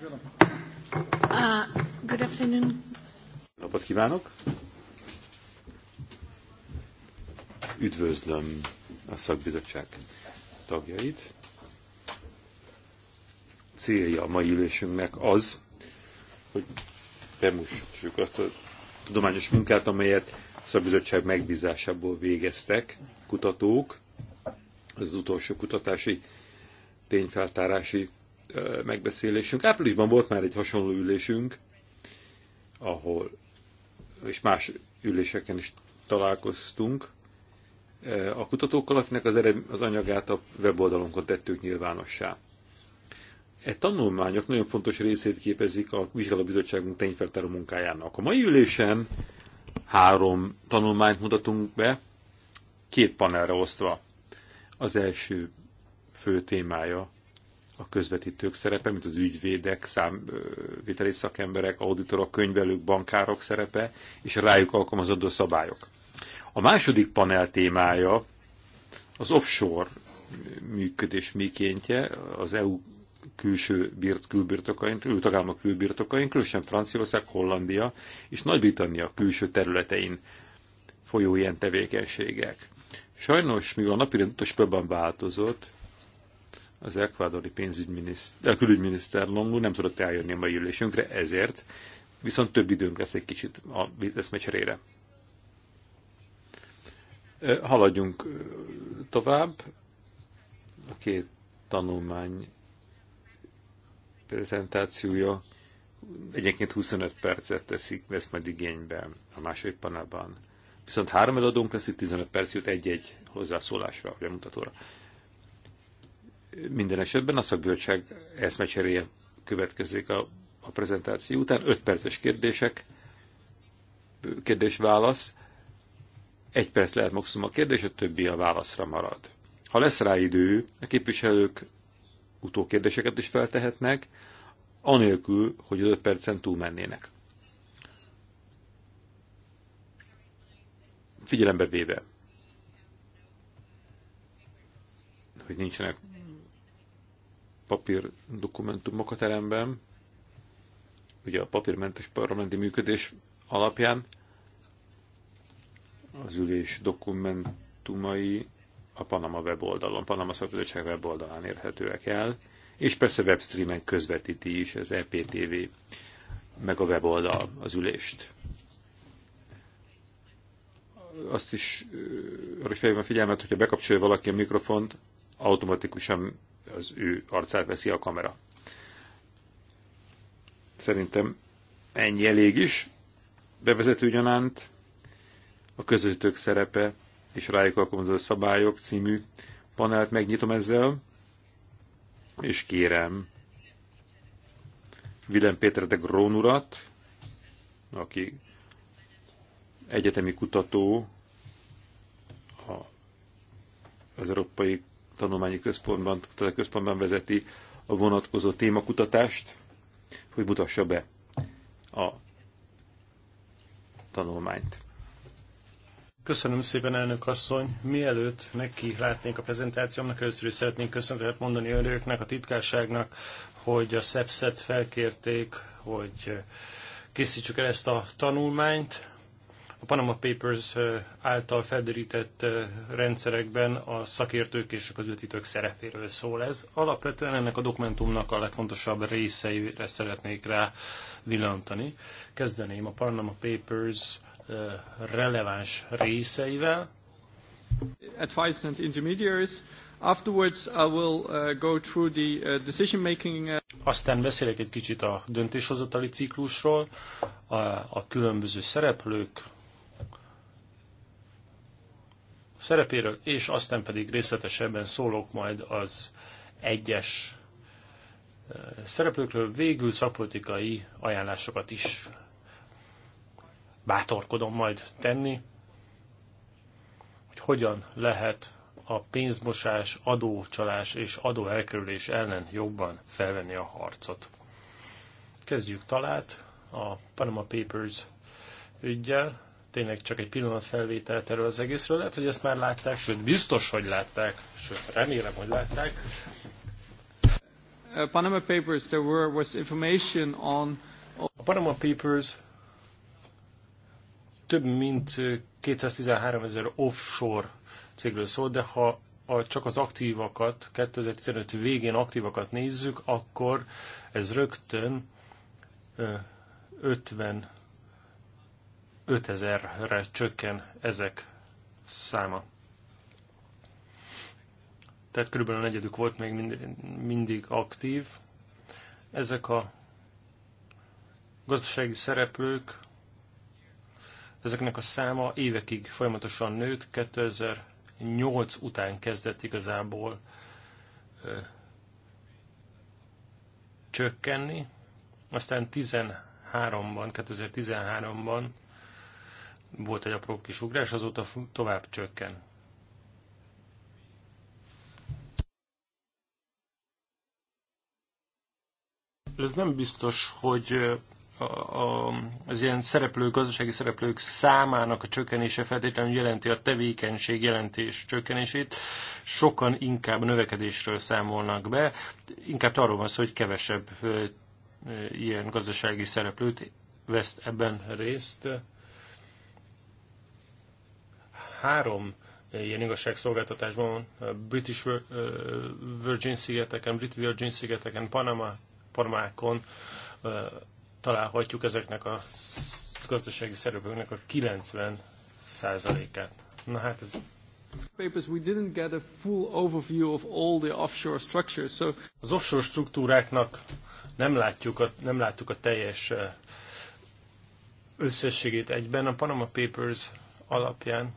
Uh, good afternoon. Napot kívánok! Üdvözlöm a szakbizottság tagjait. Célja a mai ülésünknek az, hogy bemutassuk azt a tudományos munkát, amelyet a szakbizottság megbízásából végeztek kutatók. Ez az utolsó kutatási tényfeltárási megbeszélésünk. Áprilisban volt már egy hasonló ülésünk, ahol és más üléseken is találkoztunk a kutatókkal, akinek az, eredmény, az anyagát a weboldalunkon tettük nyilvánossá. E tanulmányok nagyon fontos részét képezik a vizsgálóbizottságunk tényfeltáró munkájának. A mai ülésen három tanulmányt mutatunk be, két panelre osztva. Az első fő témája a közvetítők szerepe, mint az ügyvédek, számviteli szakemberek, auditorok, könyvelők, bankárok szerepe, és a rájuk alkalmazódó szabályok. A második panel témája az offshore működés mikéntje, az EU külső bírt, külbirtokain, tagállamok külbirtokain, különösen Franciaország, Hollandia és Nagy-Britannia külső területein folyó ilyen tevékenységek. Sajnos, mivel a napi utasbőben változott, az ekvádori pénzügyminiszter, külügyminiszter Longu nem tudott eljönni a mai ülésünkre, ezért viszont több időnk lesz egy kicsit a eszmecserére. Haladjunk tovább. A két tanulmány prezentációja egyenként 25 percet teszik, vesz majd igénybe a második panelban. Viszont három előadónk lesz, itt 15 perc jut egy-egy hozzászólásra, vagy mutatóra. Minden esetben a szakbizottság eszmecseréje következik a, a prezentáció után. 5 perces kérdések, kérdés-válasz. Egy perc lehet maximum a kérdés, a többi a válaszra marad. Ha lesz rá idő, a képviselők utókérdéseket is feltehetnek, anélkül, hogy az 5 percen túlmennének. Figyelembe véve, hogy nincsenek papír dokumentumok a teremben, ugye a papírmentes parlamenti működés alapján az ülés dokumentumai a Panama weboldalon, Panama Szakbizottság weboldalán érhetőek el, és persze webstreamen közvetíti is az EPTV, meg a weboldal az ülést. Azt is arra is a figyelmet, hogyha bekapcsolja valaki a mikrofont, automatikusan az ő arcát veszi a kamera. Szerintem ennyi elég is. Bevezető gyanánt a közöttök szerepe és rájuk alkalmazott szabályok című panelt megnyitom ezzel, és kérem Willem Péter de Grón urat, aki egyetemi kutató az Európai tanulmányi központban, központban vezeti a vonatkozó témakutatást, hogy mutassa be a tanulmányt. Köszönöm szépen, elnök asszony. Mielőtt neki látnék a prezentációmnak, először is szeretnénk köszönetet mondani önöknek, a titkárságnak, hogy a SEPSZ-et felkérték, hogy készítsük el ezt a tanulmányt. A Panama Papers által felderített rendszerekben a szakértők és a közvetítők szerepéről szól ez. Alapvetően ennek a dokumentumnak a legfontosabb részeire szeretnék rá villantani. Kezdeném a Panama Papers releváns részeivel. Advice and intermediaries. Afterwards I will uh, go through the uh, decision making. Uh, Aztán beszélek egy kicsit a döntéshozatali ciklusról, a, a különböző szereplők, szerepéről, és aztán pedig részletesebben szólok majd az egyes szereplőkről, végül szakpolitikai ajánlásokat is bátorkodom majd tenni, hogy hogyan lehet a pénzmosás, adócsalás és adóelkerülés ellen jobban felvenni a harcot. Kezdjük talált a Panama Papers ügyjel tényleg csak egy pillanat felvételt erről az egészről. Lehet, hogy ezt már látták, sőt biztos, hogy látták, sőt remélem, hogy látták. A uh, Panama Papers, there were, was information on... A Panama Papers több mint 213 uh, ezer offshore cégről szól, de ha a, csak az aktívakat, 2015 végén aktívakat nézzük, akkor ez rögtön 50 uh, 5000-re csökken ezek száma. Tehát körülbelül a negyedük volt még mindig aktív. Ezek a gazdasági szereplők, ezeknek a száma évekig folyamatosan nőtt, 2008 után kezdett igazából ö, csökkenni, aztán 13-ban, 2013-ban volt egy apró kis ugrás, azóta tovább csökken. Ez nem biztos, hogy az ilyen szereplők, gazdasági szereplők számának a csökkenése feltétlenül jelenti a tevékenység jelentés csökkenését. Sokan inkább növekedésről számolnak be, inkább arról van szó, hogy kevesebb ilyen gazdasági szereplőt vesz ebben részt három ilyen igazságszolgáltatásban, British Virgin szigeteken, Brit Virgin szigeteken, Panama, Panamákon találhatjuk ezeknek a gazdasági szereplőknek a 90 százalékát. Na hát ez papers we didn't get a full overview of all the offshore structures. So az offshore struktúráknak nem látjuk a, nem láttuk a teljes összességét egyben. A Panama Papers alapján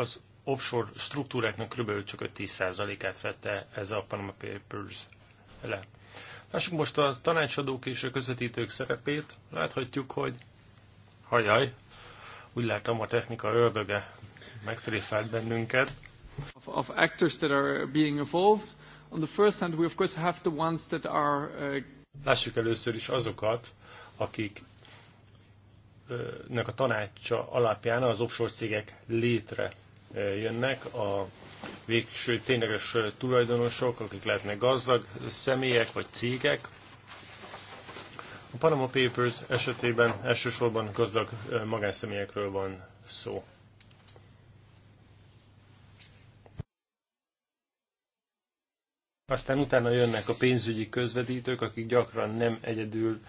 az offshore struktúráknak kb. csak 5-10%-át fette ez a Panama Papers le. Lássuk most a tanácsadók és a közvetítők szerepét. Láthatjuk, hogy hajaj, úgy látom a technika ördöge megtréfált bennünket. Of, of actors that are being involved. On the first hand, we of course have the ones that are... Uh... Lássuk először is azokat, akik uh, nek a tanácsa alapján az offshore cégek létre jönnek, a végső tényleges tulajdonosok, akik lehetnek gazdag személyek vagy cégek. A Panama Papers esetében elsősorban gazdag magánszemélyekről van szó. Aztán utána jönnek a pénzügyi közvetítők, akik gyakran nem egyedül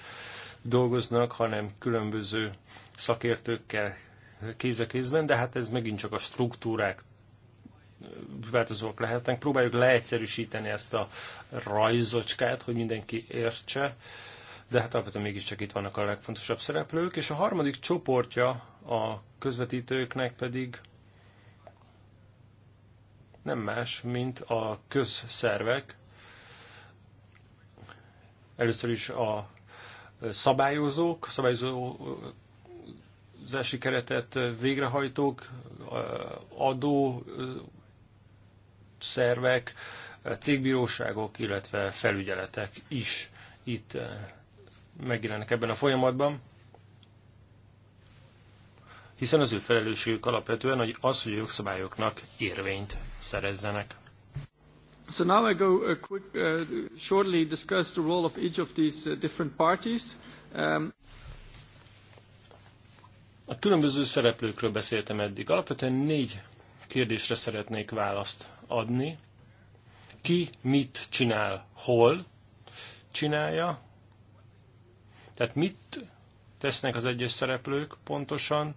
dolgoznak, hanem különböző szakértőkkel kéz a kézben, de hát ez megint csak a struktúrák változók lehetnek. Próbáljuk leegyszerűsíteni ezt a rajzocskát, hogy mindenki értse, de hát alapvetően mégiscsak itt vannak a legfontosabb szereplők, és a harmadik csoportja a közvetítőknek pedig nem más, mint a közszervek. Először is a szabályozók, szabályozó szabályozási keretet végrehajtók, adó szervek, cégbíróságok, illetve felügyeletek is itt megjelennek ebben a folyamatban, hiszen az ő felelősségük alapvetően hogy az, hogy a jogszabályoknak érvényt szerezzenek. So now I go a uh, quick, uh, shortly discuss the role of each of these uh, different parties. Um, a különböző szereplőkről beszéltem eddig. Alapvetően négy kérdésre szeretnék választ adni. Ki mit csinál, hol csinálja, tehát mit tesznek az egyes szereplők pontosan,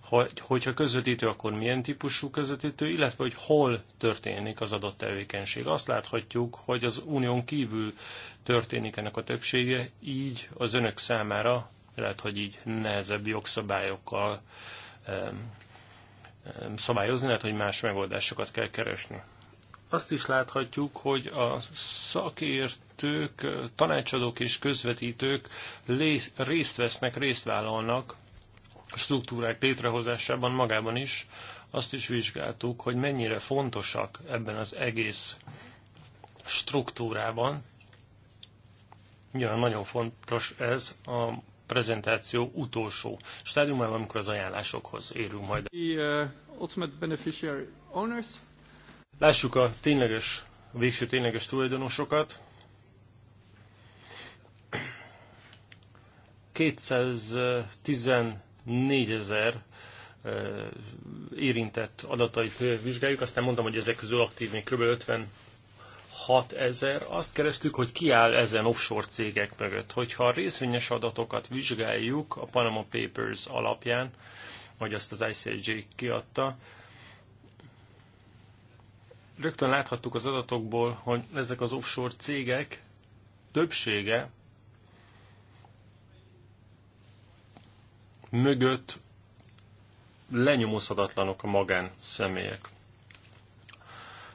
hogy, hogyha közvetítő, akkor milyen típusú közvetítő, illetve hogy hol történik az adott tevékenység. Azt láthatjuk, hogy az unión kívül történik ennek a többsége, így az önök számára lehet, hogy így nehezebb jogszabályokkal szabályozni, lehet, hogy más megoldásokat kell keresni. Azt is láthatjuk, hogy a szakértők, tanácsadók és közvetítők részt vesznek, részt vállalnak a struktúrák létrehozásában magában is. Azt is vizsgáltuk, hogy mennyire fontosak ebben az egész struktúrában. Nyilván nagyon fontos ez a prezentáció utolsó stádiumában, amikor az ajánlásokhoz érünk majd. Uh, Lássuk a tényleges, a végső tényleges tulajdonosokat. 214 ezer uh, érintett adatait vizsgáljuk, aztán mondtam, hogy ezek közül aktív még kb. 50 6000, azt kerestük, hogy ki áll ezen offshore cégek mögött. Hogyha a részvényes adatokat vizsgáljuk a Panama Papers alapján, vagy azt az ICJ kiadta, rögtön láthattuk az adatokból, hogy ezek az offshore cégek többsége mögött lenyomozhatatlanok a magánszemélyek.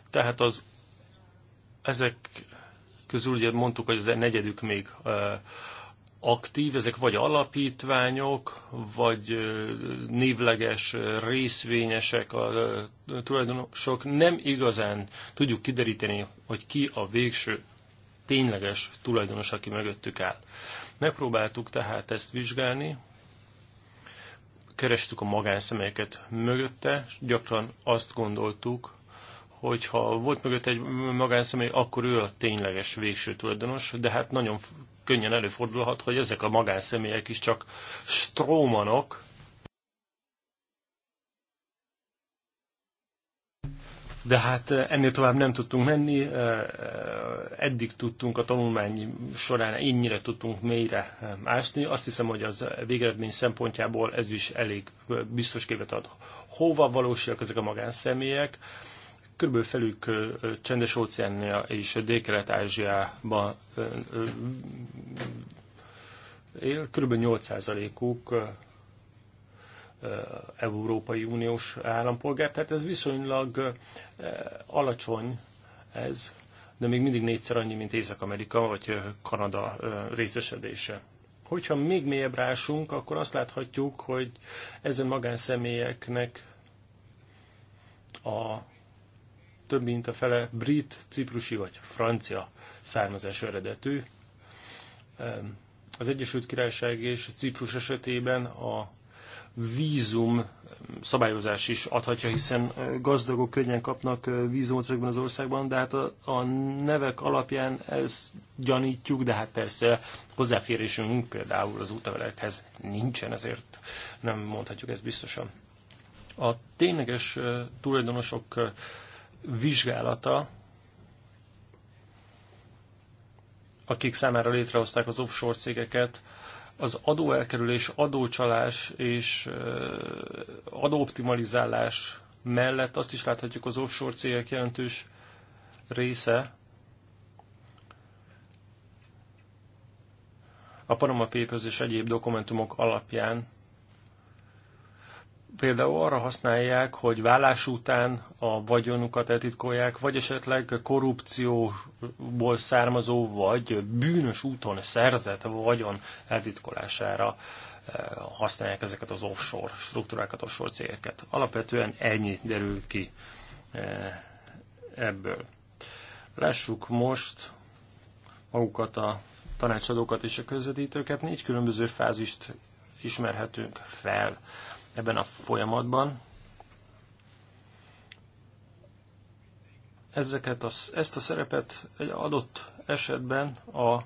Tehát az ezek közül ugye mondtuk, hogy az a negyedük még aktív, ezek vagy alapítványok, vagy névleges részvényesek, a tulajdonosok. Nem igazán tudjuk kideríteni, hogy ki a végső tényleges tulajdonos, aki mögöttük áll. Megpróbáltuk tehát ezt vizsgálni, kerestük a magánszemélyeket mögötte, gyakran azt gondoltuk, hogyha volt mögött egy magánszemély, akkor ő a tényleges végső tulajdonos, de hát nagyon könnyen előfordulhat, hogy ezek a magánszemélyek is csak strómanok, de hát eh, ennél tovább nem tudtunk menni, eh, eh, eddig tudtunk a tanulmány során ennyire tudtunk mélyre ásni. Azt hiszem, hogy az végeredmény szempontjából ez is elég biztos képet ad. Hova valósulnak ezek a magánszemélyek? Körülbelül felük Csendes óceánia és délkelet ázsiában él, körülbelül 8%-uk Európai Uniós állampolgár, tehát ez viszonylag alacsony ez, de még mindig négyszer annyi, mint Észak-Amerika vagy Kanada részesedése. Hogyha még mélyebb rásunk, akkor azt láthatjuk, hogy ezen magánszemélyeknek a több mint a fele brit, ciprusi vagy francia származás eredetű. Az Egyesült Királyság és Ciprus esetében a vízum szabályozás is adhatja, hiszen eh, gazdagok könnyen kapnak eh, vízumot ezekben az országban, de hát a, a nevek alapján ezt gyanítjuk, de hát persze hozzáférésünk például az útlevelekhez nincsen, ezért nem mondhatjuk ezt biztosan. A tényleges eh, tulajdonosok vizsgálata, akik számára létrehozták az offshore cégeket, az adóelkerülés, adócsalás és adóoptimalizálás mellett azt is láthatjuk, az offshore cégek jelentős része a Panama Papers és egyéb dokumentumok alapján például arra használják, hogy vállás után a vagyonukat eltitkolják, vagy esetleg korrupcióból származó, vagy bűnös úton szerzett vagyon eltitkolására eh, használják ezeket az offshore struktúrákat, offshore cégeket. Alapvetően ennyi derül ki eh, ebből. Lássuk most magukat a tanácsadókat és a közvetítőket. Négy különböző fázist ismerhetünk fel ebben a folyamatban. Ezeket az, ezt a szerepet egy adott esetben a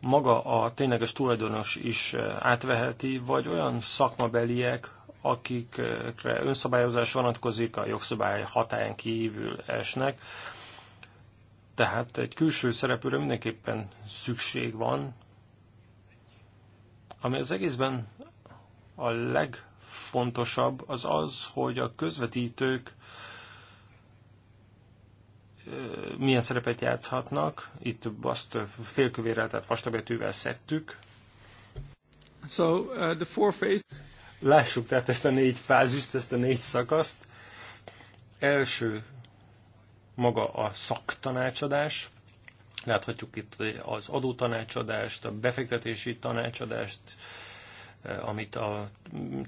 maga a tényleges tulajdonos is eh, átveheti, vagy olyan szakmabeliek, akikre önszabályozás vonatkozik, a jogszabály hatáján kívül esnek. Tehát egy külső szereplőre mindenképpen szükség van, ami az egészben a leg fontosabb, az az, hogy a közvetítők milyen szerepet játszhatnak. Itt azt félkövérrel, tehát vastabetűvel szedtük. So, uh, the four phase... Lássuk tehát ezt a négy fázist, ezt a négy szakaszt. Első maga a szaktanácsadás. Láthatjuk itt az adótanácsadást, a befektetési tanácsadást, Eh, amit a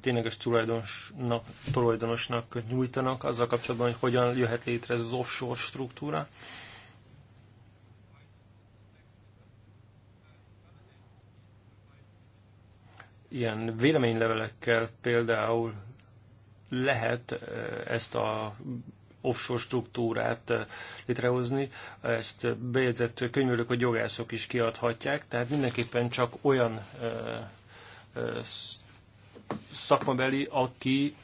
tényleges tulajdonosnak, tulajdonosnak nyújtanak, azzal kapcsolatban, hogy hogyan jöhet létre ez az offshore struktúra. Ilyen véleménylevelekkel például lehet eh, ezt a offshore struktúrát eh, létrehozni. Ezt bejegyzett könyvelők vagy jogászok is kiadhatják, tehát mindenképpen csak olyan szakmabeli, aki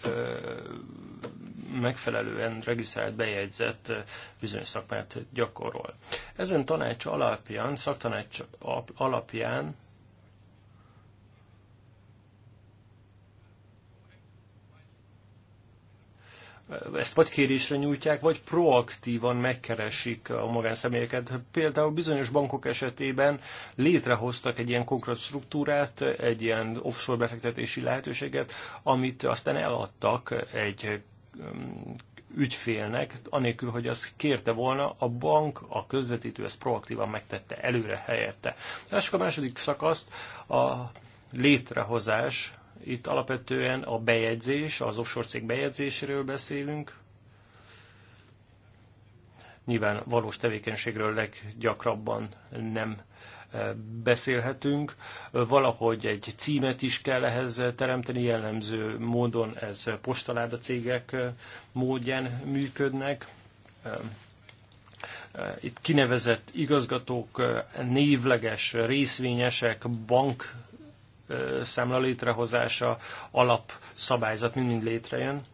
megfelelően regisztrált, bejegyzett bizonyos szakmát gyakorol. Ezen tanács alapján, szaktanács alapján ezt vagy kérésre nyújtják, vagy proaktívan megkeresik a magánszemélyeket. Például bizonyos bankok esetében létrehoztak egy ilyen konkrét struktúrát, egy ilyen offshore befektetési lehetőséget, amit aztán eladtak egy um, ügyfélnek, anélkül, hogy az kérte volna, a bank, a közvetítő ezt proaktívan megtette előre helyette. Lássuk a második szakaszt, a létrehozás, itt alapvetően a bejegyzés, az offshore cég bejegyzéséről beszélünk. Nyilván valós tevékenységről leggyakrabban nem e, beszélhetünk. Valahogy egy címet is kell ehhez teremteni, jellemző módon ez postaláda cégek e, módján működnek. E, itt kinevezett igazgatók, névleges részvényesek, bank számla létrehozása, alapszabályzat mind-mind létrejön.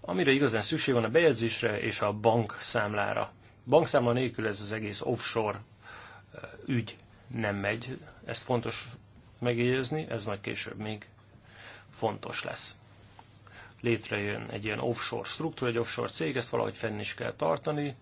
Amire igazán szükség van a bejegyzésre és a bank számlára. Bankszámla nélkül ez az egész offshore ügy nem megy. Ezt fontos megjegyezni, ez majd később még fontos lesz. Létrejön egy ilyen offshore struktúra, egy offshore cég, ezt valahogy fenn is kell tartani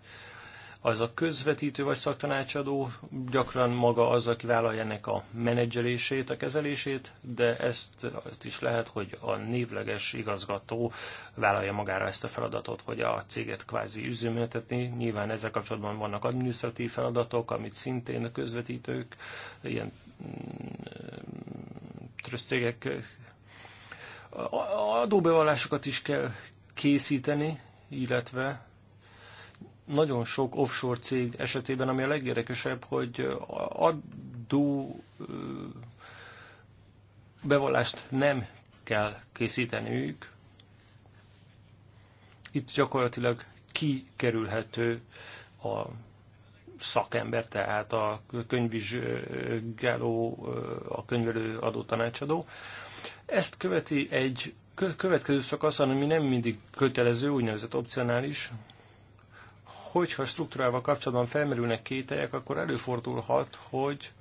az a közvetítő vagy szaktanácsadó, gyakran maga az, aki vállalja ennek a menedzselését, a kezelését, de ezt, ezt is lehet, hogy a névleges igazgató vállalja magára ezt a feladatot, hogy a céget kvázi üzemeltetni. Nyilván ezzel kapcsolatban vannak administratív feladatok, amit szintén a közvetítők, ilyen mm, tröszcégek adóbevallásokat is kell készíteni, illetve nagyon sok offshore cég esetében, ami a legérdekesebb, hogy adó bevallást nem kell készíteniük. Itt gyakorlatilag kikerülhető a szakember, tehát a könyvvizsgáló, a könyvelő adó tanácsadó. Ezt követi egy következő szakasz, ami nem mindig kötelező, úgynevezett opcionális, hogyha struktúrával kapcsolatban felmerülnek kételyek, akkor előfordulhat, hogy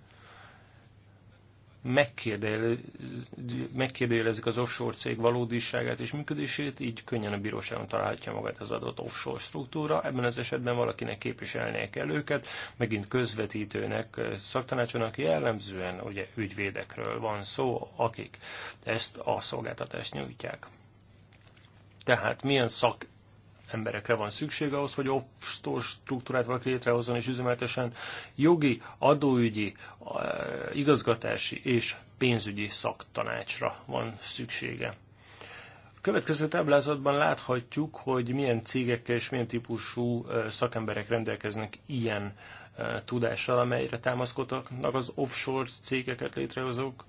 megkérdőjelezik az offshore cég valódiságát és működését, így könnyen a bíróságon találhatja magát az adott offshore struktúra. Ebben az esetben valakinek képviselnie kell őket, megint közvetítőnek, szaktanácsonak jellemzően ugye ügyvédekről van szó, akik ezt a szolgáltatást nyújtják. Tehát milyen szak emberekre van szükség ahhoz, hogy offshore struktúrát valaki létrehozzon és üzemeltesen jogi, adóügyi, igazgatási és pénzügyi szaktanácsra van szüksége. A következő táblázatban láthatjuk, hogy milyen cégekkel és milyen típusú szakemberek rendelkeznek ilyen tudással, amelyre támaszkodnak az offshore cégeket létrehozók.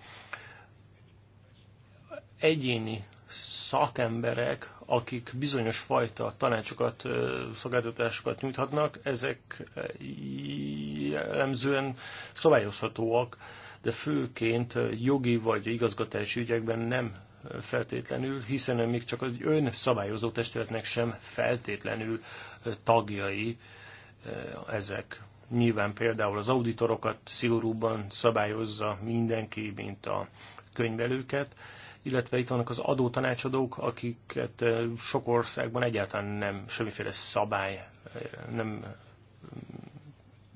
Egyéni szakemberek akik bizonyos fajta tanácsokat, szolgáltatásokat nyújthatnak, ezek jellemzően szabályozhatóak, de főként jogi vagy igazgatási ügyekben nem feltétlenül, hiszen még csak az önszabályozó testületnek sem feltétlenül tagjai ezek. Nyilván például az auditorokat szigorúban szabályozza mindenki, mint a könyvelőket, illetve itt vannak az adótanácsadók, akiket eh, sok országban egyáltalán nem semmiféle szabály eh, nem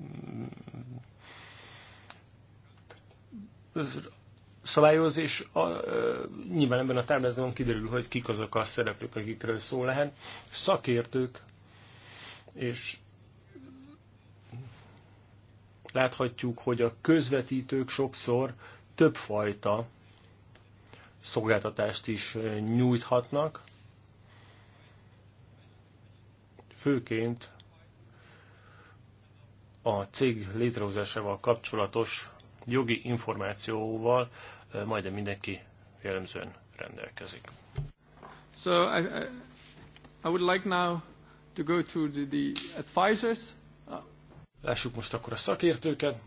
mm, mm, szabályoz, és a, ö, eh, nyilván ebben a táblázatban kiderül, hogy kik azok a szereplők, akikről szó lehet. Szakértők, és láthatjuk, hogy a közvetítők sokszor többfajta szolgáltatást is nyújthatnak. Főként a cég létrehozásával kapcsolatos jogi információval majdnem mindenki jellemzően rendelkezik. So I, I, I would like now to go to the, the advisors. Lássuk most akkor a szakértőket.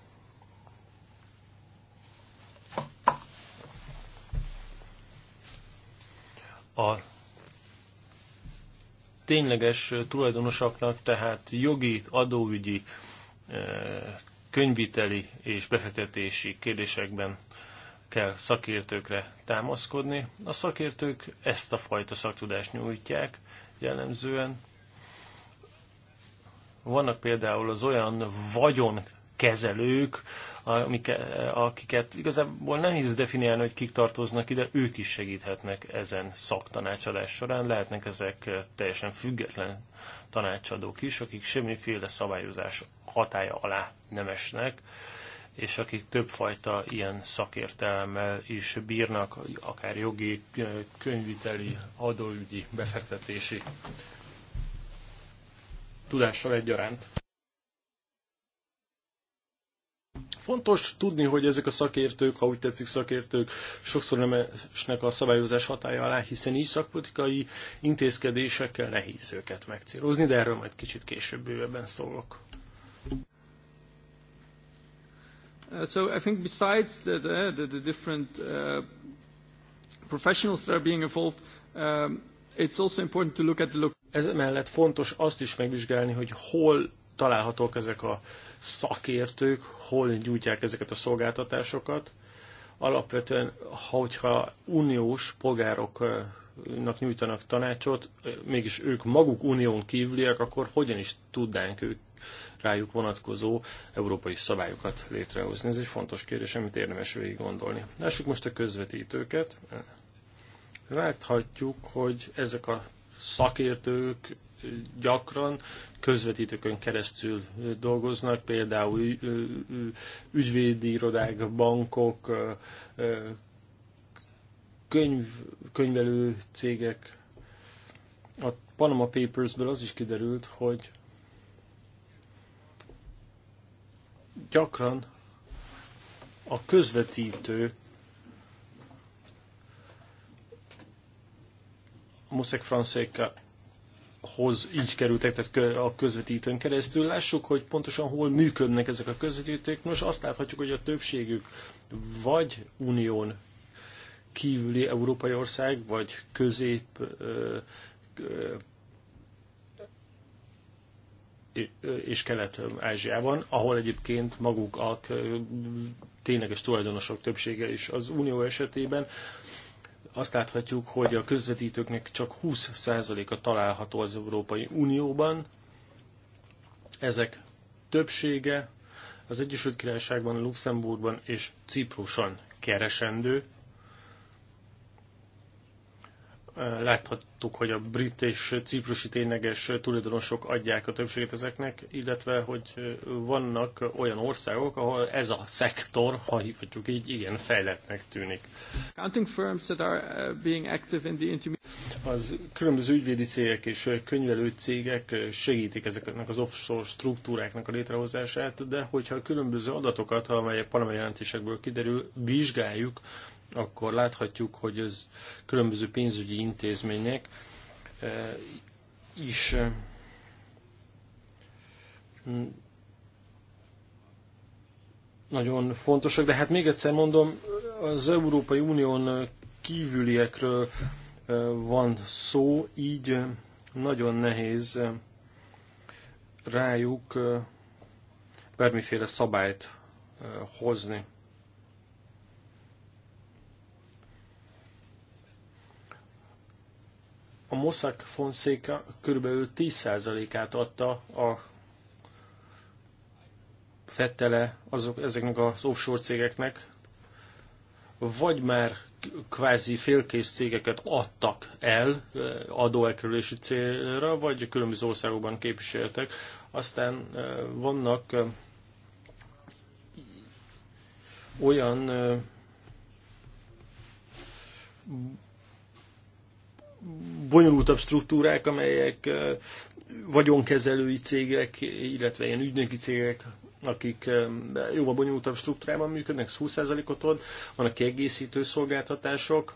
a tényleges tulajdonosaknak tehát jogi, adóügyi, eh, könyviteli és befektetési kérdésekben kell szakértőkre támaszkodni. A szakértők ezt a fajta szaktudást nyújtják jellemzően. Vannak például az olyan vagyon kezelők, akiket igazából nehéz definiálni, hogy kik tartoznak ide, ők is segíthetnek ezen szaktanácsadás során, lehetnek ezek teljesen független tanácsadók is, akik semmiféle szabályozás hatája alá nem esnek, és akik többfajta ilyen szakértelemmel is bírnak, akár jogi, könyviteli, adóügyi, befektetési tudással egyaránt. Fontos tudni, hogy ezek a szakértők, ha úgy tetszik szakértők, sokszor nem esnek a szabályozás hatája alá, hiszen így szakpolitikai intézkedésekkel nehéz őket megcélozni, de erről majd kicsit később bővebben szólok. Uh, so I think besides the, the, the different uh, professionals that are being involved, um, it's also important to look at the look. Ez mellett fontos azt is megvizsgálni, hogy hol találhatók ezek a szakértők, hol gyújtják ezeket a szolgáltatásokat. Alapvetően, hogyha uniós polgároknak nyújtanak tanácsot, mégis ők maguk unión kívüliek, akkor hogyan is tudnánk ők rájuk vonatkozó európai szabályokat létrehozni. Ez egy fontos kérdés, amit érdemes végig gondolni. Lássuk most a közvetítőket. Láthatjuk, hogy ezek a szakértők gyakran közvetítőkön keresztül dolgoznak, például ügyvédi irodák, bankok, könyv, könyvelő cégek. A Panama Papersből az is kiderült, hogy gyakran a közvetítő Muszek Franszéka hoz így kerültek, tehát a közvetítőn keresztül. Lássuk, hogy pontosan hol működnek ezek a közvetítők. Nos, azt láthatjuk, hogy a többségük vagy unión kívüli európai ország, vagy közép és Kelet-Ázsiában, ahol egyébként maguk a tényleges tulajdonosok többsége is az unió esetében azt láthatjuk, hogy a közvetítőknek csak 20%-a található az Európai Unióban. Ezek többsége az Egyesült Királyságban, Luxemburgban és Cipruson keresendő, láthattuk, hogy a brit és ciprusi tényleges tulajdonosok adják a többséget ezeknek, illetve hogy vannak olyan országok, ahol ez a szektor, ha hívhatjuk így, igen fejletnek tűnik. Uh, az különböző ügyvédi cégek és könyvelő cégek uh, segítik ezeknek az offshore struktúráknak a létrehozását, de hogyha a különböző adatokat, amelyek panama jelentésekből kiderül, vizsgáljuk, akkor láthatjuk, hogy az különböző pénzügyi intézmények eh, is eh, nagyon fontosak, de hát még egyszer mondom, az Európai Unión kívüliekről eh, van szó, így nagyon nehéz rájuk bármiféle szabályt hozni. a Mossack Fonseca körülbelül 10%-át adta a fettele azok, ezeknek az offshore cégeknek, vagy már kvázi félkész cégeket adtak el eh, adóelkerülési célra, vagy különböző országokban képviseltek. Aztán eh, vannak eh, olyan bonyolultabb struktúrák, amelyek vagyonkezelői cégek, illetve ilyen ügynöki cégek, akik jóval bonyolultabb struktúrában működnek, 20%-ot ad, vannak kiegészítő szolgáltatások,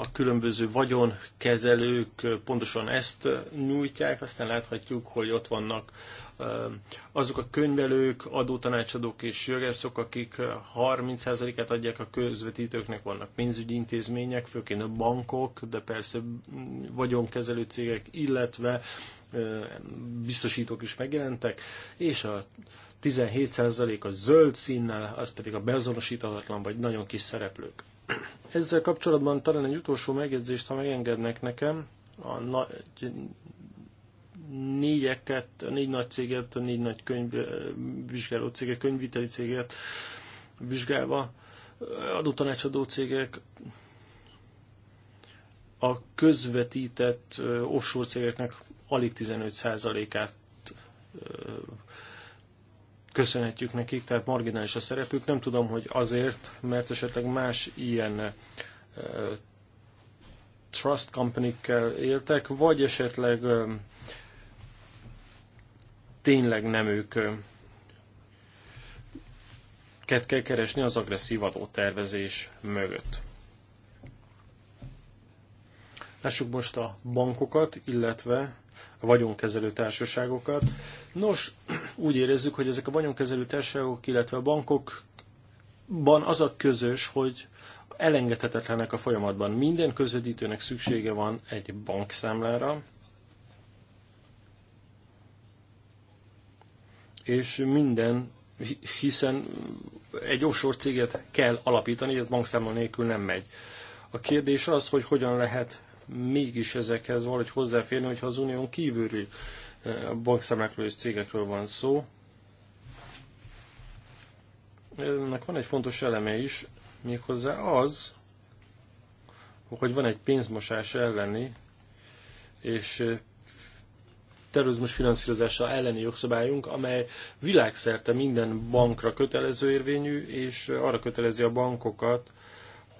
a különböző vagyonkezelők pontosan ezt nyújtják, aztán láthatjuk, hogy ott vannak azok a könyvelők, adótanácsadók és jogászok, akik 30%-át adják a közvetítőknek, vannak pénzügyi intézmények, főként a bankok, de persze vagyonkezelő cégek, illetve biztosítók is megjelentek, és a 17% a zöld színnel, az pedig a beazonosítatlan vagy nagyon kis szereplők. Ezzel kapcsolatban talán egy utolsó megjegyzést, ha megengednek nekem, a nagy négyeket, a négy nagy céget, a négy nagy könyv, vizsgáló céget, könyvviteli céget vizsgálva, adótanácsadó cégek, a közvetített offshore cégeknek alig 15%-át köszönhetjük nekik, tehát marginális a szerepük. Nem tudom, hogy azért, mert esetleg más ilyen trust company-kkel éltek, vagy esetleg tényleg nem ők ket kell keresni az agresszív adótervezés mögött. Lássuk most a bankokat, illetve a vagyonkezelő társaságokat. Nos, úgy érezzük, hogy ezek a vagyonkezelő társaságok, illetve a bankokban az a közös, hogy elengedhetetlenek a folyamatban. Minden közvetítőnek szüksége van egy bankszámlára, és minden, hiszen egy offshore céget kell alapítani, ez bankszámla nélkül nem megy. A kérdés az, hogy hogyan lehet mégis ezekhez valahogy hozzáférni, hogyha az unión kívüli eh, bankszámlákról és cégekről van szó. Ennek van egy fontos eleme is, méghozzá az, hogy van egy pénzmosás elleni és eh, terrorizmus finanszírozása elleni jogszabályunk, amely világszerte minden bankra kötelező érvényű, és arra kötelezi a bankokat,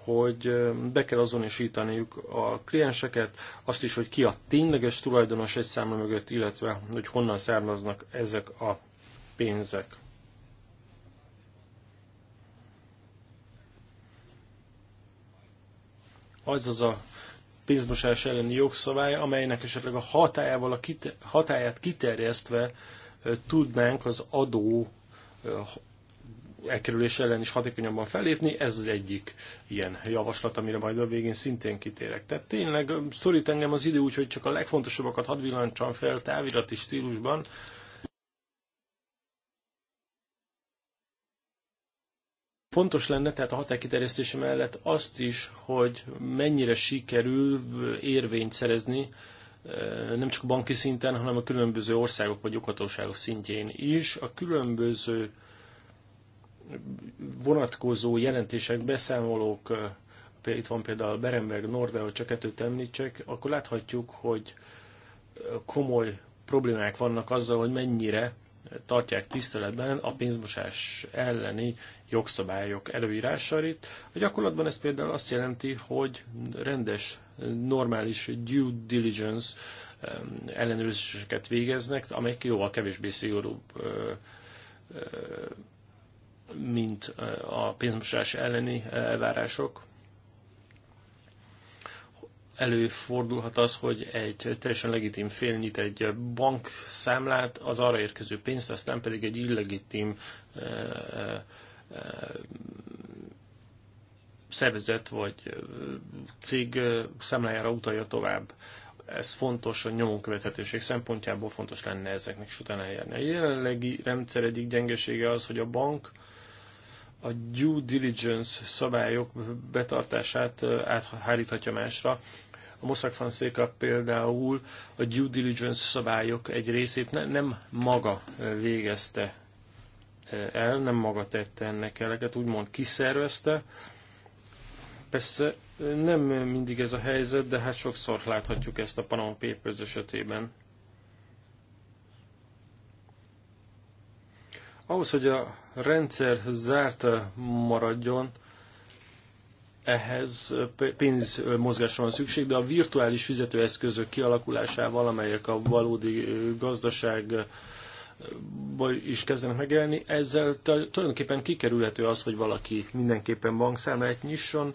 hogy be kell azonosítaniuk a klienseket, azt is, hogy ki a tényleges tulajdonos egy számla mögött, illetve hogy honnan származnak ezek a pénzek. Az az a pénzmosás elleni jogszabály, amelynek esetleg a hatájával a kite, hatáját kiterjesztve tudnánk az adó elkerülés ellen is hatékonyabban felépni. Ez az egyik ilyen javaslat, amire majd a végén szintén kitérek. Tehát tényleg szorít engem az idő, úgyhogy csak a legfontosabbakat hadd villancsam fel távirati stílusban. Fontos lenne tehát a hatály kiterjesztése mellett azt is, hogy mennyire sikerül érvényt szerezni eh, nem csak banki szinten, hanem a különböző országok vagy joghatóságok szintjén is. A különböző vonatkozó jelentések, beszámolók, eh, itt van például Beremberg, Nordel, hogy csak ettőt említsek, akkor láthatjuk, hogy eh, komoly problémák vannak azzal, hogy mennyire tartják tiszteletben a pénzmosás elleni jogszabályok előírásait. A gyakorlatban ez például azt jelenti, hogy rendes, normális due diligence ellenőrzéseket végeznek, amelyek jóval kevésbé szigorúbb mint a pénzmosás elleni elvárások. Előfordulhat az, hogy egy teljesen legitim fél nyit egy bankszámlát, az arra érkező pénzt, aztán pedig egy illegitim szervezet vagy cég szemlájára utalja tovább. Ez fontos a nyomon követhetőség szempontjából, fontos lenne ezeknek is utána járni. A jelenlegi rendszer egyik gyengesége az, hogy a bank a due diligence szabályok betartását áthárítatja másra. A Mossack Fonseca például a due diligence szabályok egy részét ne, nem maga végezte el, nem maga tette ennek eleget, úgymond kiszervezte. Persze nem mindig ez a helyzet, de hát sokszor láthatjuk ezt a Panama Papers esetében. Ahhoz, hogy a rendszer zárt maradjon, ehhez pénzmozgásra van szükség, de a virtuális fizetőeszközök kialakulásával, amelyek a valódi gazdaság is kezdenek megjelenni, ezzel tulajdonképpen kikerülhető az, hogy valaki mindenképpen bankszámlát nyisson.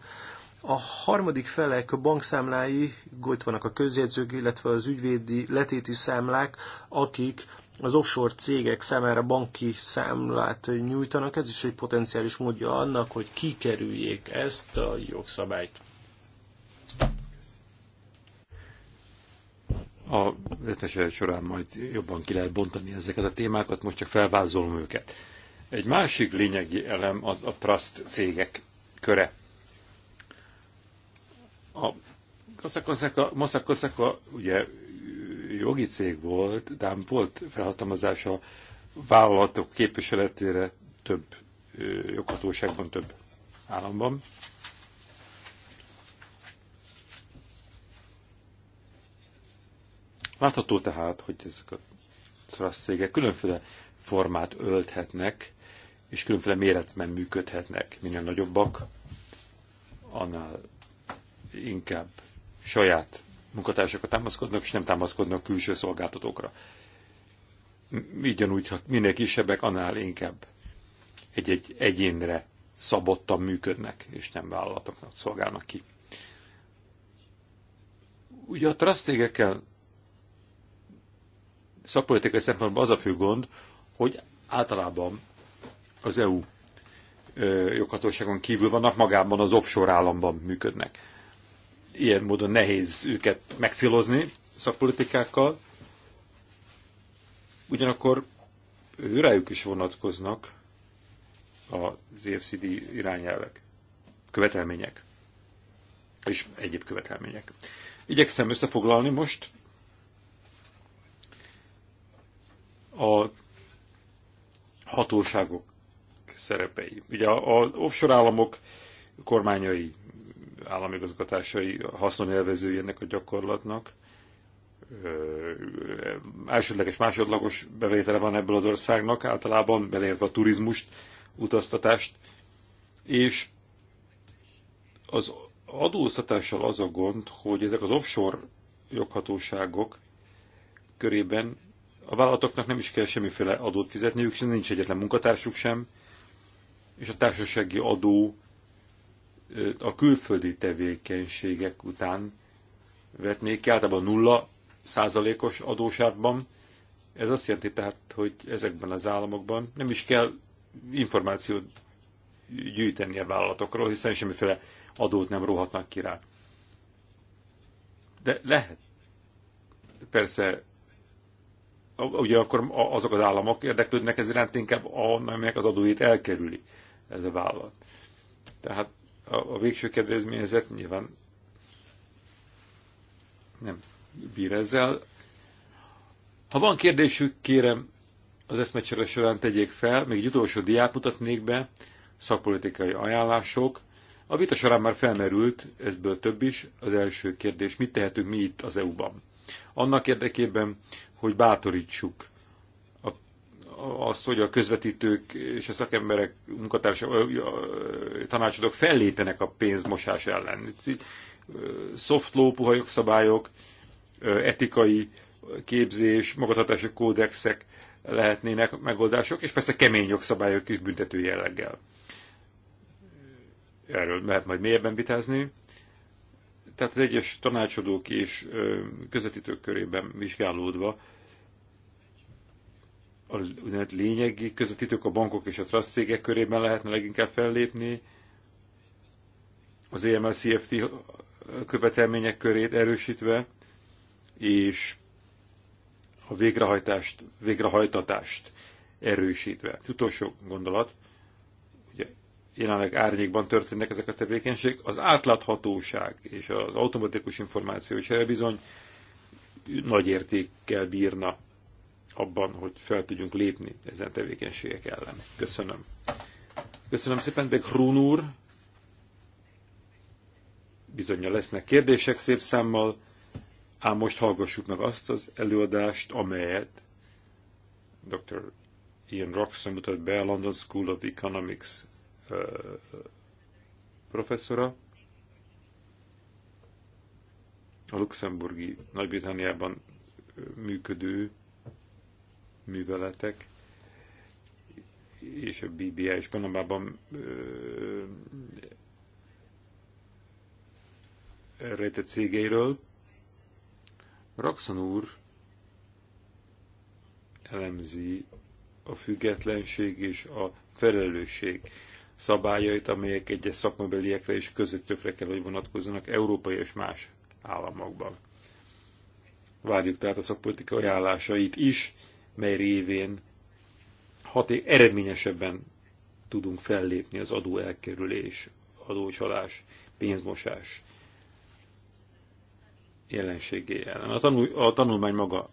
A harmadik felek a bankszámlái, ott vannak a közjegyzők, illetve az ügyvédi letéti számlák, akik az offshore cégek számára banki számlát nyújtanak. Ez is egy potenciális módja annak, hogy kikerüljék ezt a jogszabályt. a vezetmesek során majd jobban ki lehet bontani ezeket a témákat, most csak felvázolom őket. Egy másik lényegi elem a, a trust cégek köre. A Mossack Fonseca ugye jogi cég volt, de volt felhatalmazása vállalatok képviseletére több joghatóságban, több államban. Látható tehát, hogy ezek a trasszégek különféle formát ölthetnek, és különféle méretben működhetnek. Minél nagyobbak, annál inkább saját munkatársakat támaszkodnak, és nem támaszkodnak külső szolgáltatókra. Ugyanúgy, ha minél kisebbek, annál inkább egy-egy egyénre szabottan működnek, és nem vállalatoknak szolgálnak ki. Ugye a trasztégekkel szakpolitikai szempontból az a fő gond, hogy általában az EU joghatóságon kívül vannak, magában az offshore államban működnek. Ilyen módon nehéz őket megcélozni szakpolitikákkal. Ugyanakkor rájuk is vonatkoznak az EFCD irányelvek, követelmények és egyéb követelmények. Igyekszem összefoglalni most a hatóságok szerepei. Ugye az offshore államok kormányai, államigazgatásai haszonélvezői ennek a gyakorlatnak. Ö, elsődleges, másodlagos bevétele van ebből az országnak általában, beleértve a turizmust, utaztatást, és az adóztatással az a gond, hogy ezek az offshore joghatóságok körében a vállalatoknak nem is kell semmiféle adót fizetniük, és nincs egyetlen munkatársuk sem, és a társasági adó a külföldi tevékenységek után vetnék ki, általában nulla százalékos adósávban. Ez azt jelenti tehát, hogy ezekben az államokban nem is kell információt gyűjteni a vállalatokról, hiszen semmiféle adót nem róhatnak ki rá. De lehet persze ugye akkor azok az államok érdeklődnek ez iránt inkább, amelyek az adóit elkerüli ez a vállalat. Tehát a, a végső kedvezményezet nyilván nem bír ezzel. Ha van kérdésük, kérem az eszmecsere során tegyék fel, még egy utolsó diát mutatnék be, szakpolitikai ajánlások. A vita során már felmerült, ezből több is, az első kérdés, mit tehetünk mi itt az EU-ban. Annak érdekében, hogy bátorítsuk azt, hogy a közvetítők és a szakemberek, munkatársak, tanácsadók fellépenek a pénzmosás ellen. Soft law, puha jogszabályok, etikai képzés, magatartási kódexek lehetnének megoldások, és persze kemény jogszabályok is büntető jelleggel. Erről lehet majd mélyebben vitázni. Tehát az egyes tanácsadók és közvetítők körében vizsgálódva az úgynevezett lényegi közvetítők a bankok és a trust cégek körében lehetne leginkább fellépni, az EML-CFT követelmények körét erősítve, és a végrehajtást, végrehajtatást erősítve. Utolsó gondolat, jelenleg árnyékban történnek ezek a tevékenység. Az átláthatóság és az automatikus információ is bizony nagy értékkel bírna abban, hogy fel tudjunk lépni ezen tevékenységek ellen. Köszönöm. Köszönöm szépen, de Krún úr, bizonyja lesznek kérdések szép számmal, ám most hallgassuk meg azt az előadást, amelyet dr. Ian Roxon mutat be a London School of Economics professzora, a luxemburgi Nagy-Britanniában működő műveletek és a BBI és Panamában rejtett cégeiről. Raxon úr elemzi a függetlenség és a felelősség szabályait, amelyek egyes szakmabeliekre és közöttökre kell, hogy vonatkozzanak európai és más államokban. Várjuk tehát a szakpolitika ajánlásait is, mely révén haté eredményesebben tudunk fellépni az adó elkerülés, adócsalás, pénzmosás jelenségé ellen. A, tanul, a tanulmány maga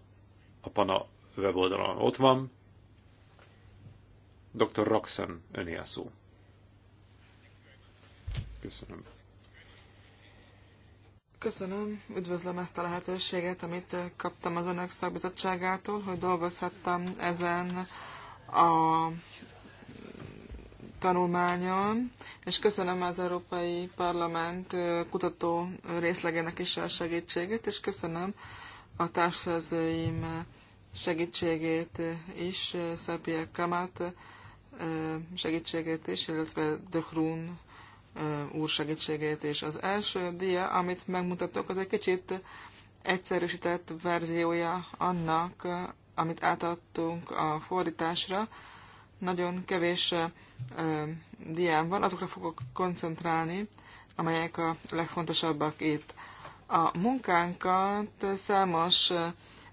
a PANA weboldalon ott van. Dr. Roxen, öné a szó. Köszönöm. Köszönöm, üdvözlöm ezt a lehetőséget, amit kaptam az Önök szakbizottságától, hogy dolgozhattam ezen a tanulmányon, és köszönöm az Európai Parlament kutató részlegének is a segítségét, és köszönöm a társszerzőim segítségét is, Szepiek Kamat segítségét is, illetve Döhrún úr segítségét És Az első dia, amit megmutatok, az egy kicsit egyszerűsített verziója annak, amit átadtunk a fordításra. Nagyon kevés diám van, azokra fogok koncentrálni, amelyek a legfontosabbak itt. A munkánkat számos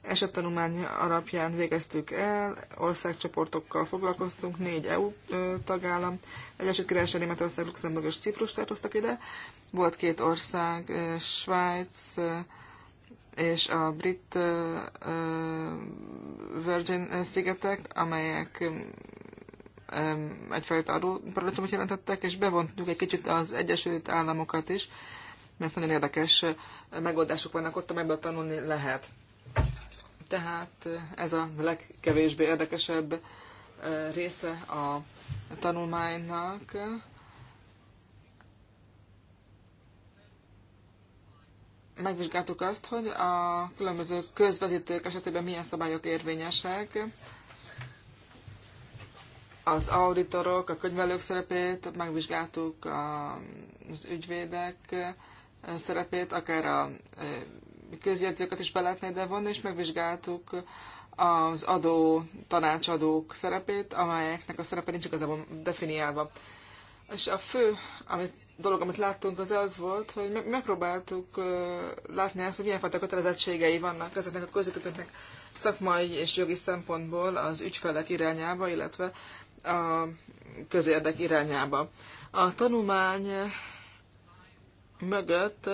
Esettanulmány alapján végeztük el, országcsoportokkal foglalkoztunk, négy EU tagállam, Egyesült Királyság, Németország, Luxemburg és Ciprus tartoztak ide, volt két ország, Svájc és a brit Virgin szigetek, amelyek egyfajta adóparadicsomot jelentettek, és bevontuk egy kicsit az Egyesült Államokat is, mert nagyon érdekes megoldások vannak ott, amelyből tanulni lehet. Tehát ez a legkevésbé érdekesebb része a tanulmánynak. Megvizsgáltuk azt, hogy a különböző közvetítők esetében milyen szabályok érvényesek. Az auditorok, a könyvelők szerepét, megvizsgáltuk az ügyvédek szerepét, akár a közjegyzőket is be lehetne ide vonni, és megvizsgáltuk az adó tanácsadók szerepét, amelyeknek a szerepe nincs igazából definiálva. És a fő amit, dolog, amit láttunk, az az volt, hogy megpróbáltuk látni azt, hogy milyen fajta kötelezettségei vannak ezeknek a közvetítőknek szakmai és jogi szempontból az ügyfelek irányába, illetve a közérdek irányába. A tanulmány mögött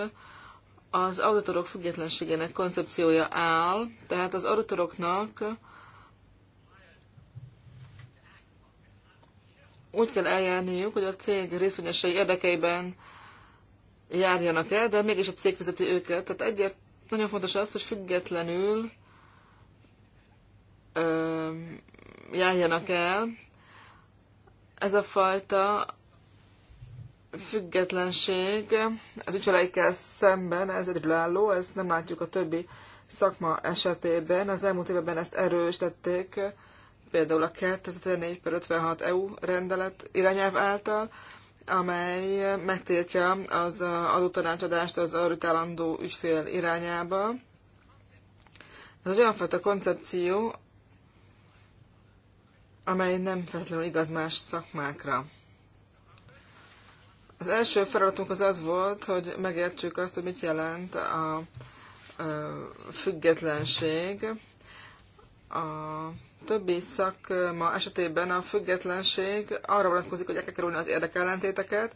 az auditorok függetlenségének koncepciója áll, tehát az auditoroknak úgy kell eljárniuk, hogy a cég részvényesei érdekeiben járjanak el, de mégis a cég vezeti őket. Tehát egyért nagyon fontos az, hogy függetlenül ö, járjanak el. Ez a fajta függetlenség az ügyfeleikkel szemben, ez egyedülálló, ezt nem látjuk a többi szakma esetében. Az elmúlt években ezt erősítették, például a 2004 56 EU rendelet irányelv által, amely megtiltja az adótanácsadást az arrutálandó ügyfél irányába. Ez egy olyan fajta koncepció, amely nem feltétlenül igaz más szakmákra. Az első feladatunk az az volt, hogy megértsük azt, hogy mit jelent a, a függetlenség. A többi szakma esetében a függetlenség arra vonatkozik, hogy el kell kerülni az érdekellentéteket,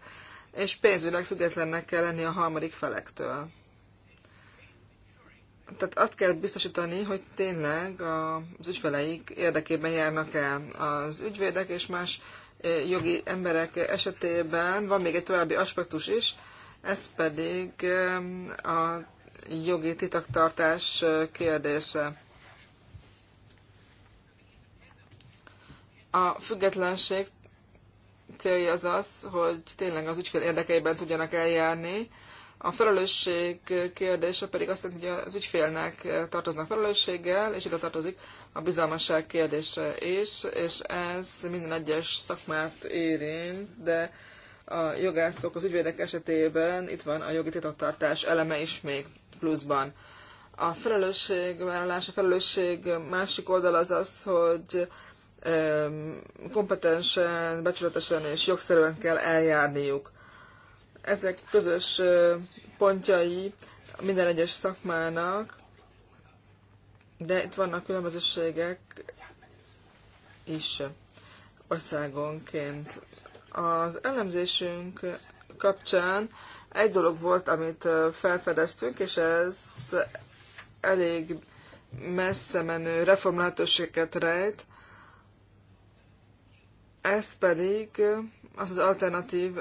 és pénzügyileg függetlennek kell lenni a harmadik felektől. Tehát azt kell biztosítani, hogy tényleg az ügyfeleik érdekében járnak el az ügyvédek és más jogi emberek esetében van még egy további aspektus is, ez pedig a jogi titaktartás kérdése. A függetlenség célja az az, hogy tényleg az ügyfél érdekeiben tudjanak eljárni, a felelősség kérdése pedig azt jelenti, hogy az ügyfélnek tartoznak felelősséggel, és ide tartozik a bizalmasság kérdése is, és ez minden egyes szakmát érint, de a jogászok, az ügyvédek esetében itt van a jogi titoktartás eleme is még pluszban. A felelősségvállalás, a felelősség másik oldal az az, hogy kompetensen, becsületesen és jogszerűen kell eljárniuk ezek közös pontjai minden egyes szakmának, de itt vannak különbözőségek is országonként. Az elemzésünk kapcsán egy dolog volt, amit felfedeztünk, és ez elég messze menő reform rejt, ez pedig az az alternatív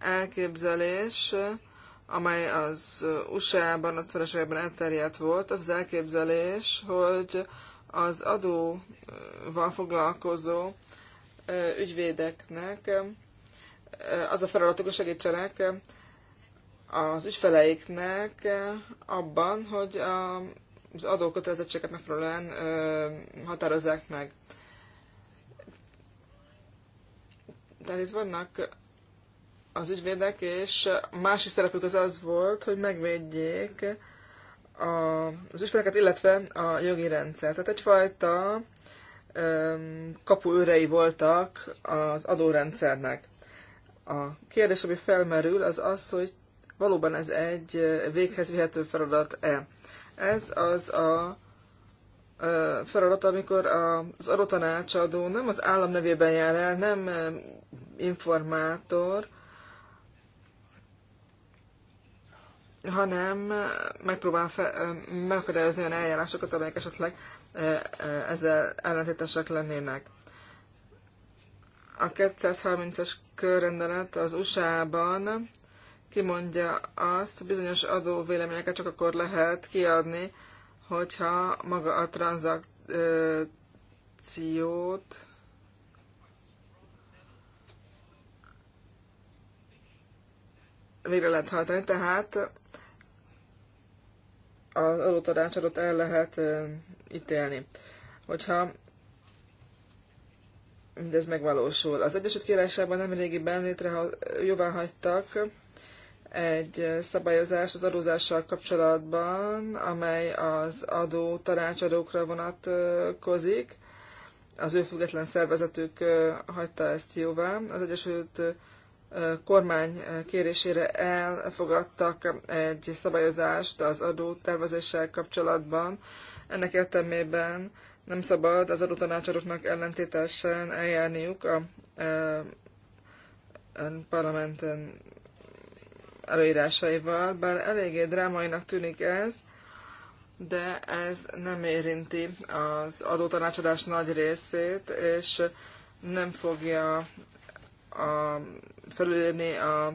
elképzelés, amely az USA-ban, az feleségben elterjedt volt, az, az elképzelés, hogy az adóval foglalkozó ügyvédeknek az a feladatok, hogy segítsenek az ügyfeleiknek abban, hogy a, az adókötelezettséget megfelelően határozzák meg. Tehát itt vannak az ügyvédek, és másik szerepük az az volt, hogy megvédjék a, az ügyfeleket, illetve a jogi rendszer. Tehát egyfajta kapuőrei voltak az adórendszernek. A kérdés, ami felmerül, az az, hogy valóban ez egy véghez vihető feladat-e. Ez az a feladat, amikor az adótanácsadó nem az állam nevében jár el, nem informátor, hanem megpróbál fe, megakadályozni olyan eljárásokat, amelyek esetleg ezzel ellentétesek lennének. A 230-es körrendelet az USA-ban kimondja azt, bizonyos adóvéleményeket csak akkor lehet kiadni, hogyha maga a tranzakciót végre lehet hajtani, tehát az adótanácsadót el lehet ítélni. Hogyha mindez megvalósul. Az Egyesült Királyságban nem régiben létre jóvá hagytak egy szabályozás az adózással kapcsolatban, amely az adó tanácsadókra vonatkozik. Az ő független szervezetük hagyta ezt jóvá. Az Egyesült kormány kérésére elfogadtak egy szabályozást az adótervezéssel kapcsolatban. Ennek értelmében nem szabad az adótanácsadóknak ellentétesen eljárniuk a, a, e, a parlamenten előírásaival, bár eléggé drámainak tűnik ez, de ez nem érinti az adótanácsadás nagy részét, és nem fogja a, felülírni a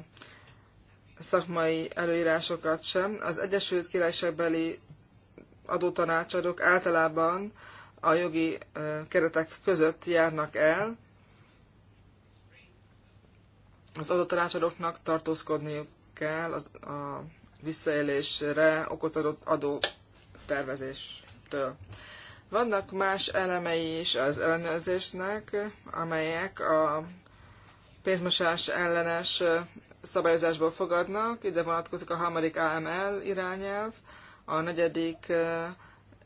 szakmai előírásokat sem. Az Egyesült Királyságbeli adótanácsadók általában a jogi keretek között járnak el, az adótanácsadóknak tartózkodniuk kell a visszaélésre okot adott adó tervezéstől. Vannak más elemei is az ellenőrzésnek, amelyek a pénzmosás ellenes szabályozásból fogadnak. Ide vonatkozik a harmadik AML irányelv, a negyedik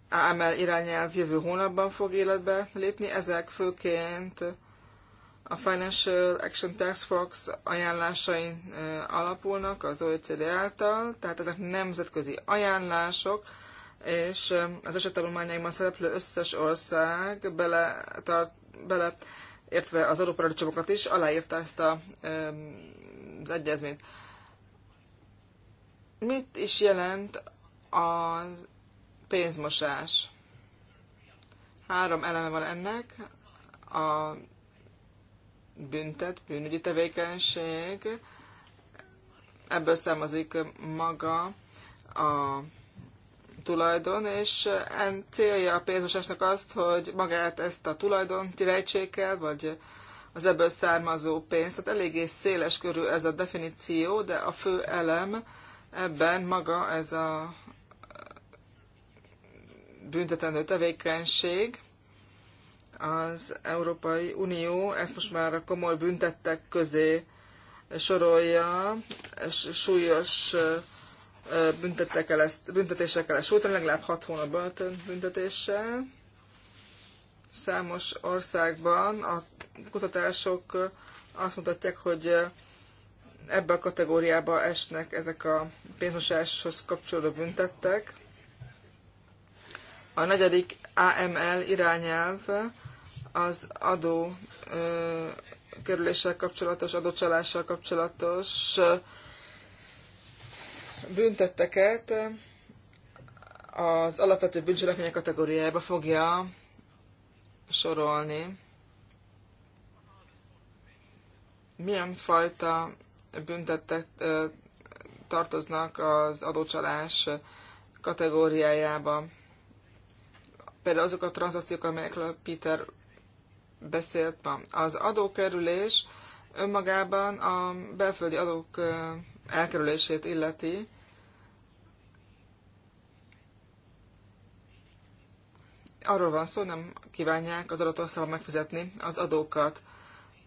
AML irányelv jövő hónapban fog életbe lépni. Ezek főként a Financial Action Task Force ajánlásain alapulnak az OECD által, tehát ezek nemzetközi ajánlások, és az esettanulmányaimban szereplő összes ország bele, tar- bele értve az adóparadicsomokat is, aláírta ezt a, az egyezményt. Mit is jelent a pénzmosás? Három eleme van ennek. A büntet, bűnügyi tevékenység, ebből származik maga a tulajdon, és en célja a pénzmosásnak azt, hogy magát ezt a tulajdon rejtsék el, vagy az ebből származó pénzt. Tehát eléggé széles körű ez a definíció, de a fő elem ebben maga ez a büntetendő tevékenység. Az Európai Unió ezt most már a komoly büntettek közé sorolja, és súlyos büntetekkel ezt, büntetésekkel kell ezt sújtani, legalább 6 hónap börtön büntetéssel. Számos országban a kutatások azt mutatják, hogy ebbe a kategóriába esnek ezek a pénzmosáshoz kapcsolódó büntettek. A negyedik AML irányelv az adó kerüléssel kapcsolatos, adócsalással kapcsolatos büntetteket eh, az alapvető bűncselekmények kategóriájába fogja sorolni. Milyen fajta büntettek eh, tartoznak az adócsalás kategóriájába? Például azok a tranzakciók, amelyekről Peter beszélt ma. Az adókerülés önmagában a belföldi adók eh, elkerülését illeti, arról van szó, nem kívánják az adott országban megfizetni az adókat.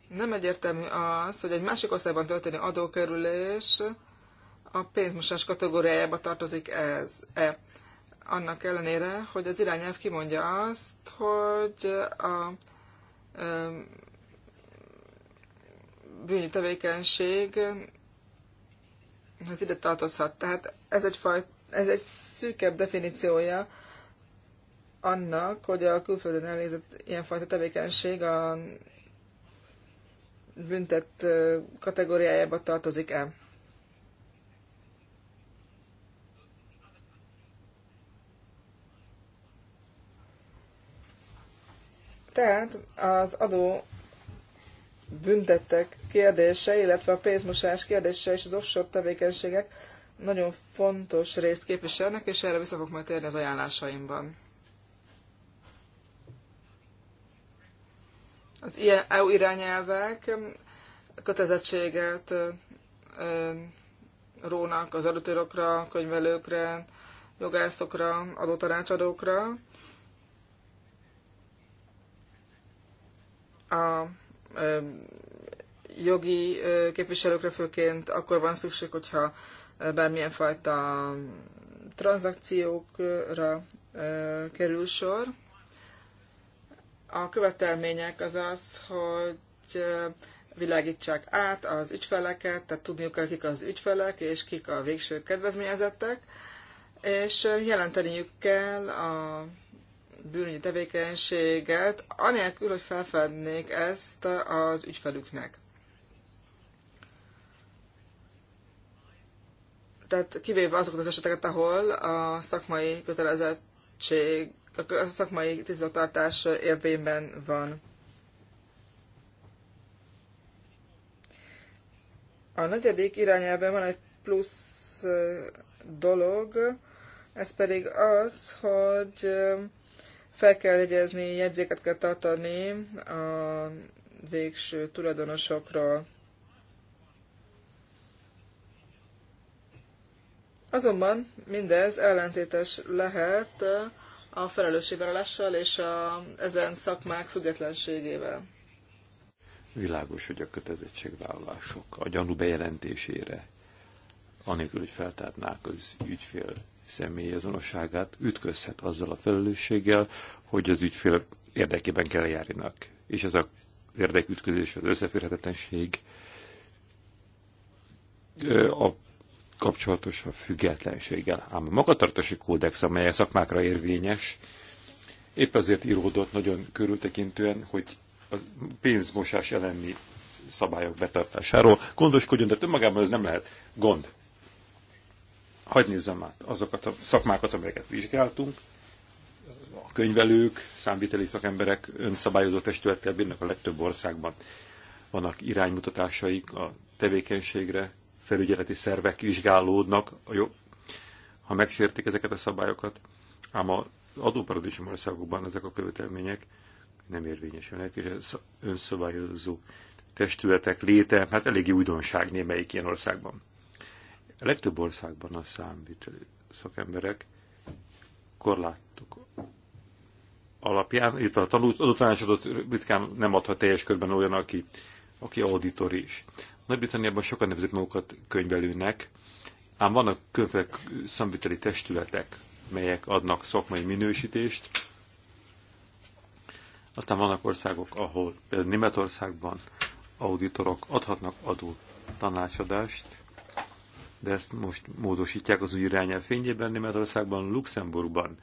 Nem egyértelmű az, hogy egy másik országban történő adókerülés a pénzmosás kategóriájába tartozik ez. E. Annak ellenére, hogy az irányelv kimondja azt, hogy a e, bűnyi tevékenység az ide tartozhat. Tehát ez egy egyfajta, ez egy szűkebb definíciója annak, hogy a külföldön elvégzett ilyenfajta tevékenység a büntet kategóriájába tartozik-e. Tehát az adó büntettek kérdése, illetve a pénzmosás kérdése és az offshore tevékenységek nagyon fontos részt képviselnek, és erre vissza fogok majd térni az ajánlásaimban. Az EU irányelvek kötelezettséget rónak az adatőrokra, könyvelőkre, jogászokra, adótanácsadókra. A jogi képviselőkre főként akkor van szükség, hogyha bármilyen fajta tranzakciókra kerül sor. A követelmények az az, hogy világítsák át az ügyfeleket, tehát tudniuk kell, kik az ügyfelek és kik a végső kedvezményezettek, és jelenteniük kell a bűnügyi tevékenységet, anélkül, hogy felfednék ezt az ügyfelüknek. Tehát kivéve azokat az eseteket, ahol a szakmai kötelezettség a szakmai titoktartás érvényben van. A negyedik irányelben van egy plusz dolog, ez pedig az, hogy fel kell jegyezni, jegyzéket kell tartani a végső tulajdonosokról. Azonban mindez ellentétes lehet a felelősségvállalással és a, ezen szakmák függetlenségével. Világos, hogy a kötelezettségvállalások a gyanú bejelentésére, anélkül, hogy feltárnák az ügyfél személyi azonosságát, ütközhet azzal a felelősséggel, hogy az ügyfél érdekében kell járjanak. És ez az érdekütközés, az összeférhetetlenség a kapcsolatos a függetlenséggel. Ám a magatartási kódex, amely a szakmákra érvényes, épp azért íródott nagyon körültekintően, hogy a pénzmosás elleni szabályok betartásáról gondoskodjon, de önmagában ez nem lehet gond. Hagy nézzem át azokat a szakmákat, amelyeket vizsgáltunk. A könyvelők, számviteli szakemberek önszabályozó testülettel bírnak a legtöbb országban. Vannak iránymutatásaik a tevékenységre, felügyeleti szervek vizsgálódnak, ha megsértik ezeket a szabályokat, ám az adóparadicsom országokban ezek a követelmények nem érvényesülnek, és ez önszabályozó testületek léte, hát eléggé újdonság némelyik ilyen országban. A legtöbb országban a számviteli szakemberek korlátok alapján, Itt a tanult, adott tanácsadót ritkán nem adhat teljes körben olyan, aki, aki auditor is. Nagy-Britanniában sokan nevezik magukat könyvelőnek, ám vannak különféle szamviteli testületek, melyek adnak szakmai minősítést. Aztán vannak országok, ahol eh, Németországban auditorok adhatnak adó tanácsadást, de ezt most módosítják az új irányel fényében Németországban, Luxemburgban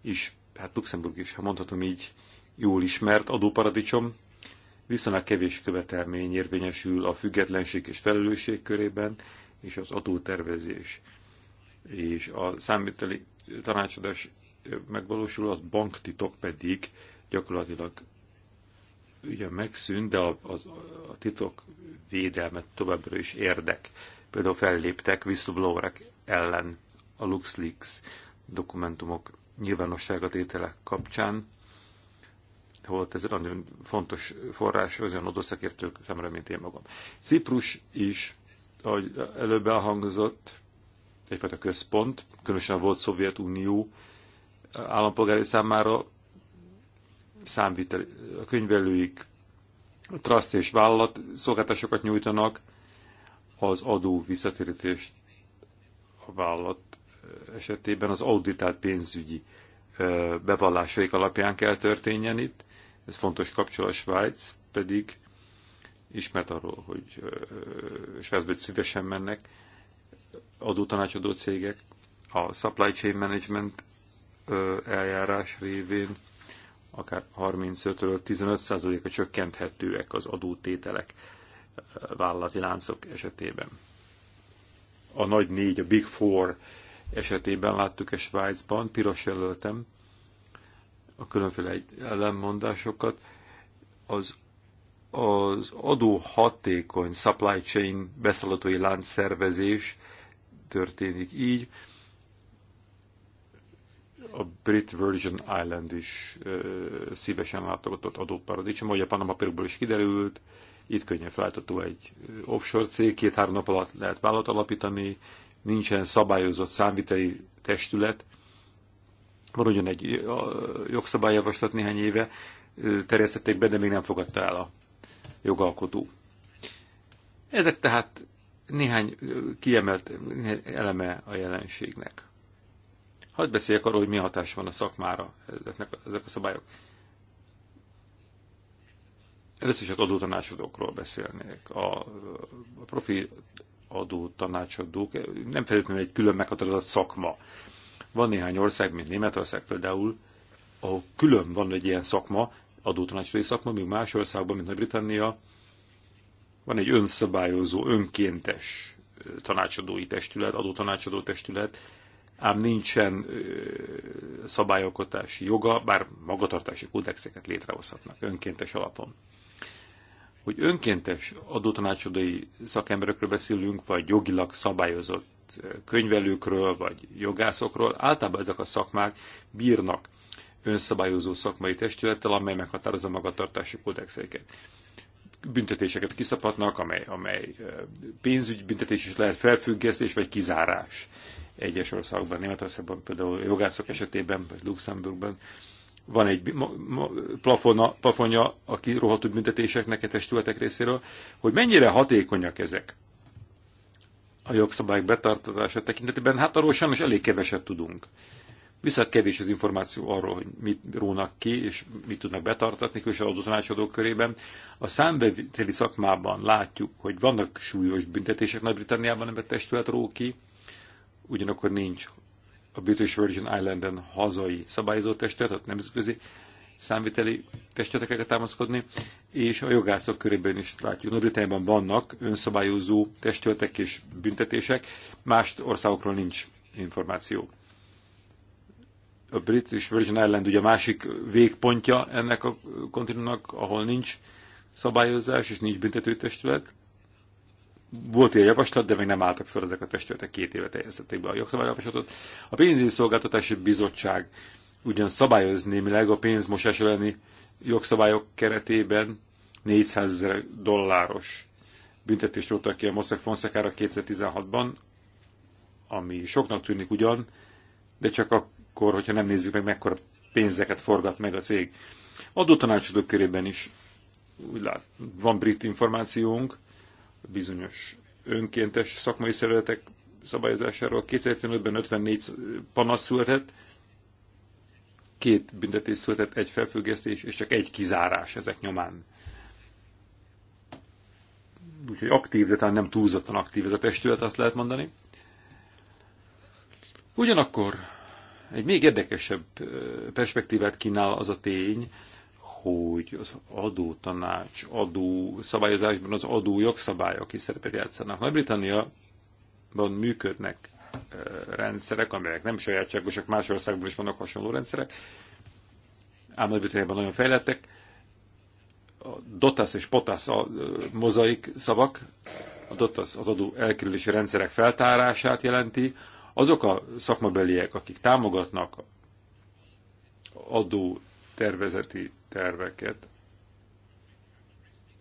is, hát Luxemburg is, ha mondhatom így, jól ismert adóparadicsom, viszonylag kevés követelmény érvényesül a függetlenség és felelősség körében, és az adótervezés és a számíteli tanácsadás megvalósul, az banktitok pedig gyakorlatilag ugye megszűnt, de a, a, a titok védelmet továbbra is érdek. Például felléptek whistleblowerek ellen a LuxLeaks dokumentumok nyilvánosságot ételek kapcsán, volt ez nagyon fontos forrás az olyan adószakértők számára, mint én magam. Ciprus is, ahogy előbb elhangzott, egyfajta központ, különösen volt Szovjetunió állampolgári számára számvitel, a könyvelőik trust és vállalat szolgáltatásokat nyújtanak, az adó visszatérítést a vállalat eh, esetében az auditált pénzügyi eh, bevallásaik alapján kell történjen itt, ez fontos kapcsolat Svájc pedig ismert arról, hogy Svájcba szívesen mennek adótanácsadó cégek, a supply chain management eljárás révén akár 35-ről 15%-a csökkenthetőek az adótételek vállalati láncok esetében. A nagy négy, a Big Four esetében láttuk a Svájcban, piros jelöltem, a különféle ellenmondásokat, az, az adó hatékony supply chain beszállatói szervezés történik így. A Brit Virgin Island is ö, szívesen látogatott adóparadicsom, ahogy a Panama Perúból is kiderült, itt könnyen felállítható egy offshore cég, két-három nap alatt lehet vállalat alapítani, nincsen szabályozott számviteli testület, van ugyan egy jogszabályjavaslat néhány éve, terjesztették be, de még nem fogadta el a jogalkotó. Ezek tehát néhány kiemelt eleme a jelenségnek. Hadd beszéljek arról, hogy mi hatás van a szakmára ezeknek, ezek a szabályok. Először is az adótanácsadókról beszélnék. A, a profi adótanácsadók nem feltétlenül egy külön meghatározott szakma. Van néhány ország, mint Németország például, ahol külön van egy ilyen szakma, adótanácsfői szakma, míg más országban, mint Nagy-Britannia, van egy önszabályozó, önkéntes tanácsadói testület, adótanácsadó testület, ám nincsen szabályalkotási joga, bár magatartási kódexeket létrehozhatnak önkéntes alapon. Hogy önkéntes adótanácsadói szakemberekről beszélünk, vagy jogilag szabályozott könyvelőkről vagy jogászokról, általában ezek a szakmák bírnak önszabályozó szakmai testülettel, amely meghatározza magatartási kódexeiket. Büntetéseket kiszabhatnak, amely, amely pénzügyi büntetés is lehet felfüggesztés vagy kizárás. Egyes országokban, Németországban például jogászok esetében, vagy Luxemburgban van egy plafona, plafonja a kirohatott büntetéseknek a testületek részéről, hogy mennyire hatékonyak ezek a jogszabályok betartozása tekintetében, hát arról sajnos elég keveset tudunk. Viszont kevés az információ arról, hogy mit rónak ki, és mit tudnak betartatni, különösen az tanácsadók körében. A számveviteli szakmában látjuk, hogy vannak súlyos büntetések Nagy-Britanniában, amiben testület ró ki, ugyanakkor nincs a British Virgin Islanden hazai szabályozó testület, tehát nemzetközi számviteli testületekre támaszkodni, és a jogászok körében is látjuk. Nagy-Britanniában vannak önszabályozó testületek és büntetések, más országokról nincs információ. A brit és Virgin Island ugye a másik végpontja ennek a kontinumnak, ahol nincs szabályozás és nincs büntető testület. Volt ilyen javaslat, de még nem álltak fel ezek a testületek, két éve terjesztették be a jogszabályjavaslatot. A pénzügyi szolgáltatási bizottság ugyan szabályoz némileg a pénzmosás elleni jogszabályok keretében 400 ezer dolláros büntetést adtak ki a Mossack Fonszakára 2016-ban, ami soknak tűnik ugyan, de csak akkor, hogyha nem nézzük meg, mekkora pénzeket forgat meg a cég. tanácsadók körében is úgy lát, van brit információnk, bizonyos önkéntes szakmai szervezetek szabályozásáról. 2015-ben 54 panasz született, két büntetés született, egy felfüggesztés és csak egy kizárás ezek nyomán. Úgyhogy aktív, de talán nem túlzottan aktív ez a testület, azt lehet mondani. Ugyanakkor egy még érdekesebb perspektívát kínál az a tény, hogy az adótanács, adó szabályozásban az adó jogszabályok is szerepet játszanak. Nagy-Britanniaban működnek rendszerek, amelyek nem sajátságosak, más országban is vannak hasonló rendszerek, ám nagy nagyon fejlettek, a dotasz és POTAS a mozaik szavak, a dotasz az adó elkerülési rendszerek feltárását jelenti, azok a szakmabeliek, akik támogatnak adó tervezeti terveket,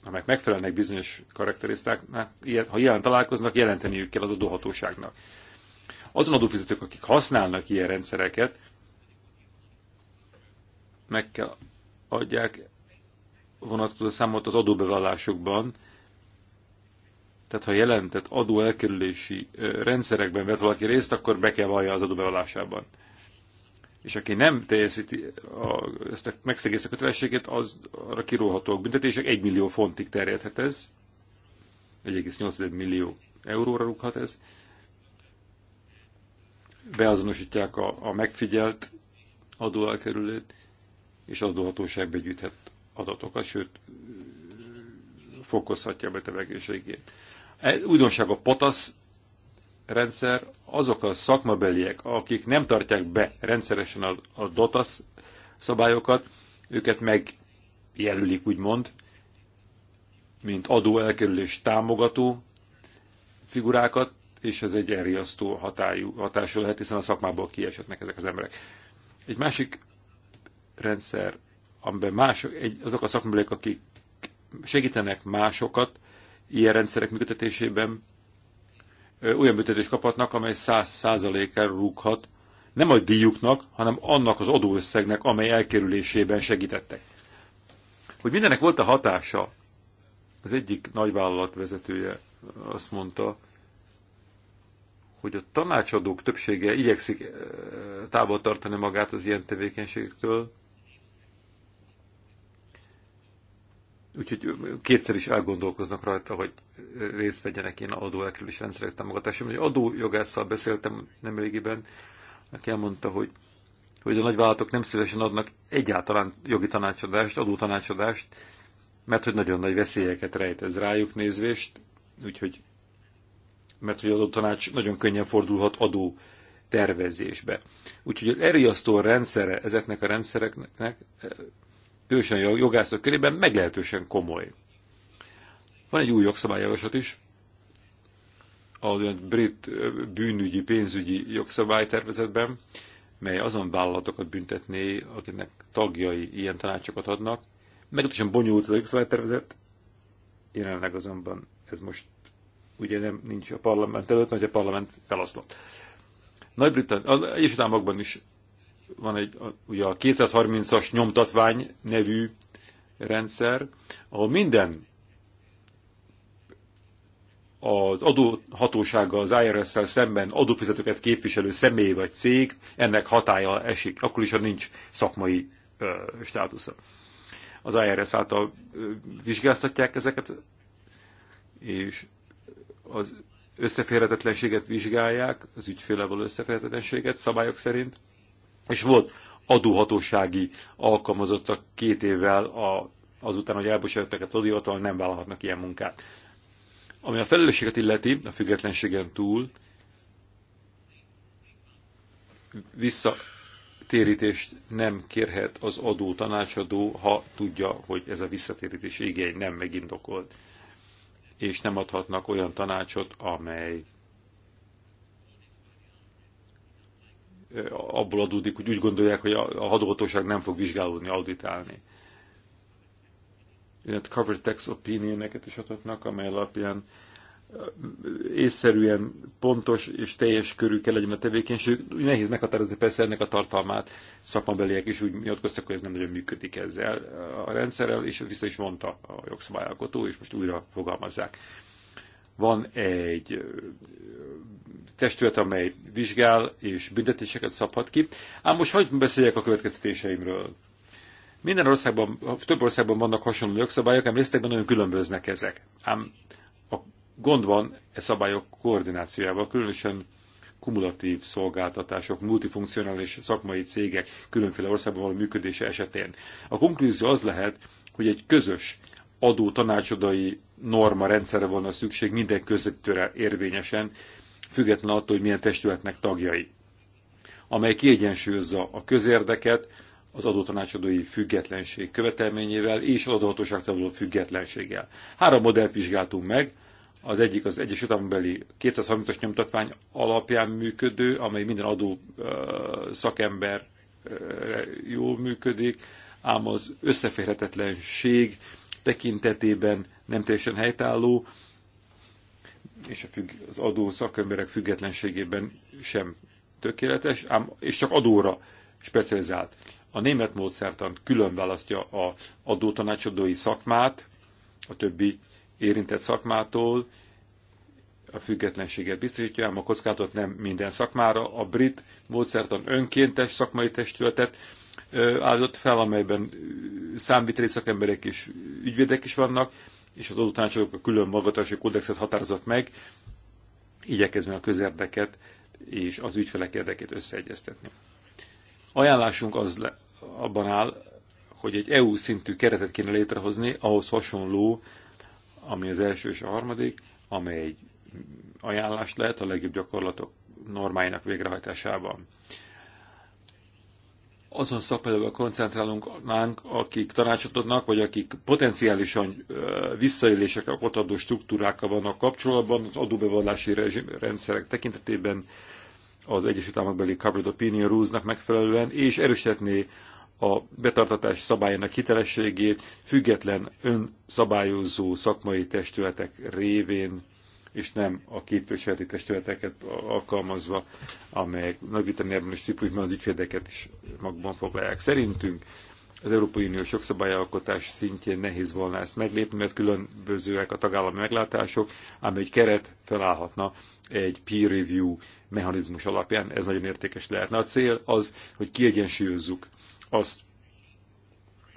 amelyek megfelelnek bizonyos karakterisztáknak, ha ilyen találkoznak, jelenteniük kell az adóhatóságnak azon adófizetők, akik használnak ilyen rendszereket, meg kell adják vonatkozó számot az adóbevallásokban. Tehát ha jelentett adóelkerülési rendszerekben vett valaki részt, akkor be kell vallja az adóbevallásában. És aki nem teljesíti a, ezt a megszegész kötelességét, az arra kirólhatóak büntetések. 1 millió fontig terjedhet ez. 1,8 millió euróra rúghat ez beazonosítják a, a megfigyelt adóelkerülőt, és az adóhatóság begyűjthet adatokat, sőt, fokozhatja a betegségét. E, újdonság a POTASZ rendszer, azok a szakmabeliek, akik nem tartják be rendszeresen a, a DOTAS szabályokat, őket megjelölik úgymond, mint adóelkerülés támogató figurákat, és ez egy elriasztó hatályú, hatású lehet, hiszen a szakmából kiesetnek ezek az emberek. Egy másik rendszer, amiben mások, egy, azok a szakműlek, akik segítenek másokat ilyen rendszerek működtetésében, olyan büntetést kaphatnak, amely száz százalékkel rúghat, nem a díjuknak, hanem annak az adóösszegnek, amely elkerülésében segítettek. Hogy mindenek volt a hatása, az egyik nagyvállalat vezetője azt mondta, hogy a tanácsadók többsége igyekszik eh, távol tartani magát az ilyen tevékenységtől. Úgyhogy kétszer is elgondolkoznak rajta, hogy részt vegyenek adó elkerülés rendszerek támogatásában. Egy adójogásszal beszéltem nemrégiben, aki elmondta, hogy, hogy a nagyvállalatok nem szívesen adnak egyáltalán jogi tanácsadást, adótanácsadást, mert hogy nagyon nagy veszélyeket rejt ez rájuk nézvést, úgyhogy mert hogy az tanács nagyon könnyen fordulhat adó tervezésbe. Úgyhogy az elriasztó rendszere ezeknek a rendszereknek, eh, különösen a jogászok körében meglehetősen komoly. Van egy új jogszabályjavaslat is, a brit eh, bűnügyi, pénzügyi jogszabálytervezetben, mely azon vállalatokat büntetné, akinek tagjai ilyen tanácsokat adnak. Meglehetősen bonyolult az a jogszabálytervezet, jelenleg azonban ez most ugye nem nincs a parlament előtt, nagy a parlament feloszlott. Nagy-Britannia, és Államokban is van egy, a, ugye a 230-as nyomtatvány nevű rendszer, ahol minden az adóhatósága az IRS-szel szemben adófizetőket képviselő személy vagy cég, ennek hatája esik, akkor is, ha nincs szakmai ö, státusza. Az IRS által ö, vizsgáztatják ezeket, és az összeférhetetlenséget vizsgálják, az ügyféle való összeférhetetlenséget szabályok szerint, és volt adóhatósági alkalmazottak két évvel a, azután, hogy elbocsájtottak a todivatal, nem vállalhatnak ilyen munkát. Ami a felelősséget illeti, a függetlenségen túl, visszatérítést nem kérhet az adó tanácsadó, ha tudja, hogy ez a visszatérítés igény nem megindokolt és nem adhatnak olyan tanácsot, amely abból adódik, hogy úgy gondolják, hogy a hadóhatóság nem fog vizsgálódni, auditálni. Ilyen covered tax opinion-eket is adhatnak, amely alapján észszerűen pontos és teljes körű kell legyen a tevékenység. Nehéz meghatározni persze ennek a tartalmát. Szakmabeliek is úgy nyilatkoztak, hogy ez nem nagyon működik ezzel a rendszerrel, és vissza is vonta a jogszabályalkotó, és most újra fogalmazzák. Van egy testület, amely vizsgál és büntetéseket szabhat ki. Ám most hagyd beszéljek a következtetéseimről. Minden országban, több országban vannak hasonló jogszabályok, ám részletekben nagyon különböznek ezek. Ám Gond van e szabályok koordinációjával, különösen kumulatív szolgáltatások, multifunkcionális szakmai cégek különféle országban való működése esetén. A konklúzió az lehet, hogy egy közös adó tanácsodai norma rendszerre volna szükség minden közöttőre érvényesen, független attól, hogy milyen testületnek tagjai, amely kiegyensúlyozza a közérdeket az adótanácsadói függetlenség követelményével és az adóhatóságtól függetlenséggel. Három modellt vizsgáltunk meg, az egyik az Egyesült Állambeli 230-as nyomtatvány alapján működő, amely minden adó szakember jól működik, ám az összeférhetetlenség tekintetében nem teljesen helytálló, és az adó szakemberek függetlenségében sem tökéletes, ám, és csak adóra specializált. A német módszertan külön választja a adótanácsadói szakmát a többi érintett szakmától, a függetlenséget biztosítja, ám a kockázatot nem minden szakmára. A brit módszertan önkéntes szakmai testületet állított fel, amelyben számviteli szakemberek és ügyvédek is vannak, és az adótanácsok a külön magatási kódexet határozott meg, igyekezve a közérdeket és az ügyfelek érdekét összeegyeztetni. Ajánlásunk az le, abban áll, hogy egy EU szintű keretet kéne létrehozni, ahhoz hasonló ami az első és a harmadik, amely egy ajánlást lehet a legjobb gyakorlatok normáinak végrehajtásában. Azon szakmányokra koncentrálunk nánk, akik tanácsot adnak, vagy akik potenciálisan visszaélésekre adó struktúrákkal vannak kapcsolatban, az adóbevallási rendszerek tekintetében az Egyesült Államokbeli Covered Opinion Rules-nak megfelelően, és erősítetné a betartatási szabályának hitelességét független önszabályozó szakmai testületek révén, és nem a képviseleti testületeket alkalmazva, amelyek Nagy-Britanniában és Ciprusban az ügyvédeket is magban foglalják. Szerintünk az Európai Unió sok szabályalkotás szintjén nehéz volna ezt meglépni, mert különbözőek a tagállami meglátások, ám egy keret felállhatna egy peer review mechanizmus alapján, ez nagyon értékes lehetne. A cél az, hogy kiegyensúlyozzuk azt,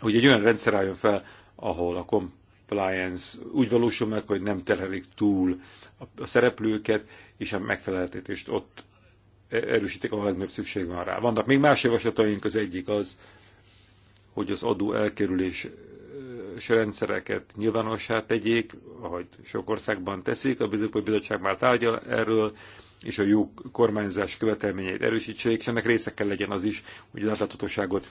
hogy egy olyan rendszer álljon fel, ahol a compliance úgy valósul meg, hogy nem terhelik túl a szereplőket, és a megfeleltetést ott e, erősítik, ahol legnagyobb szükség van rá. Vannak még más javaslataink, az egyik az, hogy az adó elkerülés e, rendszereket nyilvánossá tegyék, ahogy sok országban teszik, a bizottság már tárgyal erről, és a jó kormányzás követelményeit erősítsék, és ennek része kell legyen az is, hogy az átláthatóságot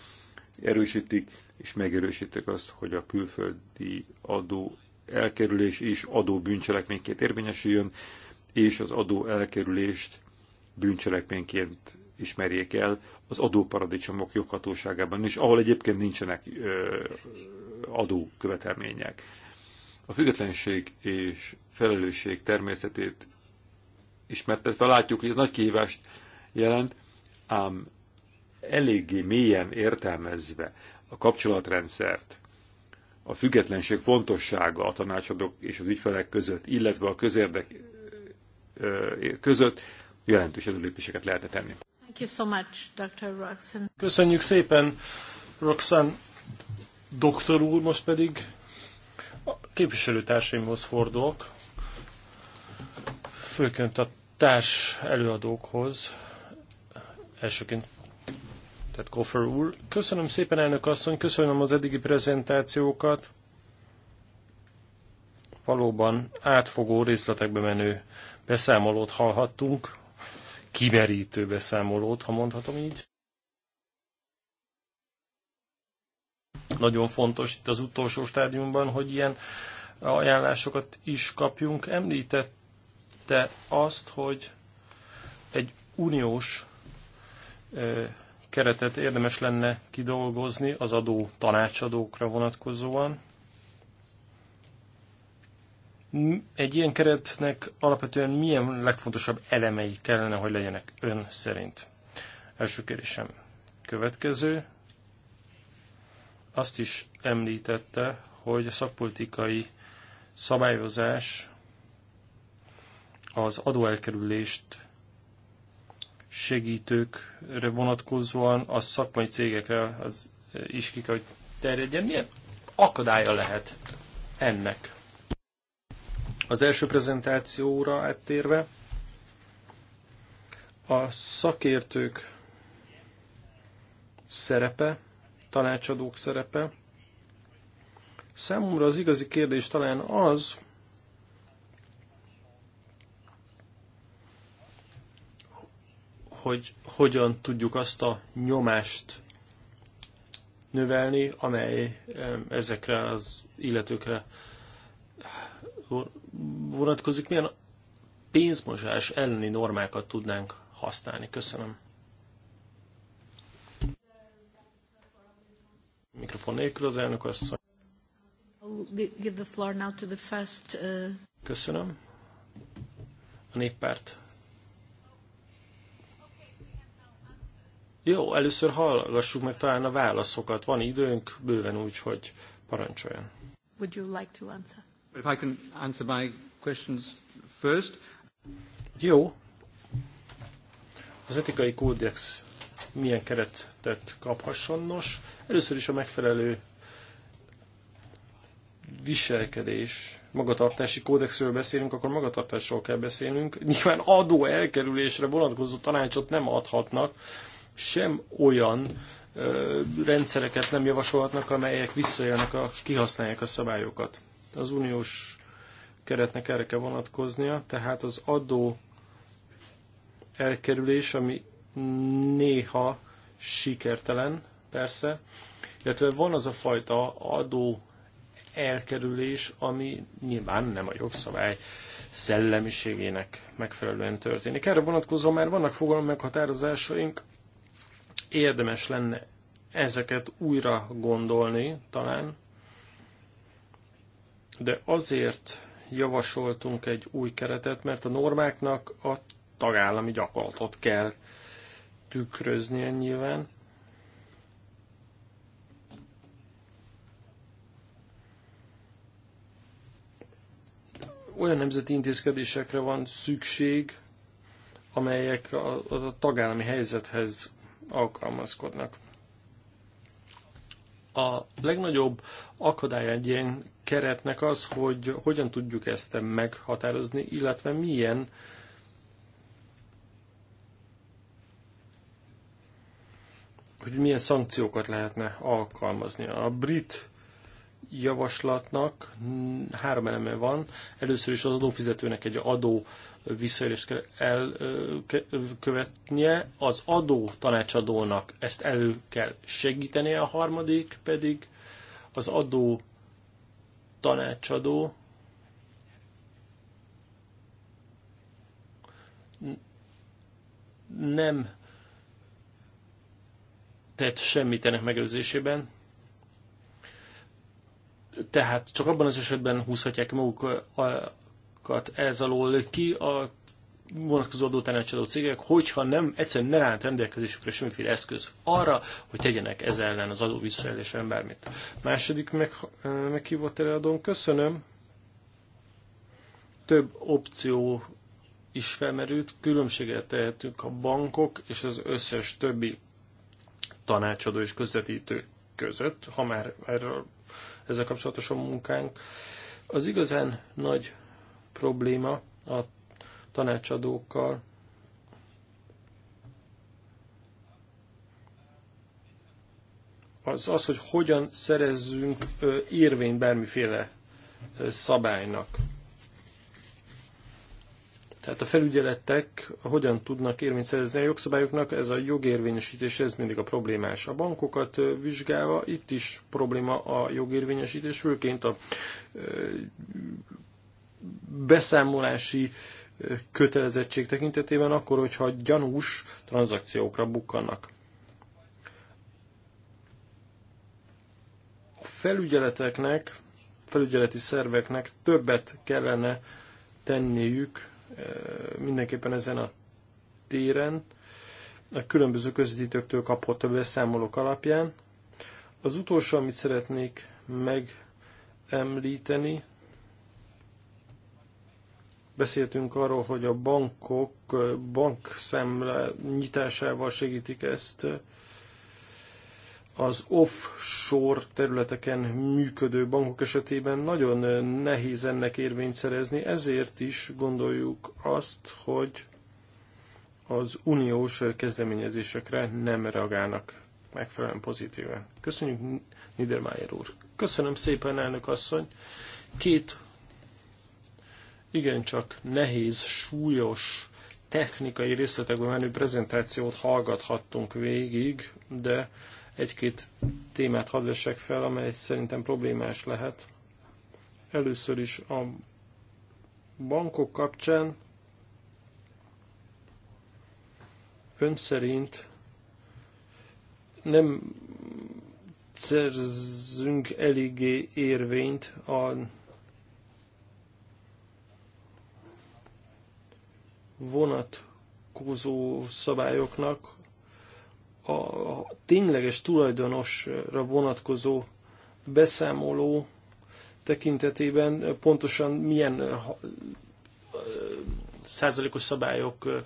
erősítik, és megerősítik azt, hogy a külföldi adó elkerülés és adó bűncselekményként érvényesüljön, és az adó elkerülést bűncselekményként ismerjék el az adóparadicsomok joghatóságában is, ahol egyébként nincsenek adókövetelmények. A függetlenség és felelősség természetét ismertetve látjuk, hogy ez nagy kihívást jelent, ám eléggé mélyen értelmezve a kapcsolatrendszert, a függetlenség fontossága a tanácsadók és az ügyfelek között, illetve a közérdek között jelentős előlépéseket lehetne tenni. Thank you so much, Dr. Köszönjük szépen, Roxanne doktor úr, most pedig a képviselőtársaimhoz fordulok, főként a társ előadókhoz, elsőként tehát Koffer úr. Köszönöm szépen, elnök asszony, köszönöm az eddigi prezentációkat. Valóban átfogó részletekbe menő beszámolót hallhattunk, kimerítő beszámolót, ha mondhatom így. Nagyon fontos itt az utolsó stádiumban, hogy ilyen ajánlásokat is kapjunk. Említett de azt, hogy egy uniós keretet érdemes lenne kidolgozni az adó tanácsadókra vonatkozóan. Egy ilyen keretnek alapvetően milyen legfontosabb elemei kellene, hogy legyenek ön szerint? Első kérdésem. Következő. Azt is említette, hogy a szakpolitikai szabályozás az adóelkerülést segítőkre vonatkozóan a szakmai cégekre az eh, is ki kell, hogy terjedjen. Milyen akadálya lehet ennek? Az első prezentációra áttérve a szakértők szerepe, tanácsadók szerepe. Számomra az igazi kérdés talán az, hogy hogyan tudjuk azt a nyomást növelni, amely ezekre az illetőkre vonatkozik. Milyen pénzmozsás elleni normákat tudnánk használni? Köszönöm. Mikrofon nélkül az elnök asszony. Uh, Köszönöm. A néppárt Jó, először hallgassuk meg talán a válaszokat. Van időnk, bőven úgy, hogy parancsoljon. Would you like to answer? If I can answer my questions first. Jó. Az etikai kódex milyen keretet kaphasson nos. Először is a megfelelő viselkedés, magatartási kódexről beszélünk, akkor magatartásról kell beszélnünk. Nyilván adó elkerülésre vonatkozó tanácsot nem adhatnak, sem olyan rendszereket nem javasolhatnak, amelyek visszajönnek, a, kihasználják a szabályokat. Az uniós keretnek erre kell vonatkoznia, tehát az adó elkerülés, ami néha sikertelen, persze, illetve van az a fajta adó elkerülés, ami nyilván nem a jogszabály szellemiségének megfelelően történik. Erre vonatkozóan már vannak fogalom meghatározásaink, érdemes lenne ezeket újra gondolni talán, de azért javasoltunk egy új keretet, mert a normáknak a tagállami gyakorlatot kell tükröznie nyilván. Olyan nemzeti intézkedésekre van szükség, amelyek a, a tagállami helyzethez alkalmazkodnak. A legnagyobb akadály egy ilyen keretnek az, hogy hogyan tudjuk ezt meghatározni, illetve milyen hogy milyen szankciókat lehetne alkalmazni. A brit javaslatnak három eleme van. Először is az adófizetőnek egy adó visszaélést elkövetnie, az adó tanácsadónak ezt elő kell segítenie, a harmadik pedig az adó tanácsadó nem tett semmit ennek megőrzésében. tehát csak abban az esetben húzhatják maguk adatokat ez alól ki a vonatkozó adótanácsadó cégek, hogyha nem, egyszerűen nem állt rendelkezésükre semmiféle eszköz arra, hogy tegyenek ez ellen az adó visszaélésen bármit. Második meg, meghívott előadón köszönöm. Több opció is felmerült, különbséget tehetünk a bankok és az összes többi tanácsadó és közvetítő között, ha már erről ezzel kapcsolatos a munkánk. Az igazán nagy probléma a tanácsadókkal. Az az, hogy hogyan szerezzünk érvényt bármiféle szabálynak. Tehát a felügyeletek hogyan tudnak érvényt szerezni a jogszabályoknak, ez a jogérvényesítés, ez mindig a problémás. A bankokat vizsgálva itt is probléma a jogérvényesítés, főként a beszámolási kötelezettség tekintetében akkor, hogyha gyanús tranzakciókra bukkannak. A felügyeleteknek, felügyeleti szerveknek többet kellene tenniük mindenképpen ezen a téren, a különböző közvetítőktől kapott beszámolók alapján. Az utolsó, amit szeretnék megemlíteni, Beszéltünk arról, hogy a bankok bankszemle nyitásával segítik ezt az offshore területeken működő bankok esetében nagyon nehéz ennek érvényt szerezni, ezért is gondoljuk azt, hogy az uniós kezdeményezésekre nem reagálnak megfelelően pozitíven. Köszönjük, Niedermayer úr. Köszönöm szépen, elnök asszony. Két igencsak nehéz, súlyos, technikai részletekben menő prezentációt hallgathattunk végig, de egy-két témát hadd vessek fel, amely szerintem problémás lehet. Először is a bankok kapcsán ön szerint nem szerzünk eléggé érvényt a vonatkozó szabályoknak a, a tényleges tulajdonosra vonatkozó beszámoló tekintetében pontosan milyen százalékos szabályok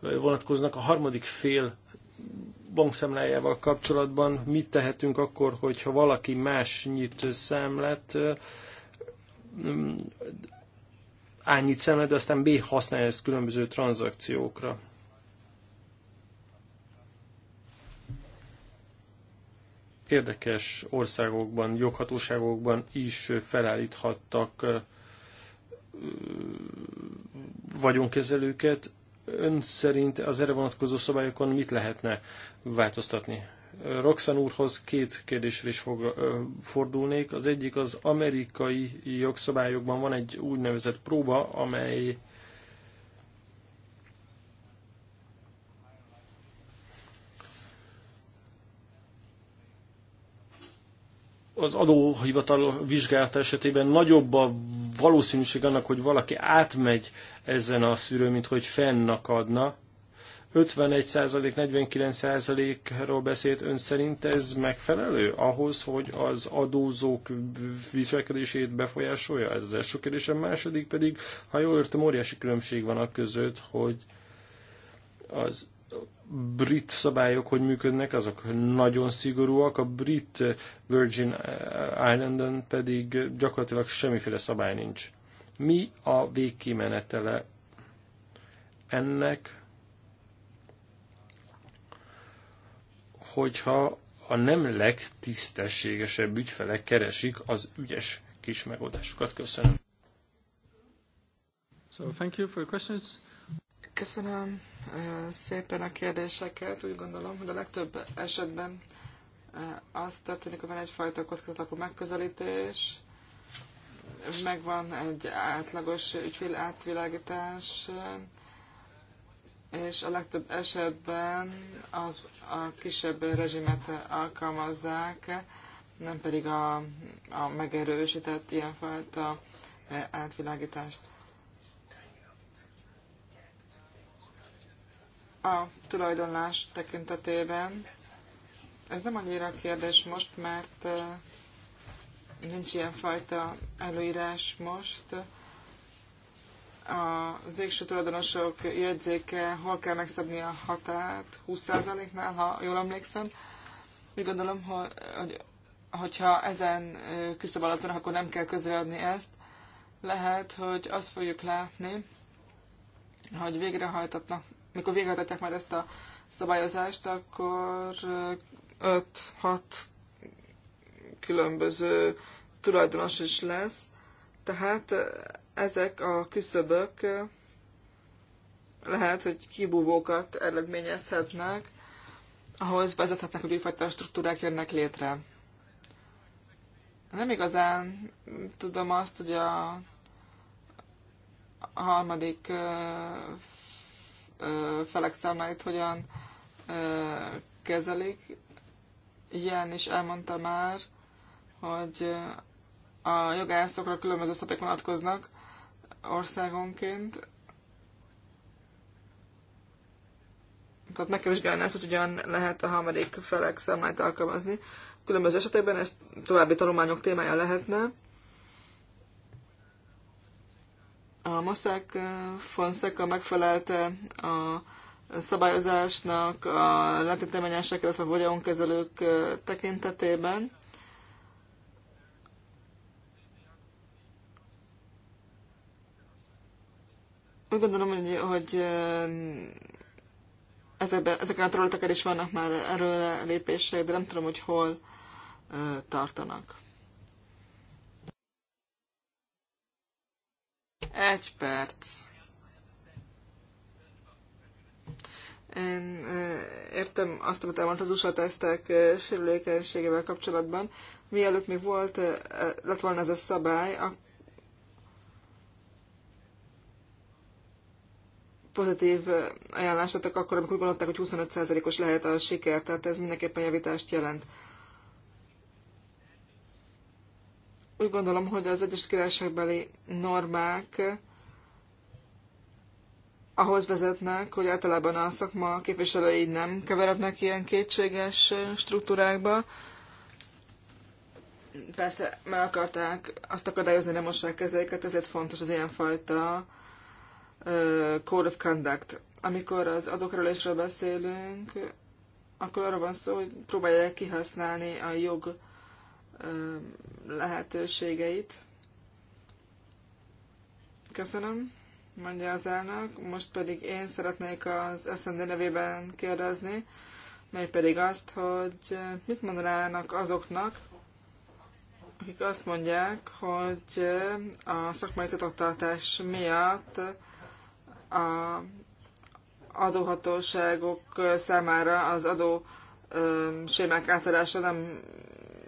vonatkoznak a harmadik fél bankszámlájával kapcsolatban, mit tehetünk akkor, hogyha valaki más nyit számlát, a-nyit de aztán B használja ezt különböző tranzakciókra. Érdekes országokban, joghatóságokban is felállíthattak vagyonkezelőket. Ön szerint az erre vonatkozó szabályokon mit lehetne változtatni? Roxan úrhoz két kérdésre is fog, fordulnék. Az egyik az amerikai jogszabályokban van egy úgynevezett próba, amely az adóhivatal vizsgálata esetében nagyobb a valószínűség annak, hogy valaki átmegy ezen a szűrőn, mint hogy fennakadna. 51%, 49%-ról beszélt ön szerint ez megfelelő ahhoz, hogy az adózók viselkedését befolyásolja? Ez az első A Második pedig, ha jól értem, óriási különbség van a között, hogy az brit szabályok hogy működnek, azok nagyon szigorúak, a brit Virgin Islandon pedig gyakorlatilag semmiféle szabály nincs. Mi a végkimenetele ennek? hogyha a nem legtisztességesebb ügyfelek keresik az ügyes kis megoldásokat. Köszönöm. So, thank you for your questions. Köszönöm szépen a kérdéseket. Úgy gondolom, hogy a legtöbb esetben az történik, hogy van egyfajta kockázatalapú megközelítés, megvan egy átlagos ügyfél átvilágítás, és a legtöbb esetben az a kisebb rezsimet alkalmazzák, nem pedig a, a megerősített ilyenfajta eh, átvilágítást. A tulajdonlás tekintetében ez nem annyira kérdés most, mert eh, nincs ilyenfajta előírás most, a végső tulajdonosok jegyzéke, hol kell megszabni a határt, 20%-nál, ha jól emlékszem. Úgy gondolom, hogy, hogyha ezen küszöb alatt van, akkor nem kell közreadni ezt. Lehet, hogy azt fogjuk látni, hogy végrehajtatnak, mikor végrehajtatják már ezt a szabályozást, akkor 5-6 különböző tulajdonos is lesz. Tehát ezek a küszöbök lehet, hogy kibúvókat eredményezhetnek, ahhoz vezethetnek, hogy újfajta struktúrák jönnek létre. Nem igazán tudom azt, hogy a, harmadik felek számáit hogyan kezelik. Ilyen is elmondta már, hogy a jogászokra különböző szabályok vonatkoznak, országonként. Tehát nekem is vizsgálni ezt, hogy hogyan lehet a harmadik felek számláját alkalmazni. Különböző esetekben ez további tanulmányok témája lehetne. A Mossack eh, Fonseca megfelelte a szabályozásnak, a letéteményesek, illetve vagyonkezelők eh, tekintetében. Úgy gondolom, hogy, hogy ezekben, ezeken a területeken is vannak már erről lépések, de nem tudom, hogy hol tartanak. Egy perc. Én értem azt, amit elmondt az USA tesztek sérülékenységével kapcsolatban. Mielőtt még volt, lett volna ez a szabály, pozitív ajánlást adtak akkor, amikor gondolták, hogy 25%-os lehet a siker, tehát ez mindenképpen javítást jelent. Úgy gondolom, hogy az egyes királyságbeli normák ahhoz vezetnek, hogy általában a szakma képviselői nem keverednek ilyen kétséges struktúrákba. Persze meg akarták azt akadályozni, nem mossák kezeiket, ezért fontos az ilyenfajta Code of Conduct. Amikor az adókerülésről beszélünk, akkor arra van szó, hogy próbálják kihasználni a jog lehetőségeit. Köszönöm, mondja az elnök. Most pedig én szeretnék az SND nevében kérdezni, mely pedig azt, hogy mit mondanának azoknak, akik azt mondják, hogy a szakmai titoktartás miatt a adóhatóságok számára az adó sémák átadása nem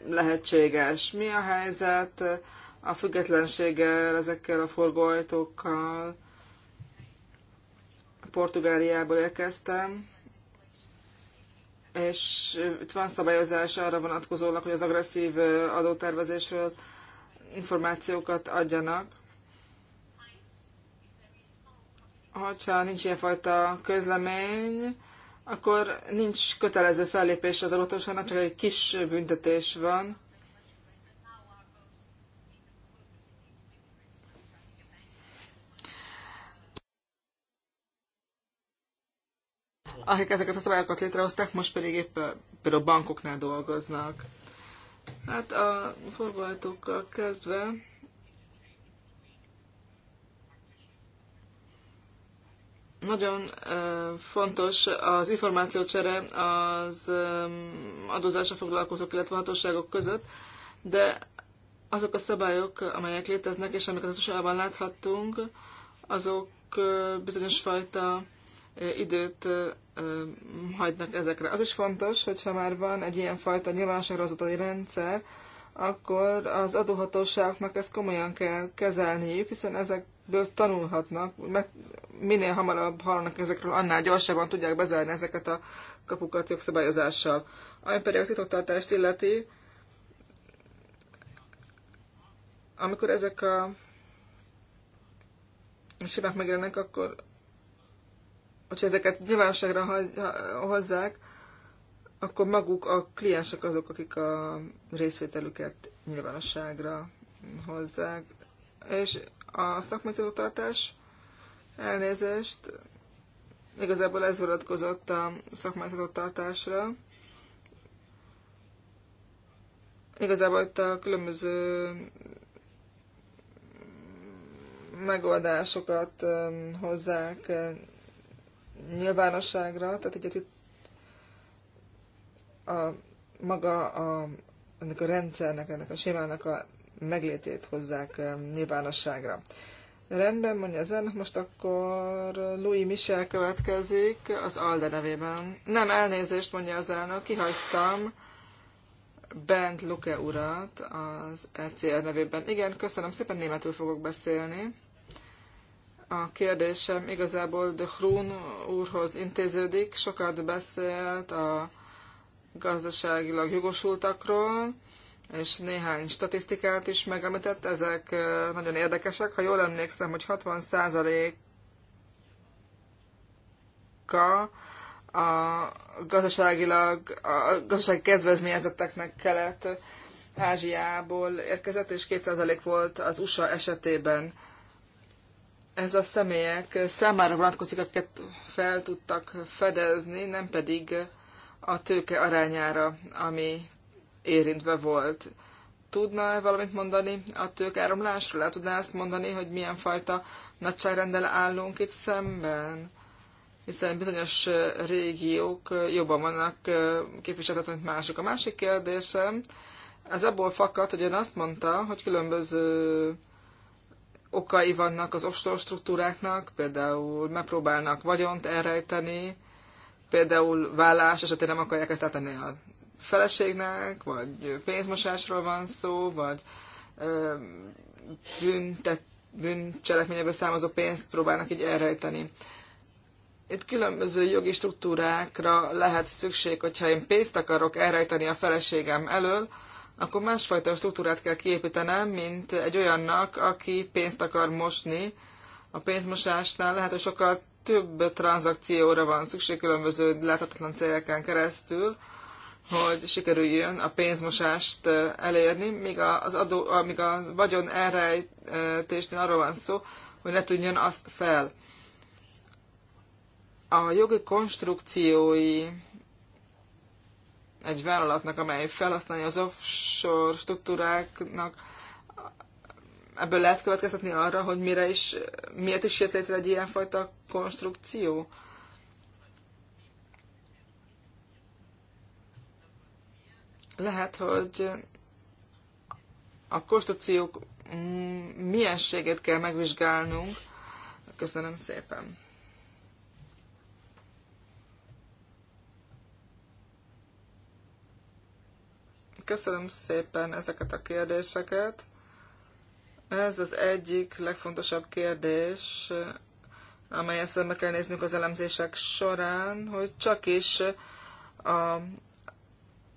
lehetséges. Mi a helyzet a függetlenséggel, ezekkel a forgóajtókkal? Portugáliából érkeztem, és itt van szabályozás arra vonatkozólag, hogy az agresszív adótervezésről információkat adjanak. hogyha nincs ilyenfajta közlemény, akkor nincs kötelező fellépés az adatosan, csak egy kis büntetés van. Akik ezeket a szabályokat létrehozták, most pedig éppen például bankoknál dolgoznak. Hát a forgalatokkal kezdve Nagyon fontos az információcsere az adózásra foglalkozók, illetve hatóságok között, de azok a szabályok, amelyek léteznek, és amiket az usa láthattunk, azok bizonyos fajta időt hagynak ezekre. Az is fontos, hogyha már van egy ilyen fajta nyilvánosságra rendszer, akkor az adóhatóságnak ezt komolyan kell kezelniük, hiszen ezekből tanulhatnak, mert minél hamarabb hallanak ezekről, annál gyorsabban tudják bezárni ezeket a kapukat jogszabályozással. Ami pedig a titoktartást illeti, amikor ezek a simák megjelennek, akkor hogyha ezeket nyilvánosságra hozzák, akkor maguk a kliensek azok, akik a részvételüket nyilvánosságra hozzák. És a szakmai tartás elnézést, igazából ez vonatkozott a szakmai tartásra. Igazából itt a különböző megoldásokat hozzák nyilvánosságra, tehát itt a maga a, ennek a rendszernek, ennek a sémának a meglétét hozzák nyilvánosságra. Rendben, mondja az elnök, most akkor Louis Michel következik az Alde nevében. Nem, elnézést, mondja az elnök, kihagytam Bent Luke urat az ECR nevében. Igen, köszönöm szépen, németül fogok beszélni. A kérdésem igazából de Hrun úrhoz intéződik, sokat beszélt a gazdaságilag jogosultakról, és néhány statisztikát is megemlített, ezek nagyon érdekesek. Ha jól emlékszem, hogy 60%-a a gazdaságilag, a gazdasági kedvezményezetteknek kelet Ázsiából érkezett, és 2% volt az USA esetében. Ez a személyek számára vonatkozik, akiket fel tudtak fedezni, nem pedig a tőke arányára, ami érintve volt. Tudna-e valamit mondani a tőkáramlásról? Le tudná azt mondani, hogy milyen fajta nagyságrendel állunk itt szemben? Hiszen bizonyos régiók jobban vannak képviseltetve, mint mások. A másik kérdésem, ez abból fakad, hogy ön azt mondta, hogy különböző okai vannak az offshore struktúráknak, például megpróbálnak vagyont elrejteni, például vállás esetén nem akarják ezt átadni a feleségnek, vagy pénzmosásról van szó, vagy ö, büntet, bűncselekményekből származó pénzt próbálnak így elrejteni. Itt különböző jogi struktúrákra lehet szükség, hogyha én pénzt akarok elrejteni a feleségem elől, akkor másfajta struktúrát kell kiépítenem, mint egy olyannak, aki pénzt akar mosni. A pénzmosásnál lehet, hogy sokkal több tranzakcióra van szükség különböző láthatatlan céleken keresztül, hogy sikerüljön a pénzmosást elérni, míg az, adó, míg a vagyon elrejtésnél arról van szó, hogy ne tudjon azt fel. A jogi konstrukciói egy vállalatnak, amely felhasználja az offshore struktúráknak ebből lehet következtetni arra, hogy mire is, miért is jött létre egy ilyenfajta konstrukció? Lehet, hogy a konstrukciók mienségét kell megvizsgálnunk. Köszönöm szépen! Köszönöm szépen ezeket a kérdéseket. Ez az egyik legfontosabb kérdés, amelyet szembe kell néznünk az elemzések során, hogy csak is a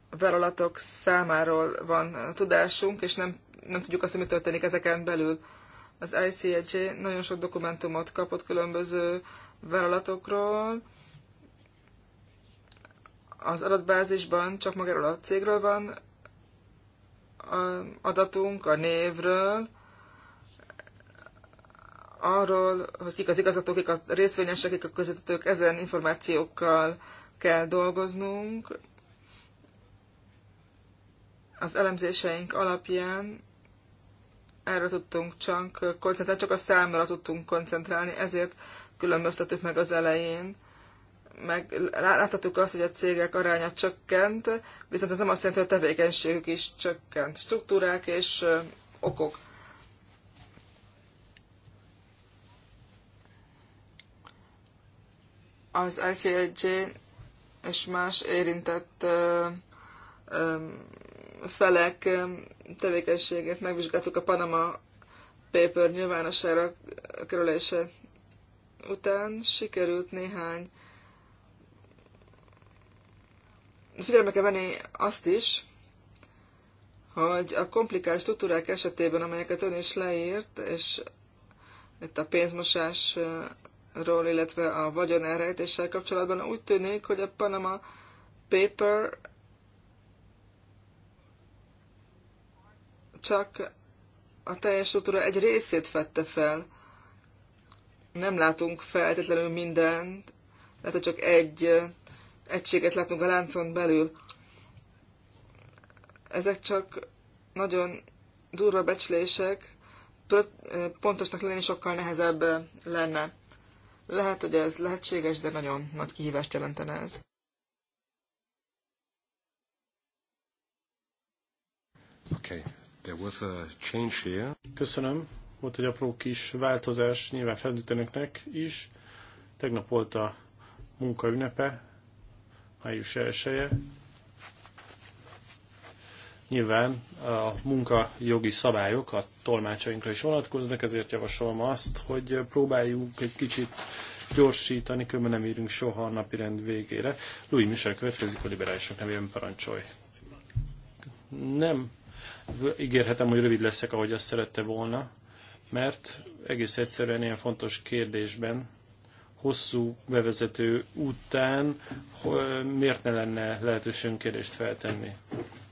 vállalatok számáról van tudásunk, és nem, nem tudjuk azt, hogy mi történik ezeken belül. Az ICEJ nagyon sok dokumentumot kapott különböző vállalatokról, az adatbázisban csak magáról a cégről van a adatunk, a névről, arról, hogy kik az igazgatók, kik a részvényesek, kik a közvetítők, ezen információkkal kell dolgoznunk. Az elemzéseink alapján erre tudtunk csak koncentrálni, csak a számra tudtunk koncentrálni, ezért különböztetük meg az elején. Meg láthatjuk azt, hogy a cégek aránya csökkent, viszont ez nem azt jelenti, hogy a tevékenységük is csökkent. Struktúrák és okok az ICIJ és más érintett felek tevékenységét megvizsgáltuk a Panama Paper nyilvánosságra kerülése után. Sikerült néhány figyelme kell venni azt is, hogy a komplikált struktúrák esetében, amelyeket ön is leírt, és itt a pénzmosás ról, illetve a vagyon elrejtéssel kapcsolatban úgy tűnik, hogy a Panama Paper csak a teljes struktúra egy részét fette fel. Nem látunk feltétlenül mindent, lehet, hogy csak egy egységet látunk a láncon belül. Ezek csak nagyon durva becslések, pontosnak lenni sokkal nehezebb lenne. Lehet, hogy ez lehetséges, de nagyon nagy kihívást jelentene ez. Okay. There was a change here. Köszönöm. Volt egy apró kis változás, nyilván felüteneknek is. Tegnap volt a munkaünnepe, május 1 -e. Nyilván a munkajogi szabályok a tolmácsainkra is vonatkoznak, ezért javasolom azt, hogy próbáljuk egy kicsit gyorsítani, különben nem írunk soha a napi rend végére. Louis Michel következik a liberálisok nevében parancsolj. Nem ígérhetem, hogy rövid leszek, ahogy azt szerette volna, mert egész egyszerűen ilyen fontos kérdésben hosszú bevezető után miért ne lenne lehetőségünk kérdést feltenni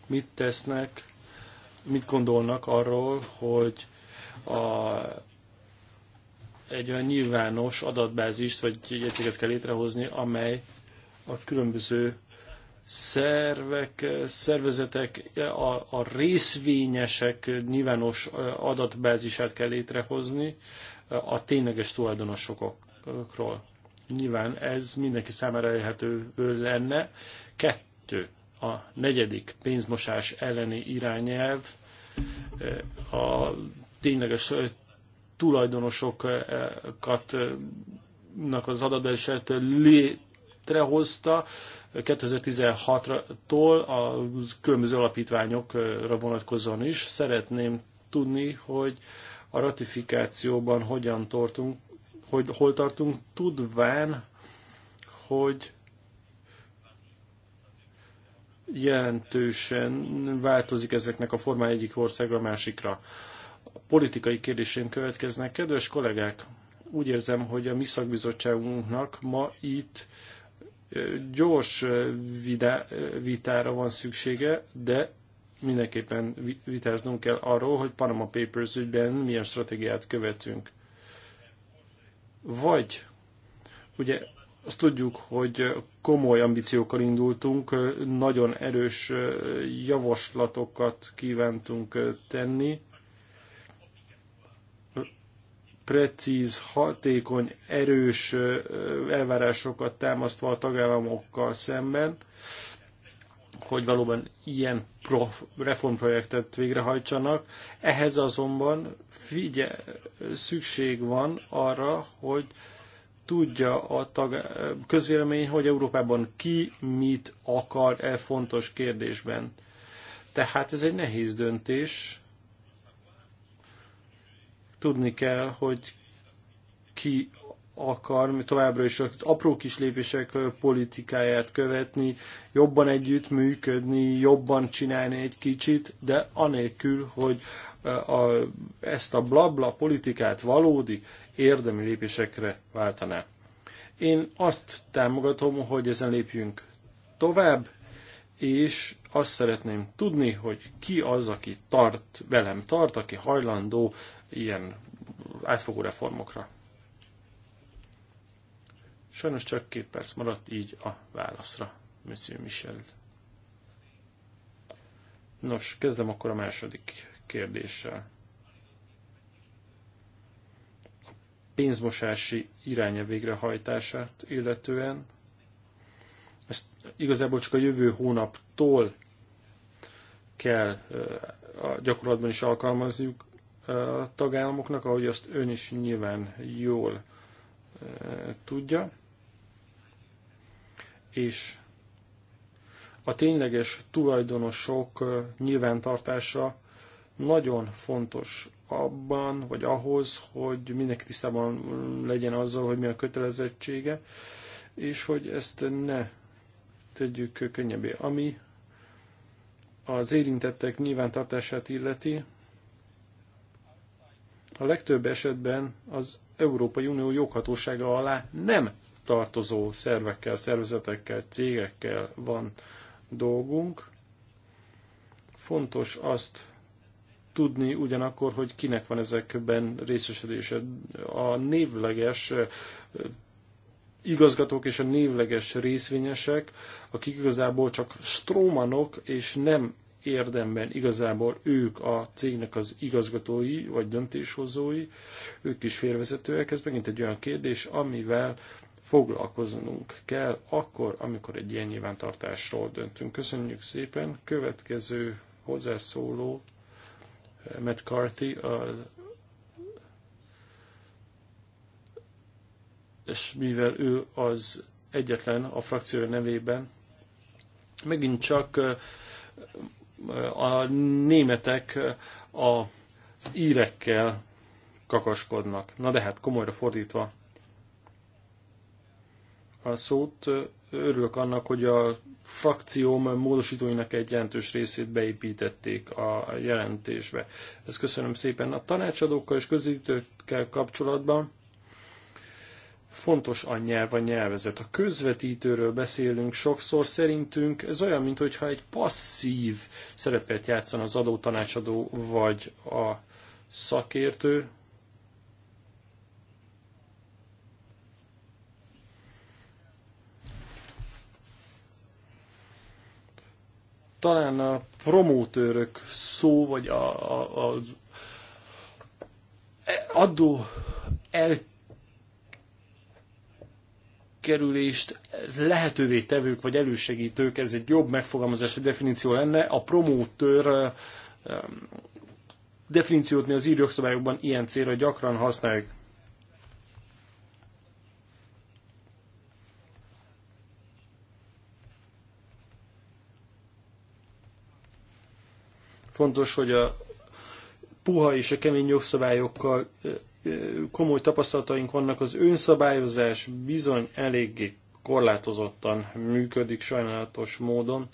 mit tesznek, mit gondolnak arról, hogy a, egy olyan nyilvános adatbázist vagy egységet kell létrehozni, amely a különböző szervek, szervezetek, a, a részvényesek nyilvános adatbázisát kell létrehozni a tényleges tulajdonosokról. Nyilván ez mindenki számára elérhető lenne. Kettő a negyedik pénzmosás elleni irányelv a tényleges tulajdonosokat az adatbeeset létrehozta 2016-tól a különböző alapítványokra vonatkozóan is. Szeretném tudni, hogy a ratifikációban hogyan tartunk, hogy hol tartunk, tudván, hogy jelentősen változik ezeknek a formája egyik országra a másikra. A politikai kérdésén következnek. Kedves kollégák, úgy érzem, hogy a mi szakbizottságunknak ma itt gyors vitára van szüksége, de mindenképpen vitáznunk kell arról, hogy Panama Papers ügyben milyen stratégiát követünk. Vagy ugye azt tudjuk, hogy komoly ambíciókkal indultunk, nagyon erős javaslatokat kívántunk tenni, precíz, hatékony, erős elvárásokat támasztva a tagállamokkal szemben, hogy valóban ilyen prof, reformprojektet végrehajtsanak. Ehhez azonban figye, szükség van arra, hogy tudja a tag, eh, közvélemény, hogy Európában ki mit akar e fontos kérdésben. Tehát ez egy nehéz döntés. Tudni kell, hogy ki akar továbbra is az apró kis lépések eh, politikáját követni, jobban együtt működni, jobban csinálni egy kicsit, de anélkül, hogy a, ezt a blabla politikát valódi érdemi lépésekre váltaná. Én azt támogatom, hogy ezen lépjünk tovább, és azt szeretném tudni, hogy ki az, aki tart, velem tart, aki hajlandó ilyen átfogó reformokra. Sajnos csak két perc maradt így a válaszra, Monsieur Michel. Nos, kezdem akkor a második kérdéssel. A pénzmosási iránya végrehajtását illetően, ezt igazából csak a jövő hónaptól kell a gyakorlatban is alkalmazniuk a tagállamoknak, ahogy azt ön is nyilván jól tudja. És a tényleges tulajdonosok nyilvántartása nagyon fontos abban, vagy ahhoz, hogy mindenki tisztában legyen azzal, hogy mi a kötelezettsége, és hogy ezt ne tegyük könnyebbé. Ami az érintettek nyilvántartását illeti, a legtöbb esetben az Európai Unió joghatósága alá nem tartozó szervekkel, szervezetekkel, cégekkel van dolgunk. Fontos azt tudni ugyanakkor, hogy kinek van ezekben részesedése. A névleges igazgatók és a névleges részvényesek, akik igazából csak strómanok, és nem érdemben igazából ők a cégnek az igazgatói vagy döntéshozói, ők is félvezetőek, ez megint egy olyan kérdés, amivel foglalkoznunk kell akkor, amikor egy ilyen nyilvántartásról döntünk. Köszönjük szépen, következő hozzászóló McCarthy, a, és mivel ő az egyetlen a frakció nevében, megint csak a németek az írekkel kakaskodnak. Na de hát komolyra fordítva a szót örülök annak, hogy a frakcióm módosítóinak egy jelentős részét beépítették a jelentésbe. Ezt köszönöm szépen a tanácsadókkal és közvetítőkkel kapcsolatban. Fontos a nyelv, a nyelvezet. A közvetítőről beszélünk sokszor, szerintünk ez olyan, mintha egy passzív szerepet játszan az tanácsadó vagy a szakértő, Talán a promótőrök szó, vagy a, a, a adó elkerülést lehetővé tevők, vagy elősegítők, ez egy jobb megfogalmazási definíció lenne. A promótőr um, definíciót mi az írjogszabályokban ilyen célra gyakran használjuk. Fontos, hogy a puha és a kemény jogszabályokkal komoly tapasztalataink vannak, az önszabályozás bizony eléggé korlátozottan működik sajnálatos módon.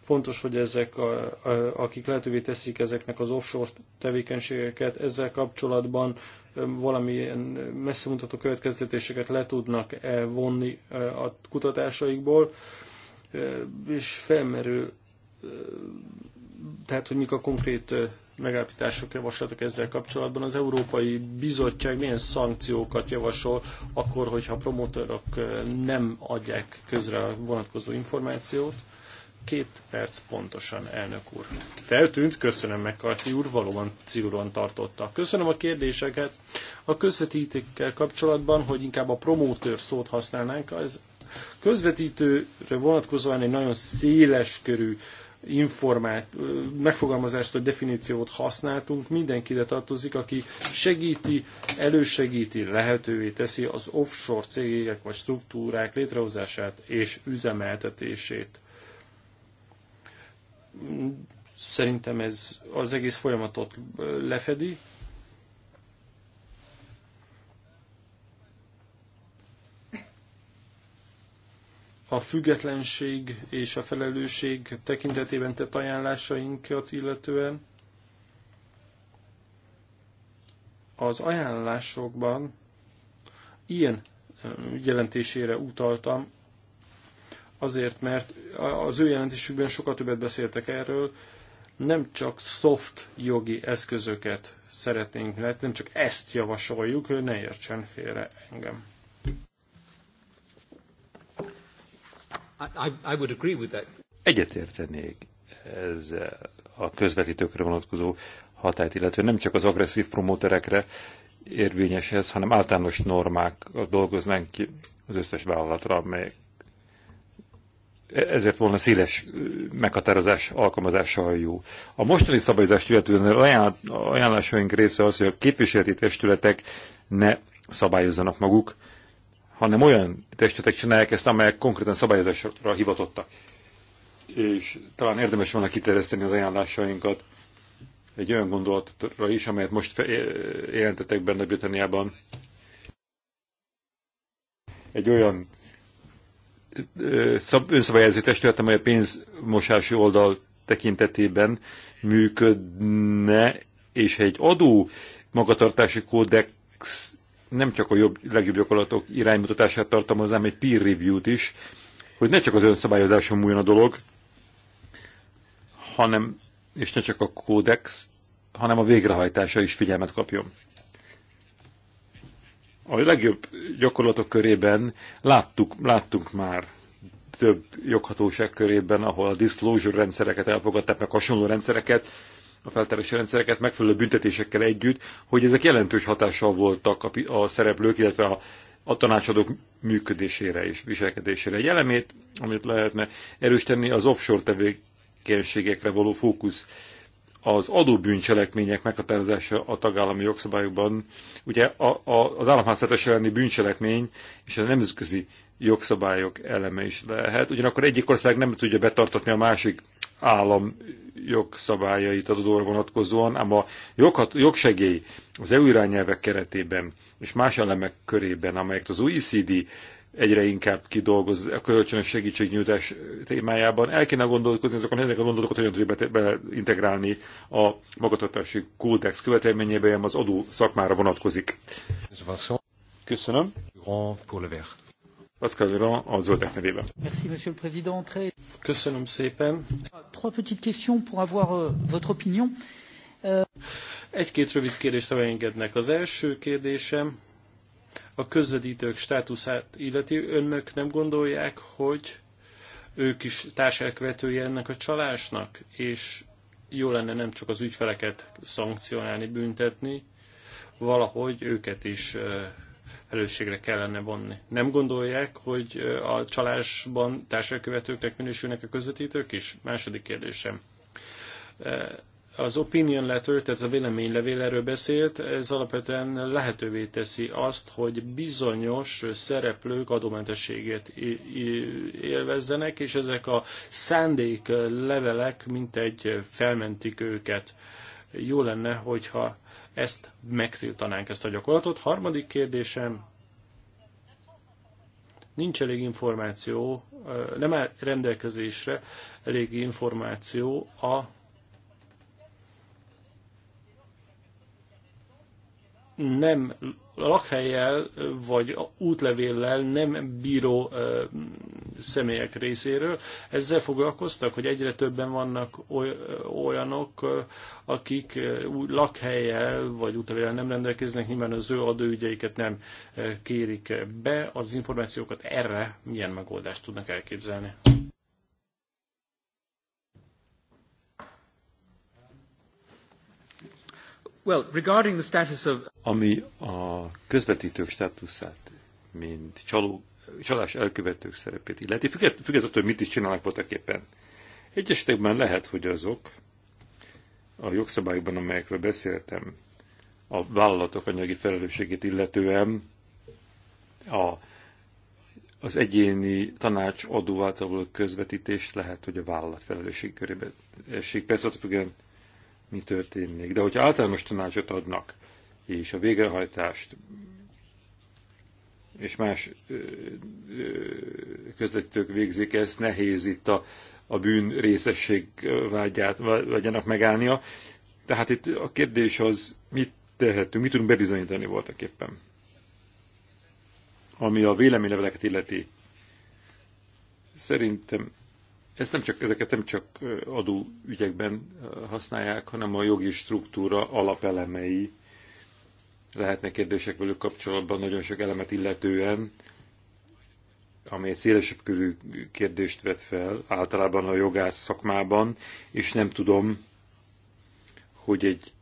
Fontos, hogy ezek, a, a, akik lehetővé teszik ezeknek az offshore tevékenységeket, ezzel kapcsolatban valamilyen messzemutató következtetéseket le tudnak -e vonni a kutatásaikból, és felmerül tehát, hogy mik a konkrét megállapítások, javaslatok ezzel kapcsolatban. Az Európai Bizottság milyen szankciókat javasol akkor, hogyha a promotorok nem adják közre a vonatkozó információt? Két perc pontosan, elnök úr. Feltűnt, köszönöm meg, McCarthy úr, valóban szigorúan tartotta. Köszönöm a kérdéseket. A közvetítékkel kapcsolatban, hogy inkább a promótőr szót használnánk, ez közvetítőre vonatkozóan egy nagyon széles körű uh, informát, megfogalmazást vagy definíciót használtunk, mindenki ide tartozik, aki segíti, elősegíti, lehetővé teszi az offshore cégek vagy struktúrák létrehozását és üzemeltetését. Szerintem ez az egész folyamatot lefedi, a függetlenség és a felelősség tekintetében tett ajánlásainkat illetően. Az ajánlásokban ilyen jelentésére utaltam, azért, mert az ő jelentésükben sokat többet beszéltek erről, nem csak soft jogi eszközöket szeretnénk, nem csak ezt javasoljuk, ne értsen félre engem. Egyetértenék ez a közvetítőkre vonatkozó hatályt, illetve nem csak az agresszív promóterekre érvényes ez, hanem általános normák dolgoznánk ki az összes vállalatra, amely e- ezért volna széles meghatározás alkalmazása jó. A mostani szabályozást illetően ajánlásaink része az, hogy a képviseleti testületek ne szabályozzanak maguk, hanem olyan testületek csinálják ezt, amelyek konkrétan szabályozásra hivatottak. És talán érdemes volna kiterjeszteni az ajánlásainkat egy olyan gondolatra is, amelyet most jelentetek benne Nagy-Britanniában. Egy olyan önszabályozó testület, amely a pénzmosási oldal tekintetében működne, és egy adó magatartási kódex nem csak a jobb, legjobb gyakorlatok iránymutatását hanem egy peer review-t is, hogy ne csak az önszabályozáson múljon a dolog, hanem, és ne csak a kódex, hanem a végrehajtása is figyelmet kapjon. A legjobb gyakorlatok körében láttuk, láttunk már több joghatóság körében, ahol a disclosure rendszereket elfogadták, meg hasonló rendszereket, a feltárási rendszereket megfelelő büntetésekkel együtt, hogy ezek jelentős hatással voltak a, a szereplők, illetve a, a tanácsadók működésére és viselkedésére. Egy elemét, amit lehetne erősíteni, az offshore tevékenységekre való fókusz az adóbűncselekmények meghatározása a tagállami jogszabályokban. Ugye a, a, az államháztartás elleni bűncselekmény és a nemzetközi jogszabályok eleme is lehet. Ugyanakkor egyik ország nem tudja betartatni a másik állam jogszabályait az adóra vonatkozóan, ám a joghat, jogsegély az EU irányelvek keretében és más elemek körében, amelyek az OECD egyre inkább kidolgoz a kölcsönös segítségnyújtás témájában. El kéne gondolkozni azokon, ezek a gondolatokat hogyan tudjuk beintegrálni a magatartási kódex követelményébe, az adó szakmára vonatkozik. Köszönöm. Pascal Durand a zöldek nevében. Merci, monsieur le président. Très... Köszönöm szépen. Trois petites questions pour avoir euh, votre opinion. Euh- Egy-két rövid kérdést, ha engednek. Az első kérdésem a közvetítők státuszát illeti. Önök nem gondolják, hogy ők is társelkövetői ennek a csalásnak, és jó lenne nem csak az ügyfeleket szankcionálni, büntetni, valahogy őket is felelősségre kellene vonni. Nem gondolják, hogy a csalásban társadalkövetőknek minősülnek a közvetítők is? Második kérdésem. Az opinion letter, tehát ez a véleménylevél erről beszélt, ez alapvetően lehetővé teszi azt, hogy bizonyos szereplők adómentességet élvezzenek, és ezek a szándéklevelek levelek mint egy felmentik őket. Jó lenne, hogyha ezt megtiltanánk ezt a gyakorlatot. Harmadik kérdésem, nincs elég információ, nem áll rendelkezésre elég információ a nem lakhelyjel vagy útlevéllel nem bíró személyek részéről. Ezzel foglalkoztak, hogy egyre többen vannak olyanok, akik lakhelyjel vagy útlevéllel nem rendelkeznek, nyilván az ő adóügyeiket nem kérik be. Az információkat erre milyen megoldást tudnak elképzelni? Well, regarding the status of... Ami a közvetítők státuszát, mint csaló, csalás elkövetők szerepét illeti, függetlenül, hogy mit is csinálnak voltak éppen. Egy esetekben lehet, hogy azok a jogszabályokban, amelyekről beszéltem, a vállalatok anyagi felelősségét illetően a, az egyéni tanácsadó által közvetítést lehet, hogy a vállalat felelősség körébe esik. Persze mi történik. De hogyha általános tanácsot adnak, és a végrehajtást, és más közvetítők végzik ezt, nehéz itt a, a bűn részesség vágyát, vágyának megállnia. Tehát itt a kérdés az, mit tehetünk, mit tudunk bebizonyítani voltak éppen. Ami a véleményleveleket illeti, szerintem ezt nem csak, ezeket nem csak adóügyekben használják, hanem a jogi struktúra alapelemei lehetnek kérdések velük kapcsolatban nagyon sok elemet illetően, amely egy szélesebb körű kérdést vet fel, általában a jogász szakmában, és nem tudom, hogy egy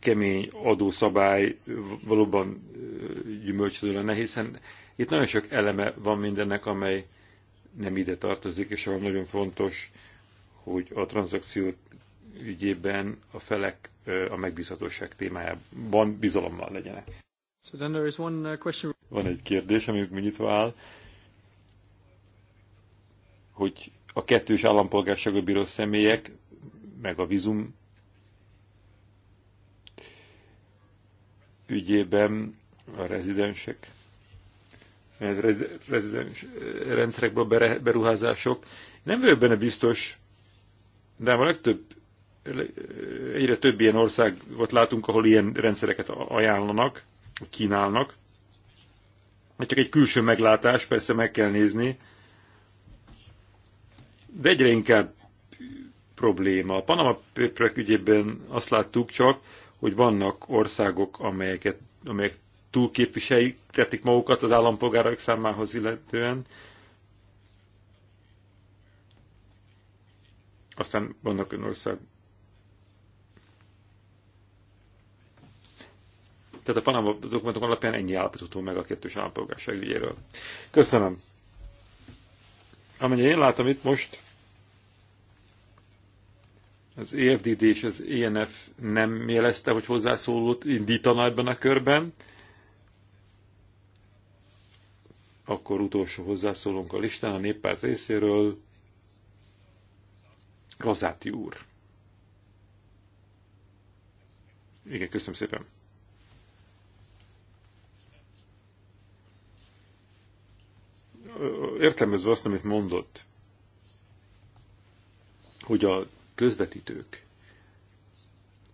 kemény adószabály valóban gyümölcsöző lenne, hiszen itt nagyon sok eleme van mindennek, amely nem ide tartozik, és ahol nagyon fontos, hogy a tranzakció ügyében a felek a megbízhatóság témájában bizalommal legyenek. So then there is one uh, question. Van egy kérdés, ami nyitva áll, hogy a kettős állampolgárságot bíró személyek, meg a vízum ügyében a rezidensek meg rezidens rendszerekből beruházások. Nem vagyok benne biztos, de a legtöbb, egyre több ilyen országot látunk, ahol ilyen rendszereket ajánlanak, kínálnak. csak egy külső meglátás, persze meg kell nézni, de egyre inkább probléma. A Panama Paperek ügyében azt láttuk csak, hogy vannak országok, amelyeket, amelyek túlképviseltetik magukat az állampolgárok számához illetően. Aztán vannak olyan ország. Tehát a Panama dokumentum alapján ennyi állapítható meg a kettős állampolgárság ügyéről. Köszönöm. Amennyi én látom itt most, az EFDD és az ENF nem jelezte, hogy hozzászólót indítana ebben a körben. Akkor utolsó hozzászólunk a listán a néppárt részéről. Rozáti úr. Igen, köszönöm szépen. Értelmezve azt, amit mondott, hogy a közvetítők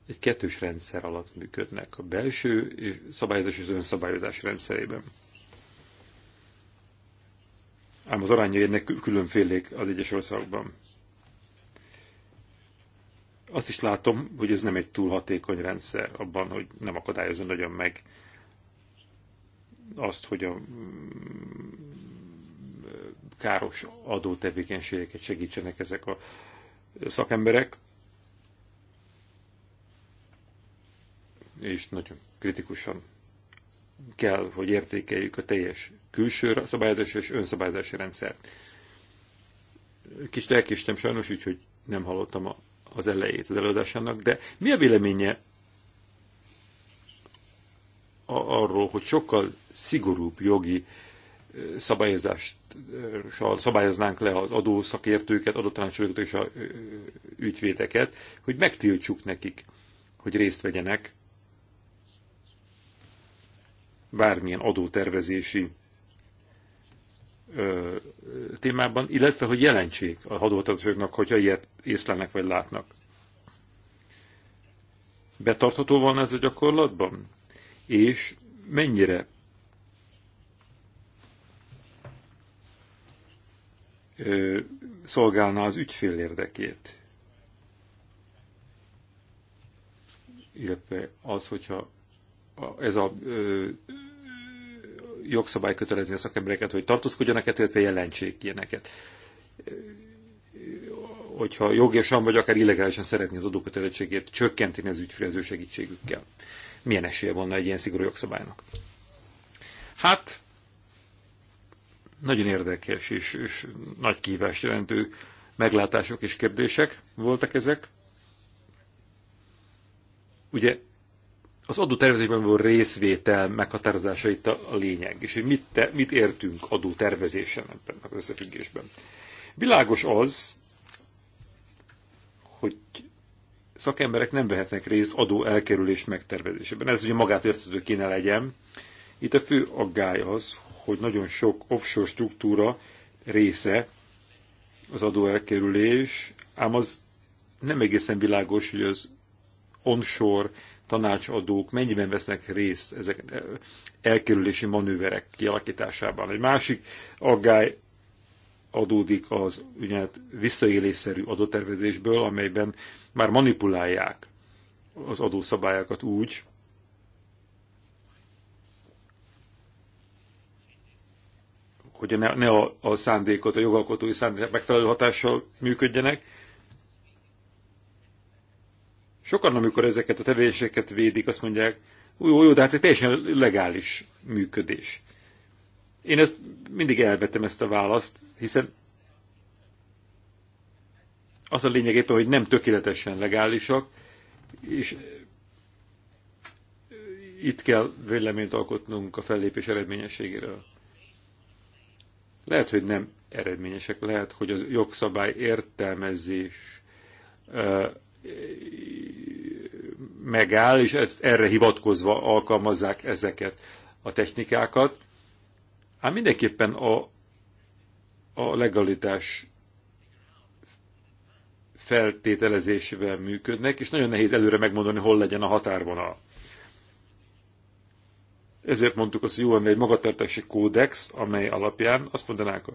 egy kettős rendszer alatt működnek, a belső szabályozás és az önszabályozás rendszerében ám az aránya ennek különfélék az egyes országokban. Azt is látom, hogy ez nem egy túl hatékony rendszer abban, hogy nem akadályozza nagyon meg azt, hogy a mm, káros adótevékenységeket segítsenek ezek a szakemberek. És nagyon kritikusan kell, hogy értékeljük a teljes külső szabályozási és önszabályozási rendszert. Kicsit elkéstem sajnos, úgyhogy nem hallottam az elejét az előadásának, de mi a véleménye arról, hogy sokkal szigorúbb jogi szabályozást szabályoznánk le az adószakértőket, adottanácsolókat és a ügyvédeket, hogy megtiltsuk nekik, hogy részt vegyenek bármilyen adótervezési ö, témában, illetve hogy jelentsék a adótartozóknak, hogyha ilyet észlelnek vagy látnak. Betartható van ez a gyakorlatban? És mennyire ö, szolgálna az ügyfél érdekét? Illetve az, hogyha ez a ö, jogszabály kötelezni a szakembereket, hogy tartózkodjanak, illetve jelentsék ilyeneket. Hogyha jogosan vagy akár illegálisan szeretné az adókötelezettségét csökkenteni az ügyfélező segítségükkel. Milyen esélye volna egy ilyen szigorú jogszabálynak? Hát, nagyon érdekes és, és nagy kívást jelentő meglátások és kérdések voltak ezek. Ugye az adótervezésben való részvétel meghatározása itt a lényeg, és hogy mit, te, mit értünk adótervezésen ebben az összefüggésben. Világos az, hogy szakemberek nem vehetnek részt adó elkerülés megtervezésében. Ez ugye magát értető kéne legyen. Itt a fő aggály az, hogy nagyon sok offshore struktúra része az adó elkerülés, ám az nem egészen világos, hogy az onshore tanácsadók mennyiben vesznek részt ezek eh, elkerülési manőverek kialakításában. Egy másik aggály adódik az úgynevezett visszaélésszerű adótervezésből, amelyben már manipulálják az adószabályokat úgy, hogy ne, ne a, a szándékot, a jogalkotói szándék megfelelő hatással működjenek, Sokan, amikor ezeket a tevékenységeket védik, azt mondják, jó, jó, de hát egy teljesen legális működés. Én ezt mindig elvetem ezt a választ, hiszen az a lényeg éppen, hogy nem tökéletesen legálisak, és itt kell véleményt alkotnunk a fellépés eredményességéről. Lehet, hogy nem eredményesek, lehet, hogy a jogszabály értelmezés megáll, és ezt erre hivatkozva alkalmazzák ezeket a technikákat. Ám mindenképpen a, a legalitás feltételezésével működnek, és nagyon nehéz előre megmondani, hol legyen a határvonal. Ezért mondtuk azt, hogy jó, egy magatartási kódex, amely alapján azt mondanák a,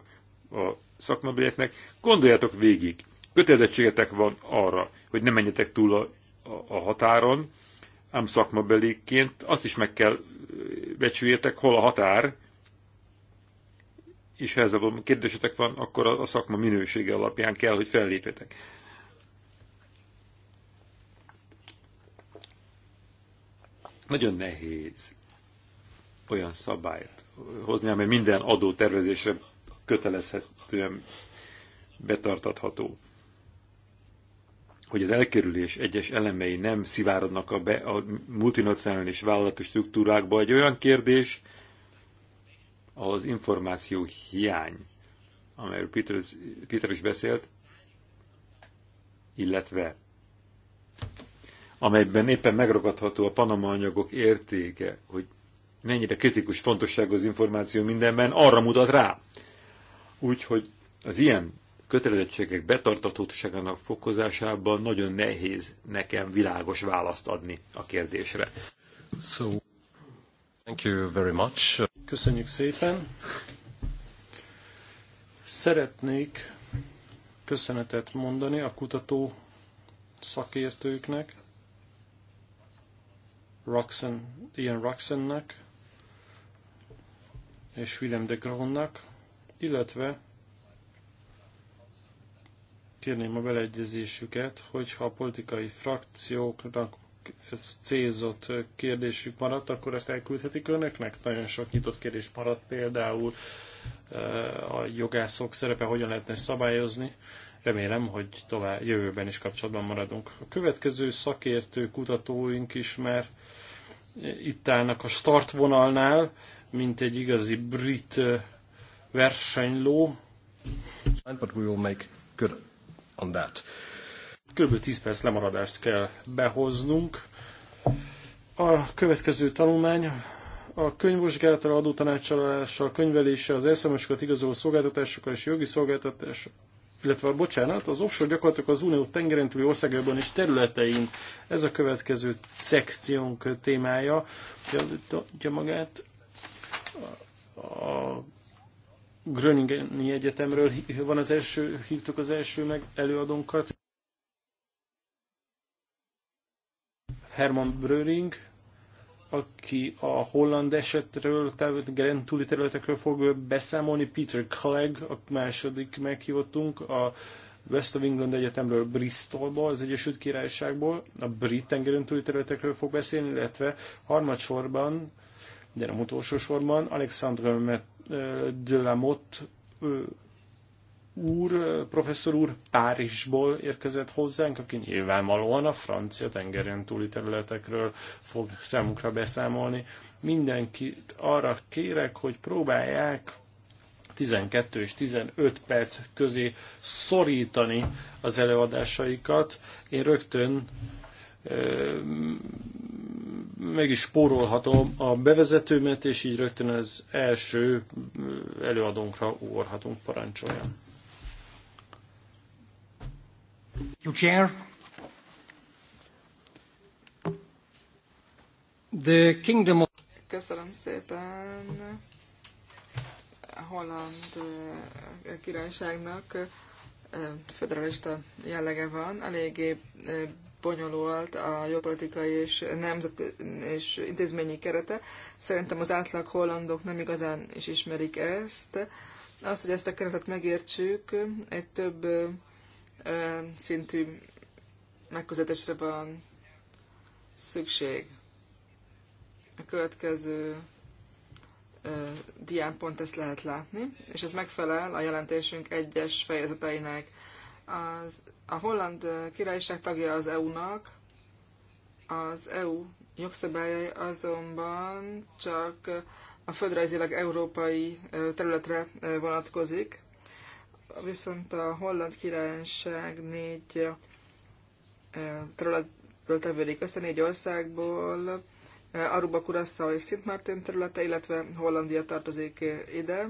a szakmabélyeknek, gondoljátok végig, kötelezettségetek van arra, hogy ne menjetek túl a, a, határon, ám szakmabeliként azt is meg kell becsüljetek, hol a határ, és ha ezzel kérdésetek van, akkor a, a szakma minősége alapján kell, hogy fellépjetek. Nagyon nehéz olyan szabályt hozni, amely minden adótervezésre kötelezhetően betartatható hogy az elkerülés egyes elemei nem szivárodnak a, be, a multinacionális vállalati struktúrákba, egy olyan kérdés, ahol az információ hiány, amelyről Peter, Peter is beszélt, illetve amelyben éppen megragadható a panama anyagok értéke, hogy mennyire kritikus fontosság az információ mindenben, arra mutat rá. Úgyhogy az ilyen kötelezettségek betartatóságának fokozásában nagyon nehéz nekem világos választ adni a kérdésre. So, thank you very much. Köszönjük szépen. Szeretnék köszönetet mondani a kutató szakértőknek, Roxen, Ian Roxennek és Willem de Gronnak, illetve kérném a beleegyezésüket, hogyha a politikai frakcióknak célzott kérdésük maradt, akkor ezt elküldhetik önöknek. Nagyon sok nyitott kérdés maradt, például eh, a jogászok szerepe hogyan lehetne szabályozni. Remélem, hogy tovább jövőben is kapcsolatban maradunk. A következő szakértő kutatóink is már itt állnak a startvonalnál, mint egy igazi brit eh, versenyló. But we will make good on that. Kb. 10 perc lemaradást kell behoznunk. A következő tanulmány a könyvvizsgálatra, tanácsolással, könyvelése az sms igazoló szolgáltatásokkal és jogi szolgáltatás, illetve a bocsánat, az offshore gyakorlatok az unió tengeren túli országában és területein. Ez a következő szekciónk témája. Ugye magát a Gröningeni Egyetemről van az első, hívtuk az első meg előadónkat. Herman Bröring, aki a holland esetről, tehát rendtúli területekről fog beszámolni, Peter Clegg, a második meghívottunk, a West of England Egyetemről, Bristolból, az Egyesült Királyságból, a brit tengeren túli területekről fog beszélni, illetve harmadsorban de nem utolsó sorban Alexandre de Motte úr, professzor úr Párizsból érkezett hozzánk, aki nyilvánvalóan a francia tengeren túli területekről fog számunkra beszámolni. Mindenkit arra kérek, hogy próbálják 12 és 15 perc közé szorítani az előadásaikat. Én rögtön meg is spórolhatom a bevezetőmet, és így rögtön az első előadónkra ugorhatunk, parancsoljon. You chair. The Kingdom of... Köszönöm szépen holland királyságnak föderalista jellege van, eléggé bonyolult a jogpolitikai és, nemzet és intézményi kerete. Szerintem az átlag hollandok nem igazán is ismerik ezt. Az, hogy ezt a keretet megértsük, egy több szintű megközelítésre van szükség. A következő diánpont ezt lehet látni, és ez megfelel a jelentésünk egyes fejezeteinek. Az, a holland királyság tagja az EU-nak, az EU jogszabályai azonban csak a földrajzilag európai területre vonatkozik, viszont a holland királyság négy területből tevődik össze, négy országból, Aruba, Curaçao és Szint Martin területe, illetve Hollandia tartozik ide.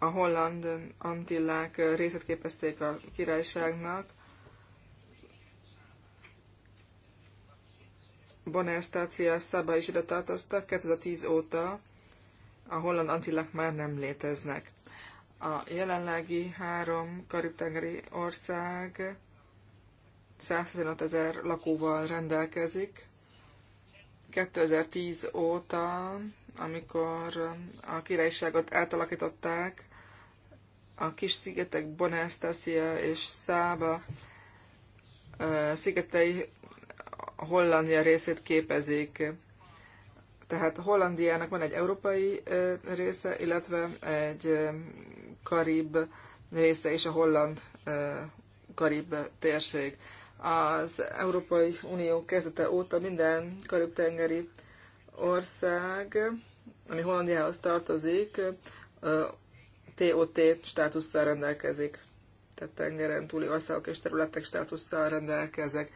a holland antillák részét képezték a királyságnak. Bonestácia Szaba is ide tartoztak, 2010 óta a holland antillák már nem léteznek. A jelenlegi három karib-tengeri ország 115 ezer lakóval rendelkezik. 2010 óta, amikor a királyságot átalakították, a kis szigetek Bonástasia és Szába szigetei Hollandia részét képezik. Tehát Hollandiának van egy európai része, illetve egy karib része és a holland karib térség. Az Európai Unió kezdete óta minden karib-tengeri ország, ami Hollandiához tartozik, TOT státusszal rendelkezik, tehát tengeren túli országok és területek státusszal rendelkezik.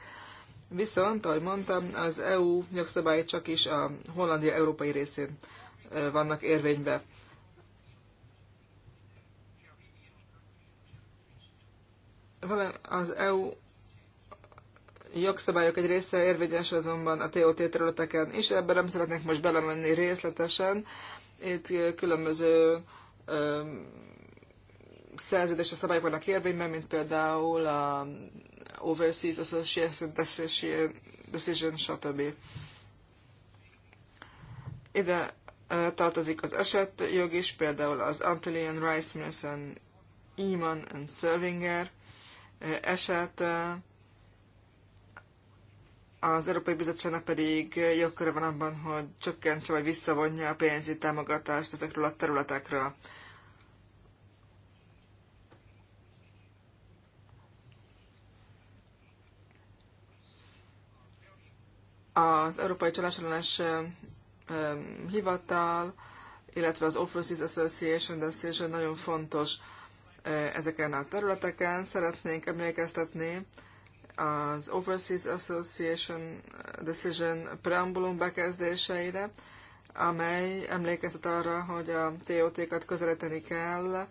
Viszont, ahogy mondtam, az EU jogszabályi csak is a Hollandia európai részén vannak érvénybe. Az EU jogszabályok egy része érvényes azonban a TOT területeken és ebben nem szeretnék most belemenni részletesen. Itt különböző szerződéses szabályok vannak érvényben, mint például a Overseas Association Decision, stb. Ide tartozik az esetjog is, például az Antillian, Rice, Milson, Eamon and Servinger eset, az Európai Bizottságnak pedig jogköre van abban, hogy csökkentse vagy visszavonja a pénzügyi támogatást ezekről a területekről. Az Európai Csalásolás Hivatal, illetve az Offices Association, de Association nagyon fontos ezeken a területeken. Szeretnénk emlékeztetni, az Overseas Association Decision preambulum bekezdéseire, amely emlékeztet arra, hogy a TOT-kat közelíteni kell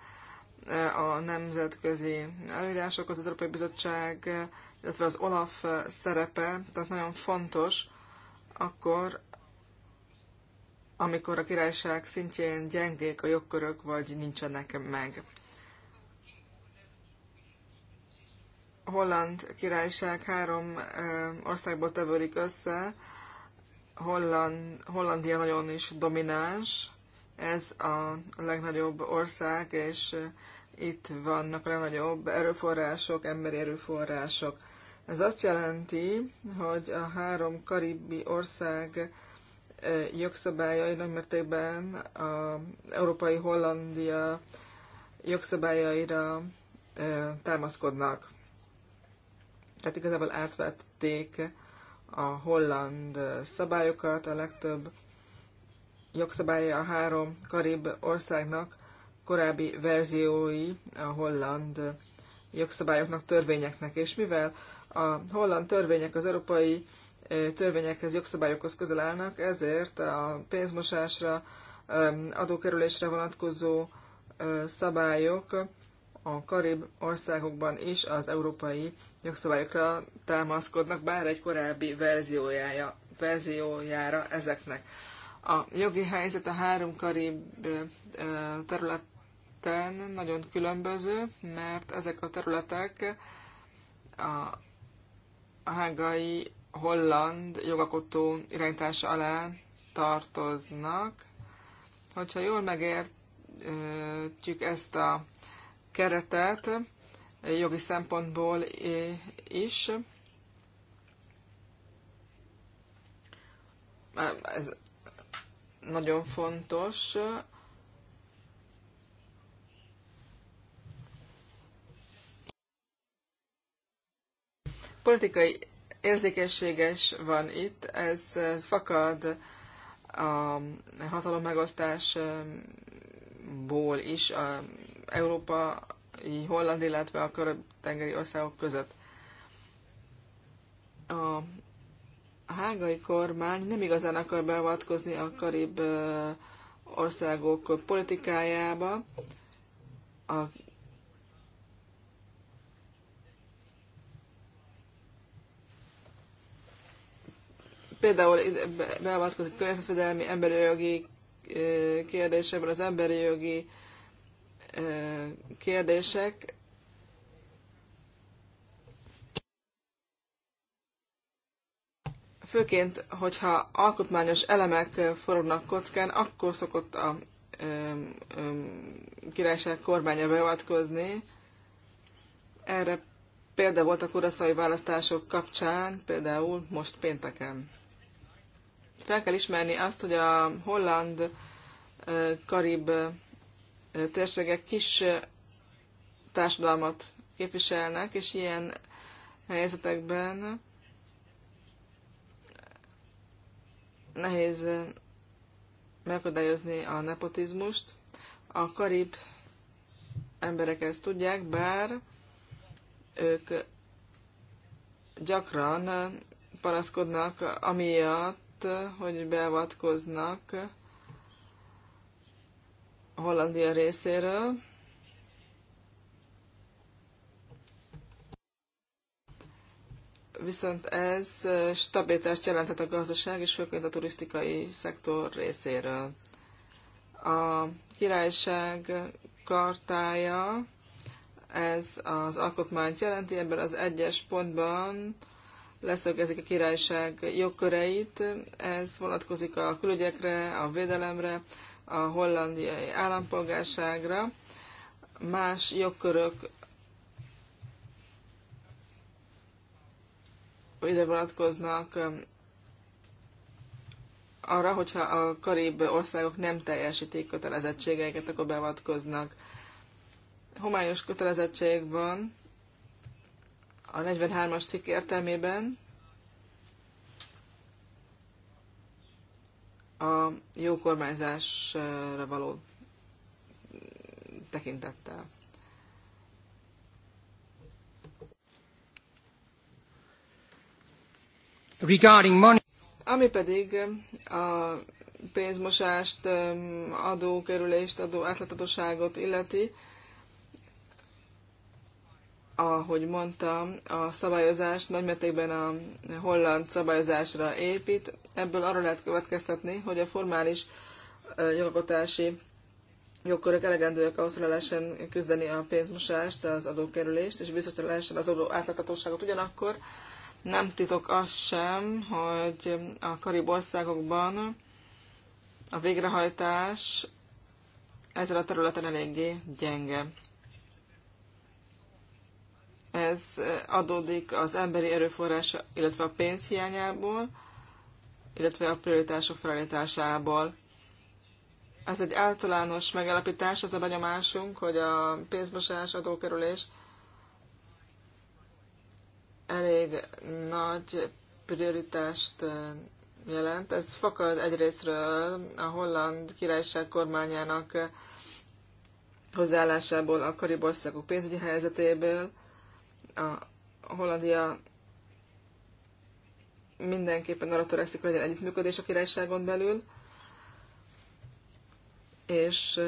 eh, a nemzetközi előírásokhoz, az Európai Bizottság, illetve az OLAF szerepe, tehát nagyon fontos, akkor, amikor a királyság szintjén gyengék a jogkörök, vagy nincsenek meg. holland királyság három országból tevődik össze. Holland, Hollandia nagyon is domináns, ez a legnagyobb ország, és itt vannak a legnagyobb erőforrások, emberi erőforrások. Ez azt jelenti, hogy a három karibi ország jogszabályai nagy mértékben az európai Hollandia jogszabályaira támaszkodnak. Tehát igazából átvették a holland szabályokat, a legtöbb jogszabálya a három karib országnak korábbi verziói a holland jogszabályoknak, törvényeknek. És mivel a holland törvények az európai törvényekhez, jogszabályokhoz közel állnak, ezért a pénzmosásra, adókerülésre vonatkozó szabályok a karib országokban is az európai jogszabályokra támaszkodnak, bár egy korábbi verziójája, verziójára ezeknek. A jogi helyzet a három karib területen nagyon különböző, mert ezek a területek a hágai holland jogakotó irányítása alá tartoznak. Hogyha jól megértjük ezt a keretet eh, jogi szempontból eh, is. Eh, ez nagyon fontos. Politikai érzékenységes van itt, ez fakad a hatalommegosztásból megosztásból is, a európai Holland, illetve a körtengeri tengeri országok között. A a hágai kormány nem igazán akar beavatkozni a karib országok politikájába. A Például beavatkozik környezetvédelmi emberi jogi kérdésekben, az emberi jogi kérdések. Főként, hogyha alkotmányos elemek forognak kockán, akkor szokott a királyság kormánya beavatkozni. Erre példa volt a kuraszai választások kapcsán, például most pénteken. Fel kell ismerni azt, hogy a holland karib térségek kis társadalmat képviselnek, és ilyen helyzetekben nehéz megakadályozni a nepotizmust. A karib emberek ezt tudják, bár ők gyakran panaszkodnak amiatt, hogy beavatkoznak Hollandia részéről. Viszont ez stabilitást jelenthet a gazdaság és főként a turisztikai szektor részéről. A királyság kartája, ez az alkotmányt jelenti, ebben az egyes pontban leszögezik a királyság jogköreit, ez vonatkozik a külügyekre, a védelemre, a hollandiai állampolgárságra, más jogkörök ide vonatkoznak um, arra, hogyha a karib országok nem teljesítik kötelezettségeiket, akkor beavatkoznak. Homályos kötelezettség van a 43-as cikk értelmében, a jó kormányzásra való tekintettel. Regarding money. Ami pedig a pénzmosást, adókerülést, adó átlátatosságot illeti, ahogy mondtam, a szabályozás nagymértékben a holland szabályozásra épít. Ebből arra lehet következtetni, hogy a formális jogalkotási jogkörök elegendőek ahhoz, hogy lehessen küzdeni a pénzmosást, az adókerülést, és biztos, hogy lehessen az adó átláthatóságot. Ugyanakkor nem titok az sem, hogy a karib országokban a végrehajtás ezzel a területen eléggé gyenge ez adódik az emberi erőforrás, illetve a pénz hiányából, illetve a prioritások felállításából. Ez egy általános megállapítás, az a benyomásunk, hogy a pénzmosás, adókerülés elég nagy prioritást jelent. Ez fakad egyrésztről a holland királyság kormányának hozzáállásából, a karib országok pénzügyi helyzetéből, a Hollandia mindenképpen arra törekszik, hogy legyen együttműködés a királyságon belül, és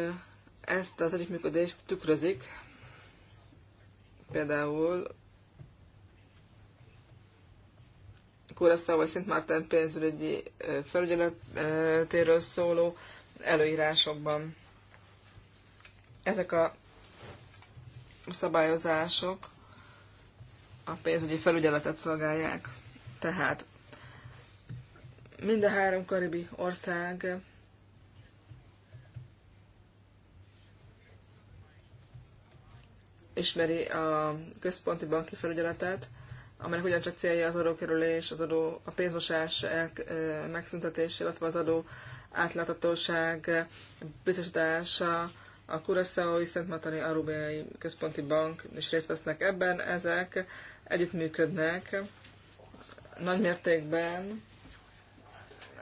ezt az együttműködést tükrözik például Kuraszá vagy Szent Márten pénzügyi felügyeletéről szóló előírásokban. Ezek a szabályozások a pénzügyi felügyeletet szolgálják. Tehát mind a három karibi ország ismeri a központi banki felügyeletet, amelynek ugyancsak célja az adókerülés, az adó, a pénzmosás el, megszüntetése, illetve az adó átláthatóság biztosítása, a Curaçaoi Szent Matani Arubiai Központi Bank is részt vesznek ebben. Ezek együttműködnek nagy mértékben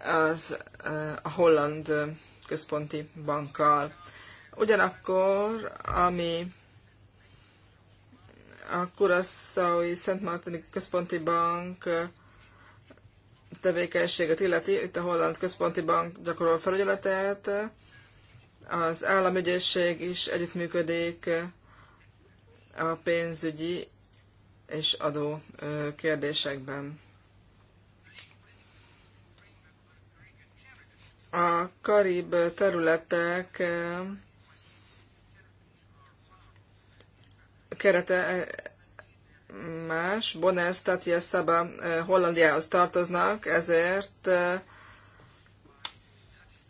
az eh, a holland központi bankkal. Ugyanakkor, ami a Kuraszaui Szent Martini Központi Bank eh, tevékenységet illeti, itt a Holland Központi Bank gyakorol felügyeletet, az államügyészség is együttműködik eh, a pénzügyi és adó kérdésekben. A karib területek kerete más, Bones, Tatia, Szaba Hollandiához tartoznak, ezért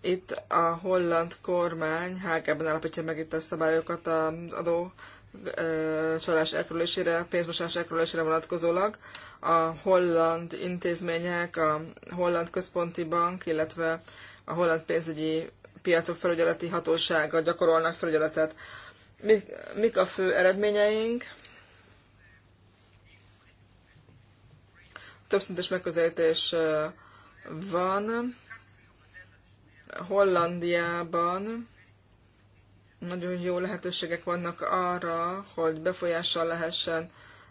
itt a holland kormány Hágában állapítja meg itt a szabályokat az adó csalás elkerülésére, pénzmosás elkerülésére vonatkozólag. A holland intézmények, a holland központi bank, illetve a holland pénzügyi piacok felügyeleti hatósága gyakorolnak felügyeletet. Mik, mik a fő eredményeink? Többszintes megközelítés van. Hollandiában nagyon jó lehetőségek vannak arra, hogy befolyással lehessen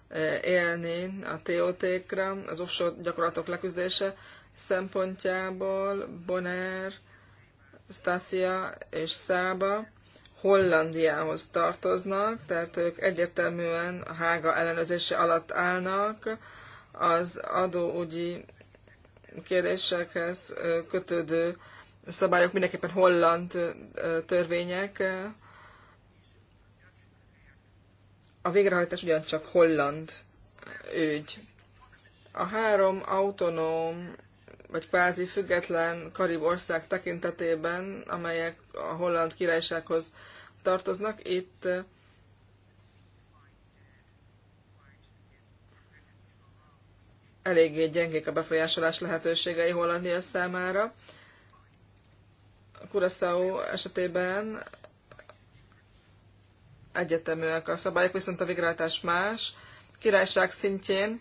e, élni a TOT-kra, az offshore gyakorlatok leküzdése szempontjából Bonaire, Stasia és Szába Hollandiához tartoznak, tehát ők egyértelműen a hága ellenőrzése alatt állnak, az adóügyi kérdésekhez kötődő szabályok mindenképpen holland törvények, a végrehajtás ugyancsak holland ügy. A három autonóm vagy kvázi független karib ország tekintetében, amelyek a holland királysághoz tartoznak, itt eh, eléggé gyengék a befolyásolás lehetőségei Hollandia számára. Curaçao esetében egyeteműek a szabályok, viszont a végrehajtás más. Királyság szintjén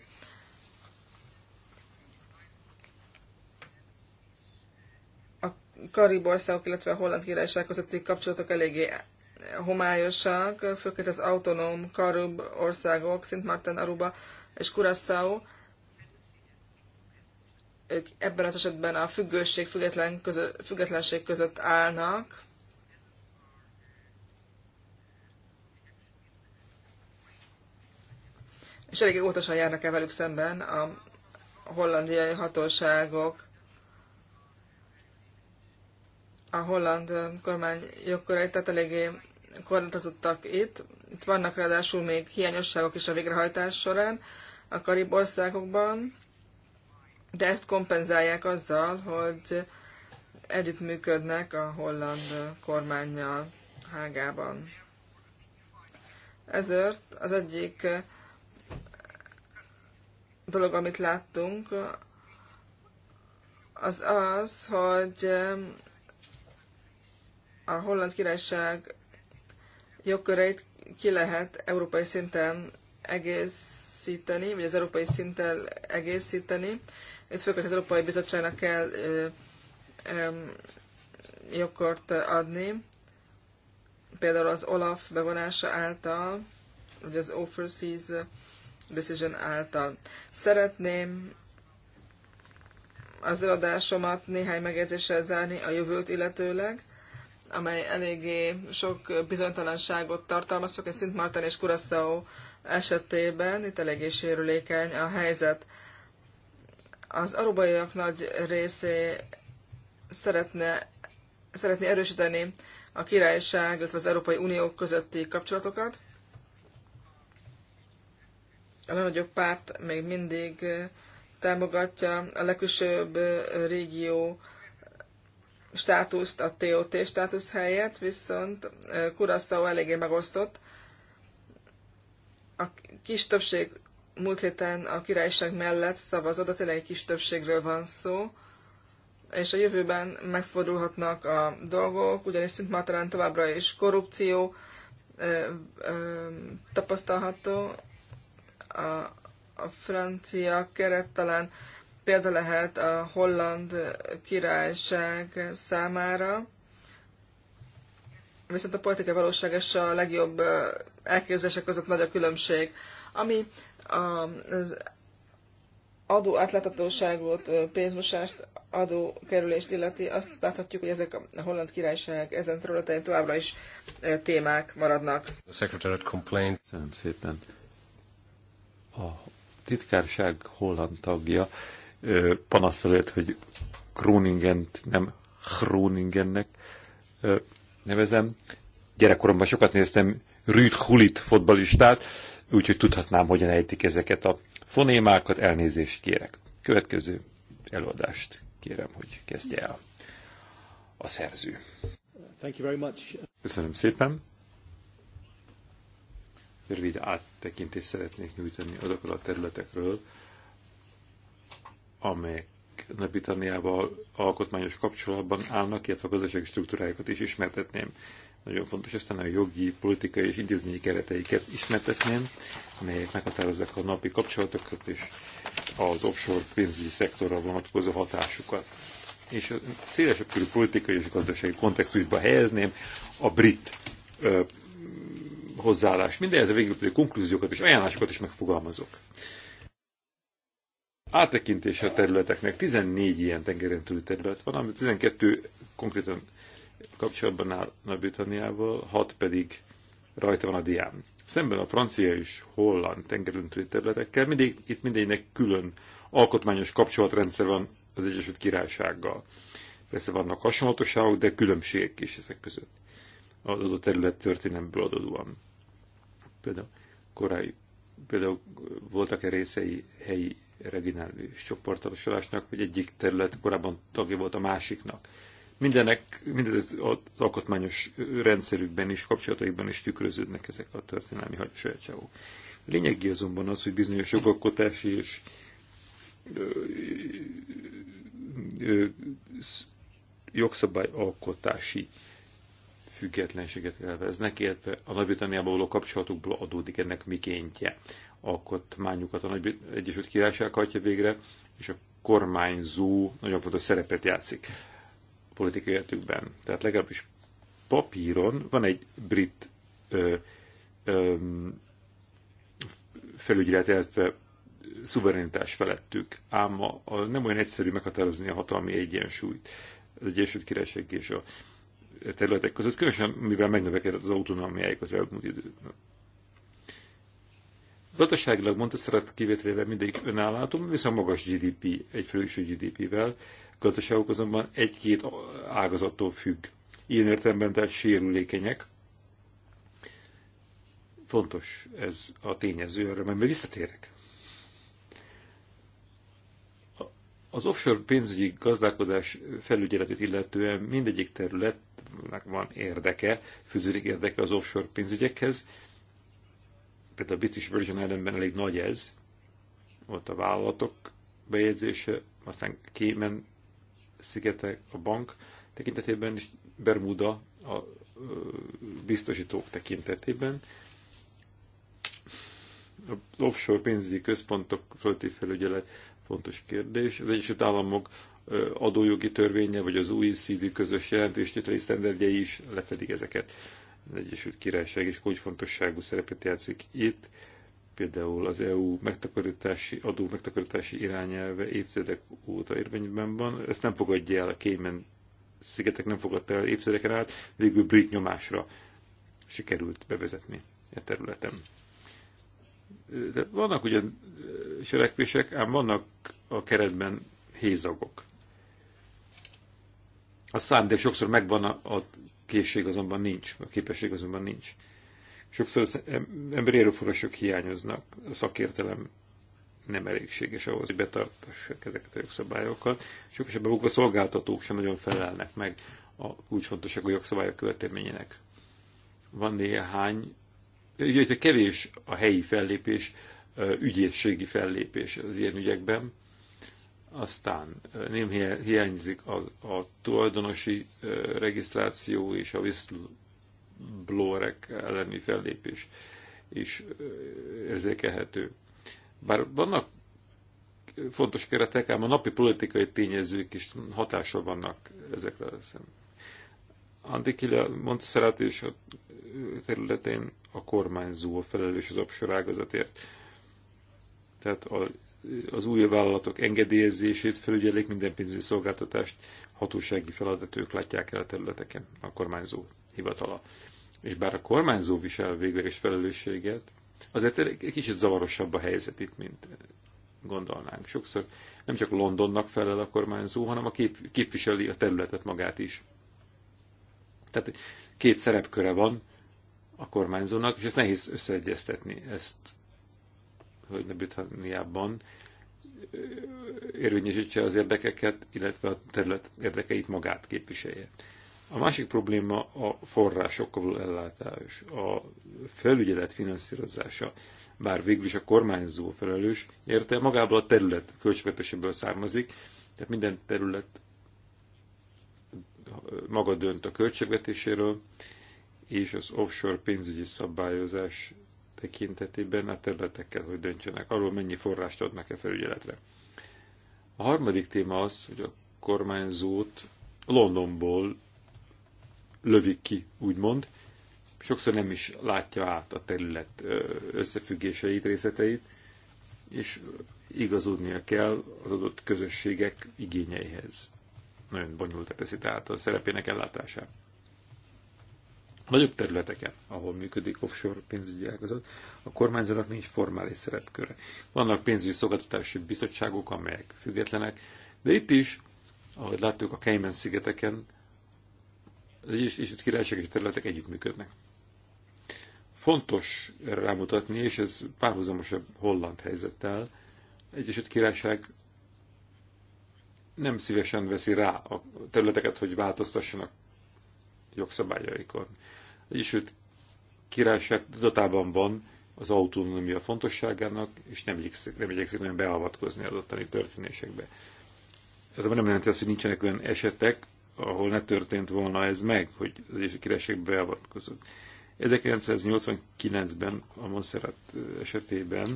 a karib országok, illetve a holland királyság közötti kapcsolatok eléggé homályosak, főként az autonóm karib országok, Szint Martin, Aruba és Curaçao, ők ebben az esetben a függőség, független közö, függetlenség között állnak, és eléggé óvatosan járnak e velük szemben a hollandiai hatóságok. A holland kormány jogkorai, tehát eléggé korlátozottak itt. Itt vannak ráadásul még hiányosságok is a végrehajtás során a karib országokban, de ezt kompenzálják azzal, hogy együttműködnek a holland kormányjal Hágában. Ezért az egyik dolog, amit láttunk, az az, hogy a holland királyság jogköreit ki lehet európai szinten egészíteni, vagy az európai szinten egészíteni. Itt főként az Európai Bizottságnak kell ö, ö, jogkort adni, például az OLAF bevonása által, vagy az Overseas Decision által. Szeretném az eladásomat néhány megjegyzéssel zárni a jövőt illetőleg, amely eléggé sok bizonytalanságot tartalmaz, sok Szint Martin és Curaçao esetében, itt eléggé sérülékeny a helyzet. Az arubaiak nagy részé szeretne, szeretné erősíteni a királyság, illetve az Európai Unió közötti kapcsolatokat a legnagyobb párt még mindig támogatja a legkülsőbb régió státuszt, a TOT státusz helyett, viszont Kuraszau eléggé megosztott. A kis többség múlt héten a királyság mellett szavazott, a tényleg egy kis többségről van szó, és a jövőben megfordulhatnak a dolgok, ugyanis Szintmátalán továbbra is korrupció ö, ö, tapasztalható, a, a francia keret talán példa lehet a holland királyság számára, viszont a politikai valóság és a legjobb elképzelések között nagy a különbség. Ami az adó átláthatóságot, pénzmosást, adókerülést illeti, azt láthatjuk, hogy ezek a holland királyság ezen területein továbbra is témák maradnak. szépen a titkárság holland tagja panaszsal élt, hogy "kroningent nem kroningennek" nevezem. Gyerekkoromban sokat néztem Rüd Hulit fotbalistát, úgyhogy tudhatnám, hogyan ejtik ezeket a fonémákat, elnézést kérek. Következő előadást kérem, hogy kezdje el a szerző. Köszönöm szépen rövid áttekintést szeretnék nyújtani azokról a területekről, amelyek Nagy-Britanniával alkotmányos kapcsolatban állnak, illetve a gazdasági struktúrájukat is ismertetném. Nagyon fontos, aztán a jogi, politikai és intézményi kereteiket ismertetném, amelyek meghatározzák a napi kapcsolatokat és az offshore pénzügyi szektorra vonatkozó hatásukat. És a szélesebb politikai és gazdasági kontextusba helyezném a brit hozzáállás. Mindenhez a végül konklúziókat és ajánlásokat is megfogalmazok. Áttekintése a területeknek 14 ilyen tengeren túli terület van, ami 12 konkrétan kapcsolatban áll Nagy-Britanniával, 6 pedig rajta van a dián. Szemben a francia és holland tengeren túli területekkel mindig, itt mindegynek külön alkotmányos kapcsolatrendszer van az Egyesült Királysággal. Persze vannak hasonlatosságok, de különbségek is ezek között az adott terület történelmből adódóan. Például korai, például voltak-e részei helyi regionális csoportosulásnak, vagy egyik terület korábban tagja volt a másiknak. Mindenek, mindez az alkotmányos rendszerükben is, kapcsolataikban is tükröződnek ezek a történelmi sajátságok. Lényegi azonban az, hogy bizonyos jogalkotási és jogszabályalkotási függetlenséget élveznek, illetve a nagy britanniában való kapcsolatukból adódik ennek mikéntje. Alkotmányukat a Nagy Egyesült Királyság hajtja végre, és a kormányzó nagyon fontos szerepet játszik a politikai életükben. Tehát legalábbis papíron van egy brit ö, ö, felügyelet, illetve szuverenitás felettük, ám a, a, nem olyan egyszerű meghatározni a hatalmi egyensúlyt az Egyesült Királyság és a területek között, különösen mivel megnövekedett az autonómiáik az elmúlt időben. Gazdaságilag szeret kivételével mindig önállátó, viszont magas GDP, egy főső GDP-vel, gazdaságok azonban egy-két ágazattól függ. Ilyen értelemben tehát sérülékenyek. Fontos ez a tényező, erre mert visszatérek. Az offshore pénzügyi gazdálkodás felügyeletét illetően mindegyik terület van érdeke, fűződik érdeke az offshore pénzügyekhez. Például a British Virgin Islandben elég nagy ez, ott a vállalatok bejegyzése, aztán Kémen szigetek, a bank tekintetében, és Bermuda a biztosítók tekintetében. Az offshore pénzügyi központok fölti felügyelet fontos kérdés. Az Egyesült Államok adójogi törvénye, vagy az OECD közös jelentéstételi sztenderdjei is lefedik ezeket. Az Egyesült Királyság is kulcsfontosságú szerepet játszik itt, például az EU megtakarítási, adó megtakarítási irányelve évtizedek óta érvényben van. Ezt nem fogadja el a Cayman szigetek nem fogadta el évtizedeken át, végül brit nyomásra sikerült bevezetni a e területen. De vannak ugyan cselekvések, ám vannak a keretben hézagok. A szándék sokszor megvan, a, a készség azonban nincs, a képesség azonban nincs. Sokszor az emberi erőforrások hiányoznak, a szakértelem nem elégséges ahhoz, hogy betartassák ezeket a jogszabályokat. Sok esetben a szolgáltatók sem nagyon felelnek meg a kulcsfontosságú jogszabályok követelményének. Van néhány, ugye kevés a helyi fellépés, ügyészségi fellépés az ilyen ügyekben, aztán nem hiányzik a, a tulajdonosi regisztráció és a whistleblowerek elleni fellépés is érzékelhető. Bár vannak fontos keretek, ám a napi politikai tényezők is hatással vannak ezekre a szem. Antikilla mondta és a területén a kormányzó a felelős az offshore ágazatért. Tehát a az új vállalatok engedélyezését felügyelik, minden pénzügyi szolgáltatást hatósági feladatok látják el a területeken a kormányzó hivatala. És bár a kormányzó visel végre is felelősséget, azért egy kicsit zavarosabb a helyzet itt, mint gondolnánk. Sokszor nem csak Londonnak felel a kormányzó, hanem a kép, képviseli a területet magát is. Tehát két szerepköre van a kormányzónak, és ezt nehéz összeegyeztetni, ezt hogy Nagy-Britanniában érvényesítse az érdekeket, illetve a terület érdekeit magát képviselje. A másik probléma a forrásokkal való ellátás, a felügyelet finanszírozása, bár végül is a kormányzó felelős, érte magából a terület költségvetéséből származik, tehát minden terület maga dönt a költségvetéséről, és az offshore pénzügyi szabályozás tekintetében a területekkel, hogy döntsenek arról, mennyi forrást adnak-e felügyeletre. A harmadik téma az, hogy a kormányzót Londonból lövik ki, úgymond. Sokszor nem is látja át a terület összefüggéseit, részleteit, és igazodnia kell az adott közösségek igényeihez. Nagyon bonyolult teszi tehát a szerepének ellátását nagyobb területeken, ahol működik offshore pénzügyi ágazat, a kormányzónak nincs formális szerepköre. Vannak pénzügyi szolgáltatási bizottságok, amelyek függetlenek, de itt is, ahogy láttuk a Cayman-szigeteken, az Egyesült Királyság és területek együttműködnek. Fontos rámutatni, és ez párhuzamos a holland helyzettel, Egyesült Királyság nem szívesen veszi rá a területeket, hogy változtassanak jogszabályaikon. Egyesült Királyság tudatában van az autonómia fontosságának, és nem igyekszik, nem igyekszik nagyon beavatkozni az ottani történésekbe. Ez nem jelenti azt, hogy nincsenek olyan esetek, ahol ne történt volna ez meg, hogy az Egyesült Királyság beavatkozott. 1989-ben a monserrat esetében,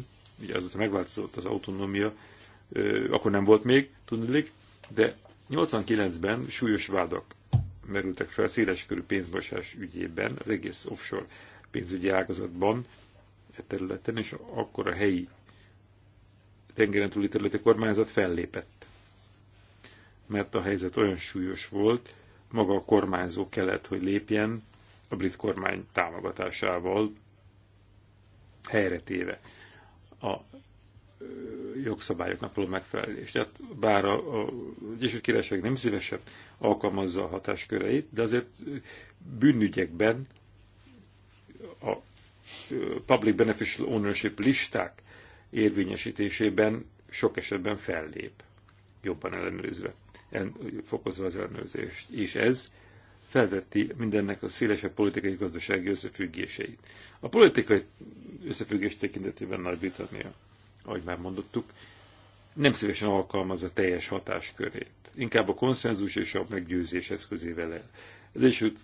ugye azóta megváltozott az autonómia, akkor nem volt még, tudnilik, de 89-ben súlyos vádak merültek fel körű pénzmosás ügyében, az egész offshore pénzügyi ágazatban, e területen, és akkor a helyi tengeren túli területi kormányzat fellépett. Mert a helyzet olyan súlyos volt, maga a kormányzó kellett, hogy lépjen a brit kormány támogatásával téve a jogszabályoknak való megfelelés. Tehát bár a, a Egyesült Királyság nem szívesebb alkalmazza a hatásköreit, de azért bűnügyekben a public beneficial ownership listák érvényesítésében sok esetben fellép, jobban ellenőrizve, fokozva az ellenőrzést. És ez felvetti mindennek a szélesebb politikai gazdasági összefüggéseit. A politikai összefüggés tekintetében Nagy-Britannia ahogy már mondottuk, nem szívesen alkalmazza teljes hatáskörét. Inkább a konszenzus és a meggyőzés eszközével el. Az Egyesült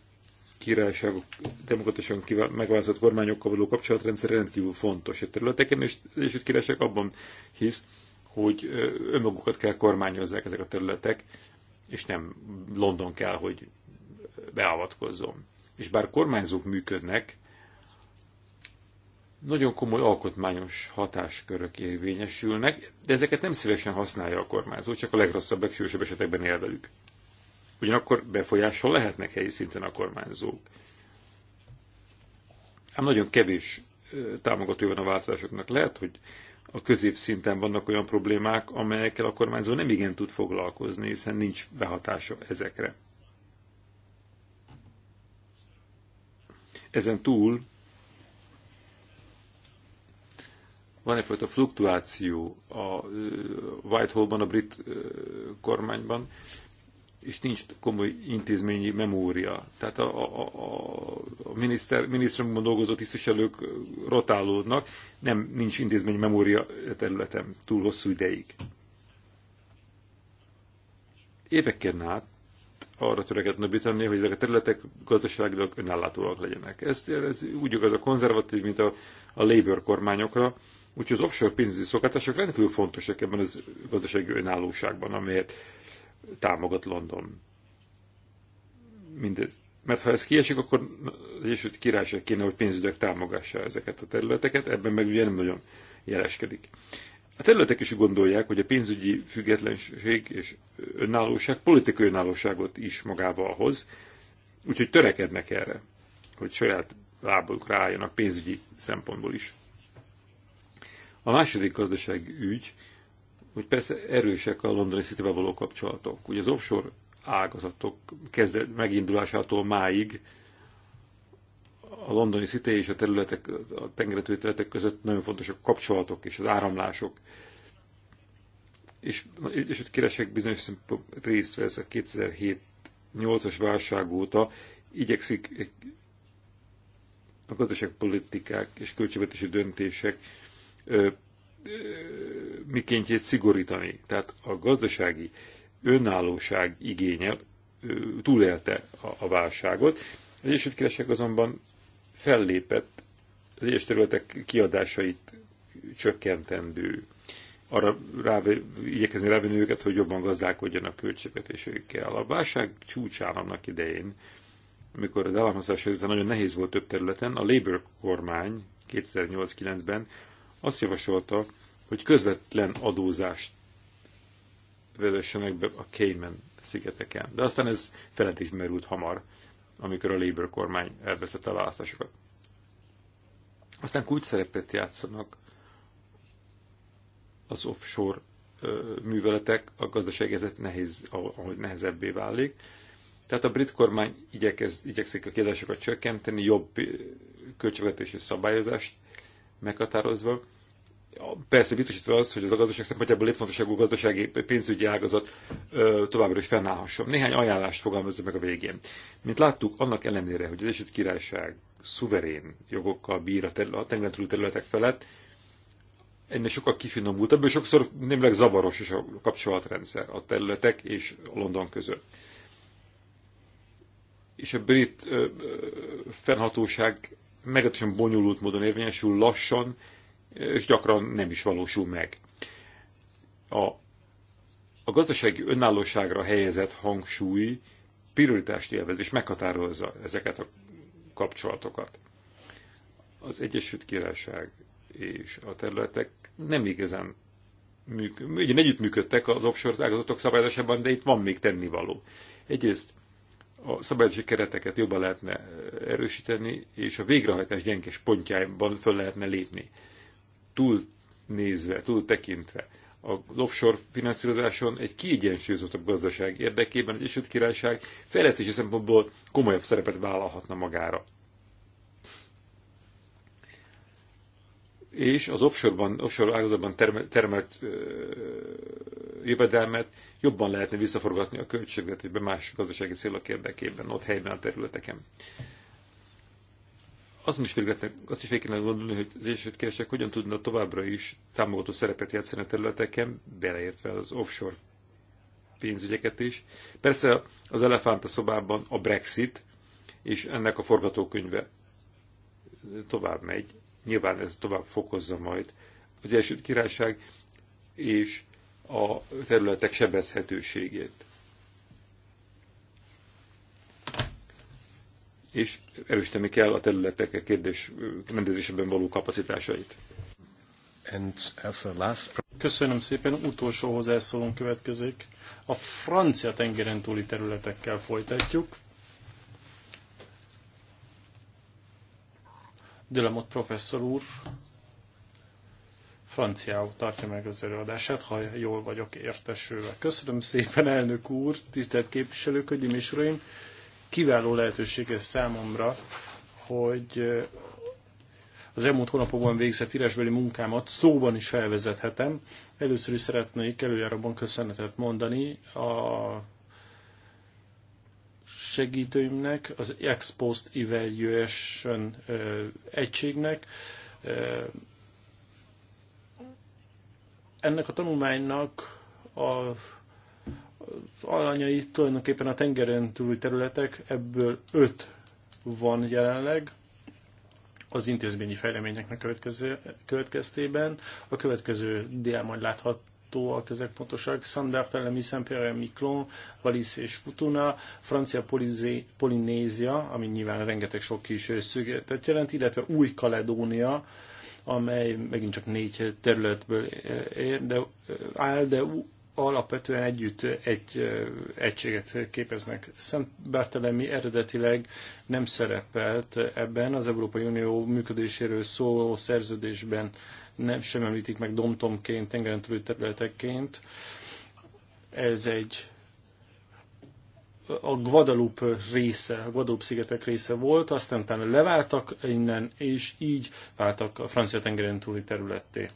Királyságok demokratikusan megválasztott kormányokkal való kapcsolatrendszer rendkívül fontos a területeken, és az Egyesült Királyság abban hisz, hogy önmagukat kell kormányozzák ezek a területek, és nem London kell, hogy beavatkozzon. És bár kormányzók működnek, nagyon komoly alkotmányos hatáskörök érvényesülnek, de ezeket nem szívesen használja a kormányzó, csak a legrosszabb, legsősebb esetekben él velük. Ugyanakkor befolyással lehetnek helyi szinten a kormányzók. Ám nagyon kevés támogató van a változásoknak. Lehet, hogy a középszinten vannak olyan problémák, amelyekkel a kormányzó nem igen tud foglalkozni, hiszen nincs behatása ezekre. Ezen túl van egyfajta fluktuáció a Whitehallban, a brit kormányban, és nincs komoly intézményi memória. Tehát a, a, a, a miniszter, minisztériumban dolgozó tisztviselők rotálódnak, nem nincs intézményi memória e területen túl hosszú ideig. Éveken át arra törekedett Nagy-Britannia, hogy ezek a területek gazdaságilag önállátóak legyenek. Ezt ez úgy igaz a konzervatív, mint a, a Labour kormányokra, Úgyhogy az offshore pénzügyi szokatások rendkívül fontosak ebben az gazdasági önállóságban, amelyet támogat London. Mindez. Mert ha ez kiesik, akkor az Egyesült Királyság kéne, hogy pénzügyek támogassa ezeket a területeket, ebben meg ugye nem nagyon jeleskedik. A területek is gondolják, hogy a pénzügyi függetlenség és önállóság politikai önállóságot is magával hoz, úgyhogy törekednek erre, hogy saját lábukra álljanak pénzügyi szempontból is. A második gazdaság ügy, hogy persze erősek a londoni city való kapcsolatok. Ugye az offshore ágazatok kezdet, megindulásától máig a londoni city és a területek, a tengeretői területek között nagyon fontos a kapcsolatok és az áramlások. És, és ott keresek bizonyos szempontból részt vesz a 2007-8-as válság óta, igyekszik a gazdaságpolitikák és költségvetési döntések mikéntjét szigorítani. Tehát a gazdasági önállóság igénye túlélte a, a válságot. Az Egyesült Királyság azonban fellépett az egyes területek kiadásait csökkentendő arra rá, igyekezni rávenni őket, hogy jobban gazdálkodjanak költségvetésükkel. A válság csúcsán annak idején, amikor az államhozás nagyon nehéz volt több területen, a Labour kormány 2008-9-ben azt javasolta, hogy közvetlen adózást vezessenek be a Cayman szigeteken. De aztán ez felett is merült hamar, amikor a Labour kormány elveszette a választásokat. Aztán kulcs szerepet játszanak az offshore műveletek, a gazdaság ezért nehéz, ahogy nehezebbé válik. Tehát a brit kormány igyekez, igyekszik a kiadásokat csökkenteni, jobb költségvetési szabályozást meghatározva. Persze biztosítva az, hogy az a gazdaság szempontjából létfontosságú gazdasági pénzügyi ágazat ö, továbbra is fennállhasson. Néhány ajánlást fogalmazza meg a végén. Mint láttuk, annak ellenére, hogy az Egyesült Királyság szuverén jogokkal bír a, terület, a tengeren túli területek felett, ennél sokkal kifinomultabb, és sokszor némleg zavaros is a kapcsolatrendszer a területek és a London között. És a brit ö, ö, fennhatóság meglehetősen bonyolult módon érvényesül, lassan, és gyakran nem is valósul meg. A, a gazdasági önállóságra helyezett hangsúly prioritást élvez, és meghatározza ezeket a kapcsolatokat. Az Egyesült Királyság és a területek nem igazán műk, együttműködtek az offshore ágazatok szabályozásában, de itt van még tennivaló. Egyrészt a szabályozási kereteket jobban lehetne eh, erősíteni, és a végrehajtás gyenges pontjában föl lehetne lépni. Túl nézve, túl tekintve az offshore finanszírozáson egy kiegyensúlyozottabb gazdaság érdekében egy Egyesült Királyság fejlesztési szempontból komolyabb szerepet vállalhatna magára. és az offshore-ban, offshore ágazatban termelt, jövedelmet jobban lehetne visszaforgatni a költségvetésbe más gazdasági célok érdekében, ott helyben a területeken. Azt is azt is végig kéne gondolni, hogy az Egyesült Királyság hogyan tudna továbbra is támogató szerepet játszani a területeken, beleértve az offshore pénzügyeket is. Persze az elefánt a szobában a Brexit, és ennek a forgatókönyve tovább megy, Nyilván ez tovább fokozza majd az Egyesült Királyság és a területek sebezhetőségét. És erősíteni kell a területek a kérdés rendezésében való kapacitásait. Last... Köszönöm szépen, utolsó hozzászólón következik. A francia tengeren túli területekkel folytatjuk. Delamot professzor úr franciául tartja meg az előadását, ha jól vagyok értesülve. Köszönöm szépen, elnök úr, tisztelt képviselők, hölgyeim és uraim! Kiváló lehetőség ez számomra, hogy eh, az elmúlt hónapokban végzett írásbeli munkámat szóban is felvezethetem. Először is szeretnék előjáróban köszönetet mondani a segítőimnek, az exposed Evaluation egységnek. Ennek a tanulmánynak a alanyai tulajdonképpen a tengeren túli területek, ebből öt van jelenleg az intézményi fejleményeknek következő, következtében. A következő dián majd láthat, láthatóak ezek pontosak. Elemi Szentpéren, Miklón, Valisz és Futuna, Francia Polizé, Polinézia, ami nyilván rengeteg sok kis szügetet jelent, illetve Új-Kaledónia, amely megint csak négy területből ér, de, áll, de alapvetően együtt egy egységet képeznek. Szent Bártelemi eredetileg nem szerepelt ebben, az Európai Unió működéséről szóló szerződésben nem sem említik meg domtomként, tengeren túli területekként. Ez egy a Guadalupe része, a Guadalupe szigetek része volt, aztán utána leváltak innen, és így váltak a francia tengeren túli területté.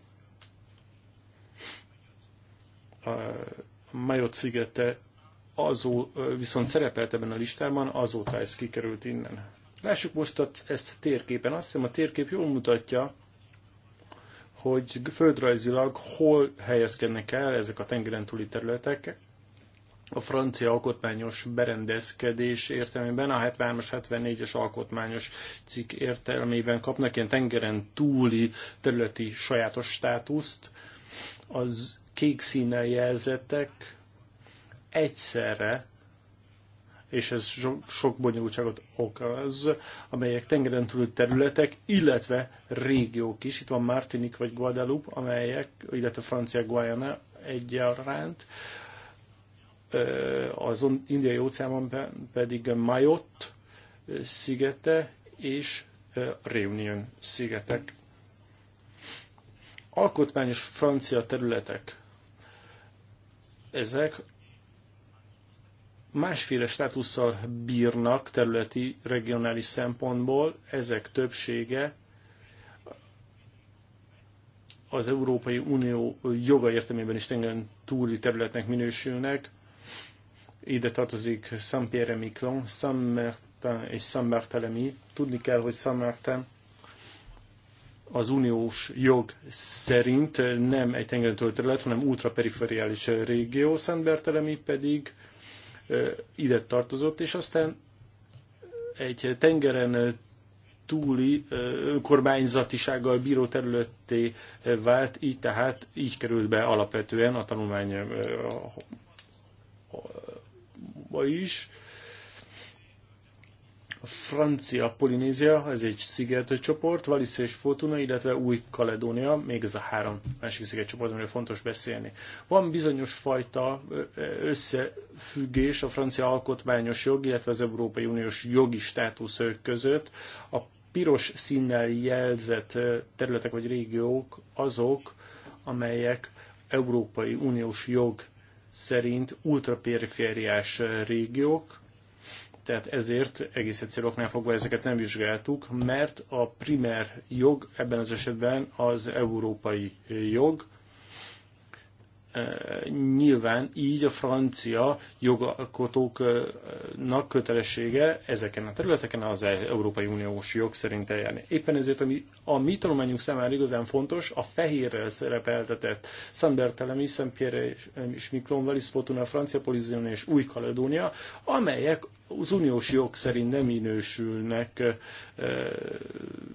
Majot szigete azó, viszont szerepelt ebben a listában, azóta ez kikerült innen. Lássuk most ezt térképen. Azt hiszem a térkép jól mutatja, hogy földrajzilag hol helyezkednek el ezek a tengeren túli területek. A francia alkotmányos berendezkedés értelmében, a 73-as, 74-es alkotmányos cikk értelmében kapnak ilyen tengeren túli területi sajátos státuszt. Az kék színnel jelzettek egyszerre, és ez sok bonyolultságot okoz, amelyek tengeren túli területek, illetve régiók is. Itt van Martinique vagy Guadeloupe, amelyek, illetve Francia Guayana egyaránt, az indiai óceánban pedig Mayotte szigete és Réunion szigetek. Alkotmányos francia területek ezek másféle státusszal bírnak területi, regionális szempontból, ezek többsége az Európai Unió joga értelmében is tengeren túli területnek minősülnek. Ide tartozik Saint-Pierre-Miquelon, Saint-Martin és Saint-Barthélemy. Tudni kell, hogy Saint-Martin az uniós jog szerint nem egy tengerentől terület, hanem ultraperiferiális régió, Szentbertelemi pedig ide tartozott, és aztán egy tengeren túli önkormányzatisággal bíró területté vált, így tehát így került be alapvetően a tanulmány is, francia Polinézia, ez egy szigetcsoport, Valisz és Fortuna, illetve Új-Kaledónia, még ez a három másik szigetcsoport, amiről fontos beszélni. Van bizonyos fajta összefüggés a francia alkotmányos jog, illetve az Európai Uniós jogi státusz között. A piros színnel jelzett területek vagy régiók azok, amelyek Európai Uniós jog szerint ultraperifériás régiók, tehát ezért egész egyszerű oknál fogva ezeket nem vizsgáltuk, mert a primer jog ebben az esetben az európai jog, nyilván így a francia jogalkotóknak kötelessége ezeken a területeken az e- Európai Uniós jog szerint eljárni. Éppen ezért ami a mi tanulmányunk számára igazán fontos, a fehérrel szerepeltetett Szambert Telemi, Szentpierre és Miklón, Wallis Fortuna, Francia Polizion és Új-Kaledónia, amelyek az uniós jog szerint nem minősülnek,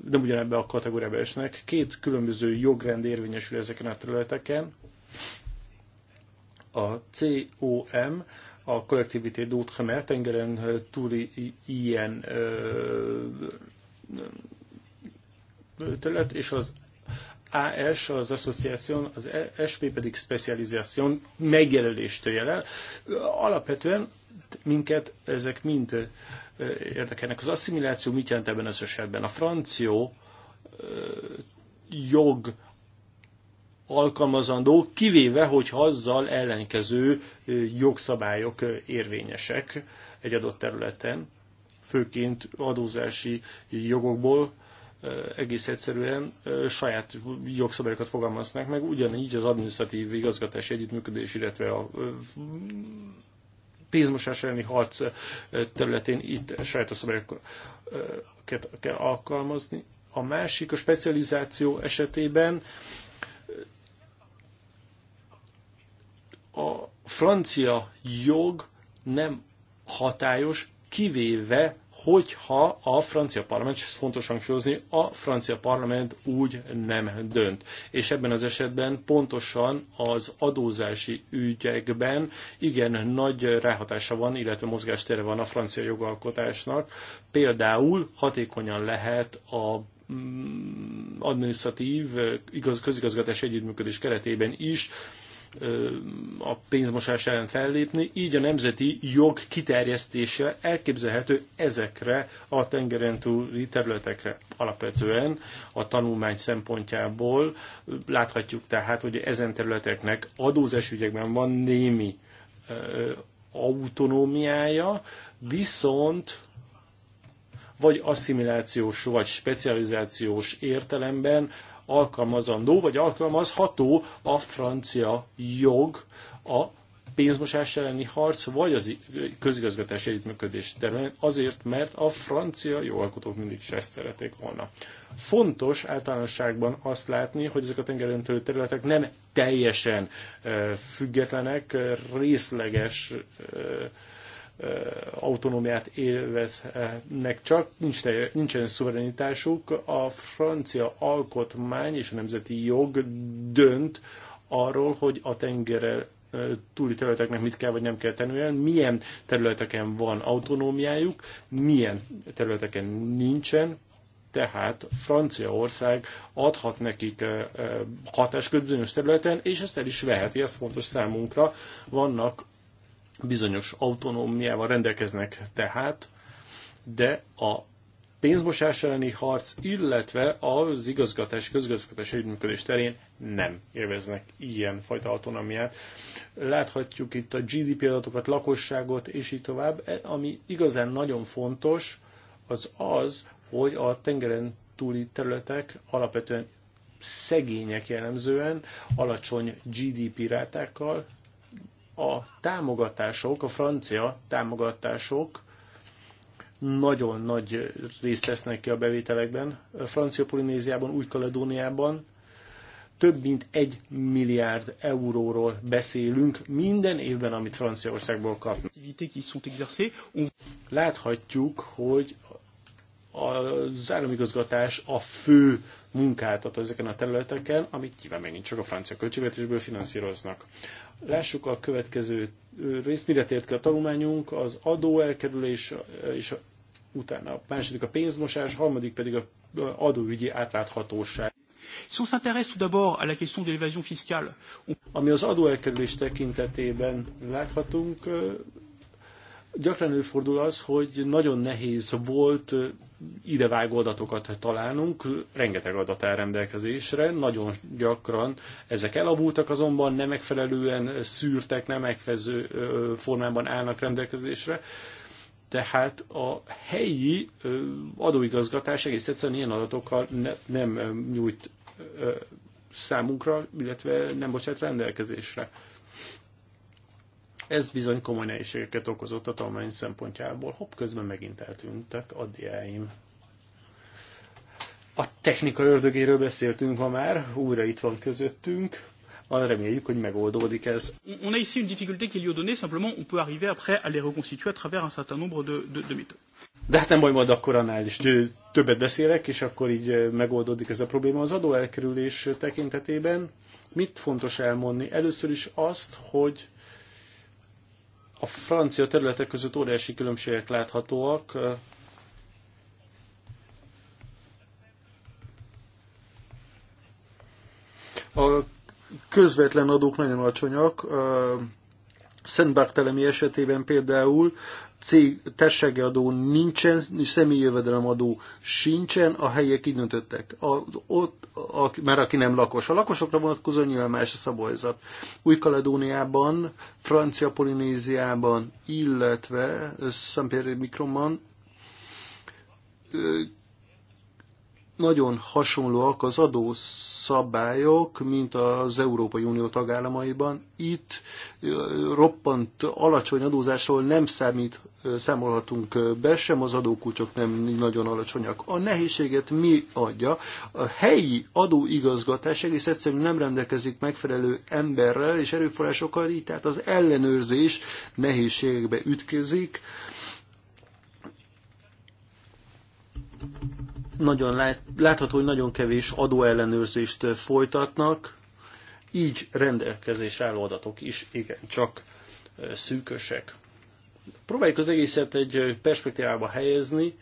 nem ugyanebbe a kategóriába esnek. Két különböző jogrend érvényesül ezeken a területeken, a COM, a Collectivité d'Outre-mer tengeren túli ilyen terület, és az AS, az Association, az SP pedig Specialization megjelölést jelel. Alapvetően minket ezek mind érdekelnek. Az asszimiláció mit jelent ebben az esetben? A francia jog alkalmazandó, kivéve, hogy azzal ellenkező jogszabályok érvényesek egy adott területen, főként adózási jogokból egész egyszerűen saját jogszabályokat fogalmaznak meg, ugyanígy az adminisztratív igazgatási együttműködés, illetve a pénzmosás elleni harc területén itt saját szabályokat kell alkalmazni. A másik a specializáció esetében a francia jog nem hatályos, kivéve, hogyha a francia parlament, és ezt fontos hangsúlyozni, a francia parlament úgy nem dönt. És ebben az esetben pontosan az adózási ügyekben igen nagy ráhatása van, illetve mozgástere van a francia jogalkotásnak. Például hatékonyan lehet a mm, administratív közigazgatás együttműködés keretében is a pénzmosás ellen fellépni, így a nemzeti jog kiterjesztése elképzelhető ezekre a tengeren túli területekre. Alapvetően a tanulmány szempontjából láthatjuk tehát, hogy ezen területeknek adózás ügyekben van némi autonómiája, viszont vagy asszimilációs, vagy specializációs értelemben alkalmazandó vagy alkalmazható a francia jog a pénzmosás elleni harc, vagy az közigazgatási együttműködés terén, azért, mert a francia jogalkotók mindig is ezt szerették volna. Fontos általánosságban azt látni, hogy ezek a tengeren területek nem teljesen eh, függetlenek, eh, részleges eh, autonómiát élveznek csak, nincs, nincsen szuverenitásuk. A francia alkotmány és a nemzeti jog dönt arról, hogy a tengere túli területeknek mit kell vagy nem kell tennie, milyen területeken van autonómiájuk, milyen területeken nincsen, tehát Franciaország adhat nekik hatáskört bizonyos területen, és ezt el is veheti, ez fontos számunkra. Vannak bizonyos autonómiával rendelkeznek tehát, de a pénzmosás elleni harc, illetve az igazgatás, közigazgatási ügyműködés terén nem élveznek ilyen fajta autonomiát. Láthatjuk itt a GDP adatokat, lakosságot, és így tovább. E, ami igazán nagyon fontos, az az, hogy a tengeren túli területek alapvetően szegények jellemzően, alacsony GDP rátákkal a támogatások, a francia támogatások nagyon nagy részt tesznek ki a bevételekben. A francia Polinéziában, Új-Kaledóniában több mint egy milliárd euróról beszélünk minden évben, amit Franciaországból kap. Láthatjuk, hogy az államigazgatás a fő munkáltat ezeken a területeken, amit nyilván megint csak a francia költségvetésből finanszíroznak. Lássuk a következő részt, mire tért ki a tanulmányunk, az elkerülés, és utána a második a pénzmosás, harmadik pedig a adóügyi átláthatóság. Si on s'intéresse tout d'abord à la question de l'évasion fiscale, ami az adóelkerülés tekintetében láthatunk, gyakran előfordul az, hogy nagyon nehéz volt idevágó adatokat találnunk, rengeteg adat elrendelkezésre, rendelkezésre, nagyon gyakran ezek elavultak azonban, nem megfelelően szűrtek, nem megfező formában állnak rendelkezésre, tehát a helyi adóigazgatás egész egyszerűen ilyen adatokkal ne, nem nyújt számunkra, illetve nem bocsát rendelkezésre. Ez bizony komoly nehézségeket okozott a tanulmány szempontjából. Hopp, közben megint eltűntek a diáim. A technika ördögéről beszéltünk ma már, újra itt van közöttünk. Reméljük, hogy megoldódik ez. On a ici une difficulté qui lui a donné, simplement on peut arriver après à les reconstituer à travers un certain nombre de, de, de méthodes. De hát nem baj, majd akkor annál is többet beszélek, és akkor így eh, megoldódik ez a probléma az adóelkerülés tekintetében. Mit fontos elmondni? Először is azt, hogy a francia területek között óriási különbségek láthatóak. A közvetlen adók nagyon alacsonyak. Szent Barthelemy esetében például cég tessége adó nincsen, személyi adó sincsen, a helyek így döntöttek. A, ott, a, mert aki nem lakos. A lakosokra vonatkozó nyilván más a szabályzat. Új-Kaledóniában, Francia-Polinéziában, illetve Szentpéri Mikroman nagyon hasonlóak az adószabályok, mint az Európai Unió tagállamaiban. Itt roppant alacsony adózásról nem számít, számolhatunk be, sem az adókulcsok nem nagyon alacsonyak. A nehézséget mi adja? A helyi adóigazgatás egész egyszerűen nem rendelkezik megfelelő emberrel és erőforrásokkal, így tehát az ellenőrzés nehézségekbe ütközik nagyon látható, hogy nagyon kevés adóellenőrzést folytatnak, így rendelkezés álló adatok is igen, csak szűkösek. Próbáljuk az egészet egy perspektívába helyezni.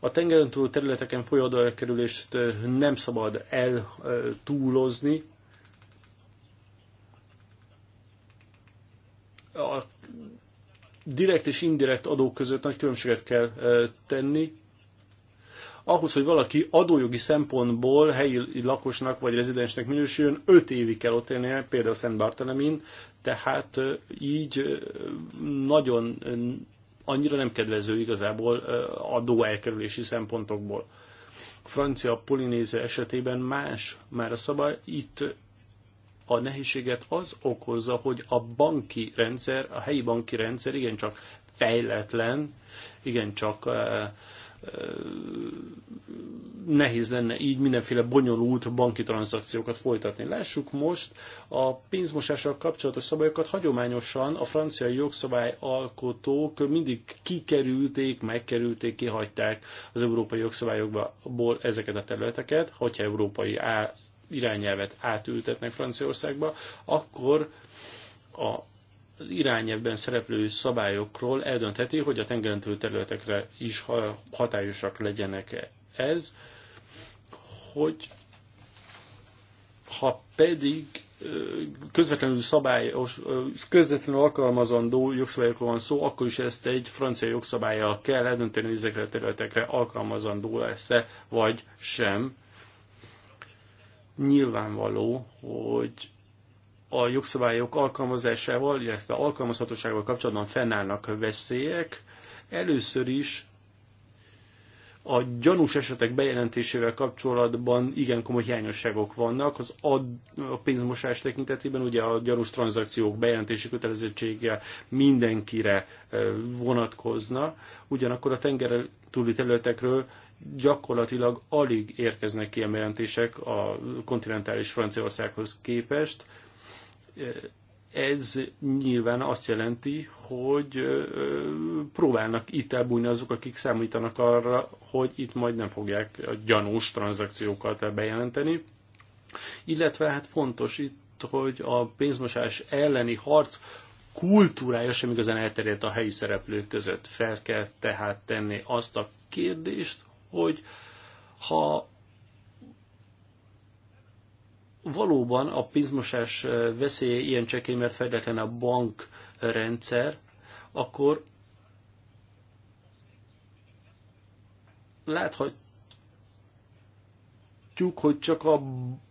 A tengeren túl területeken folyó adóelkerülést nem szabad eltúlozni. A direkt és indirekt adók között nagy különbséget kell tenni ahhoz, hogy valaki adójogi szempontból helyi lakosnak vagy rezidensnek minősüljön, 5 évig kell ott élnie, például Szent Bartelemin, tehát így nagyon annyira nem kedvező igazából adó elkerülési szempontokból. Francia polinézia esetében más már a szabály, itt a nehézséget az okozza, hogy a banki rendszer, a helyi banki rendszer igencsak fejletlen, igencsak uh, nehéz lenne így mindenféle bonyolult banki tranzakciókat folytatni. Lássuk most a pénzmosással kapcsolatos szabályokat hagyományosan a francia jogszabályalkotók mindig kikerülték, megkerülték, kihagyták az európai jogszabályokból ezeket a területeket, hogyha európai irányelvet átültetnek Franciaországba, akkor a irányelvben szereplő szabályokról eldöntheti, hogy a tengeren túl területekre is hatályosak legyenek -e. ez, hogy ha pedig közvetlenül szabályos, közvetlenül alkalmazandó jogszabályokról van szó, akkor is ezt egy francia jogszabályjal kell eldönteni, hogy ezekre a területekre alkalmazandó lesz-e, vagy sem. Nyilvánvaló, hogy a jogszabályok alkalmazásával, illetve alkalmazhatóságával kapcsolatban fennállnak veszélyek. Először is a gyanús esetek bejelentésével kapcsolatban igen komoly hiányosságok vannak. Az ad, a pénzmosás tekintetében ugye a gyanús tranzakciók bejelentési kötelezettsége mindenkire vonatkozna, ugyanakkor a tenger túli területekről gyakorlatilag alig érkeznek ki bejelentések a kontinentális Franciaországhoz képest ez nyilván azt jelenti, hogy próbálnak itt elbújni azok, akik számítanak arra, hogy itt majd nem fogják a gyanús tranzakciókat bejelenteni. Illetve hát fontos itt, hogy a pénzmosás elleni harc kultúrája sem igazán elterjedt a helyi szereplők között. Fel kell tehát tenni azt a kérdést, hogy ha valóban a pénzmosás veszélye ilyen csekély, mert fejletlen a bankrendszer, akkor láthatjuk, hogy csak a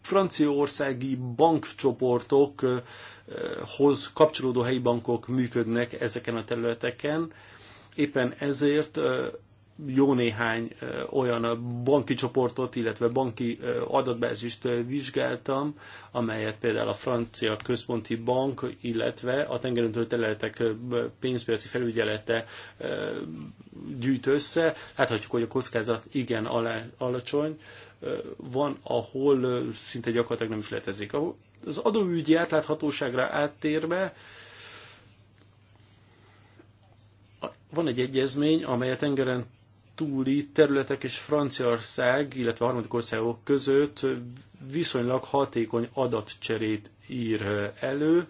franciaországi bankcsoportokhoz kapcsolódó helyi bankok működnek ezeken a területeken. Éppen ezért jó néhány olyan banki csoportot, illetve banki adatbázist vizsgáltam, amelyet például a Francia Központi Bank, illetve a tengerüntő területek pénzpiaci felügyelete gyűjt össze. Láthatjuk, hogy a kockázat igen alacsony. Van, ahol szinte gyakorlatilag nem is létezik. Az adóügyi átláthatóságra áttérve, van egy egyezmény, amely a tengeren túli területek és Franciaország, illetve harmadik országok között viszonylag hatékony adatcserét ír elő.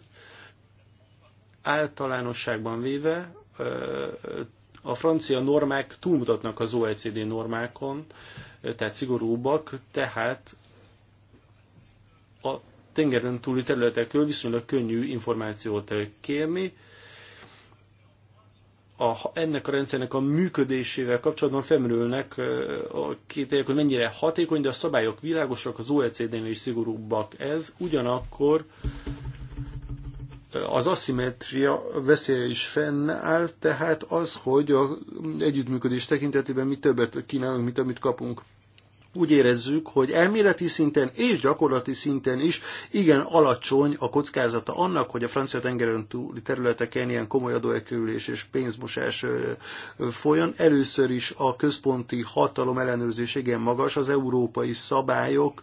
Általánosságban véve a francia normák túlmutatnak az OECD normákon, tehát szigorúbbak, tehát a tengeren túli területekről viszonylag könnyű információt kérni, a, ennek a rendszernek a működésével kapcsolatban felmerülnek a kételyek, hogy mennyire hatékony, de a szabályok világosak, az OECD-nél is szigorúbbak ez, ugyanakkor az aszimetria veszélye is fennáll, tehát az, hogy a együttműködés tekintetében mi többet kínálunk, mint amit kapunk úgy érezzük, hogy elméleti szinten és gyakorlati szinten is igen alacsony a kockázata annak, hogy a francia tengeren túli területeken ilyen komoly adóelkerülés és pénzmosás folyjon. Először is a központi hatalom ellenőrzés igen magas, az európai szabályok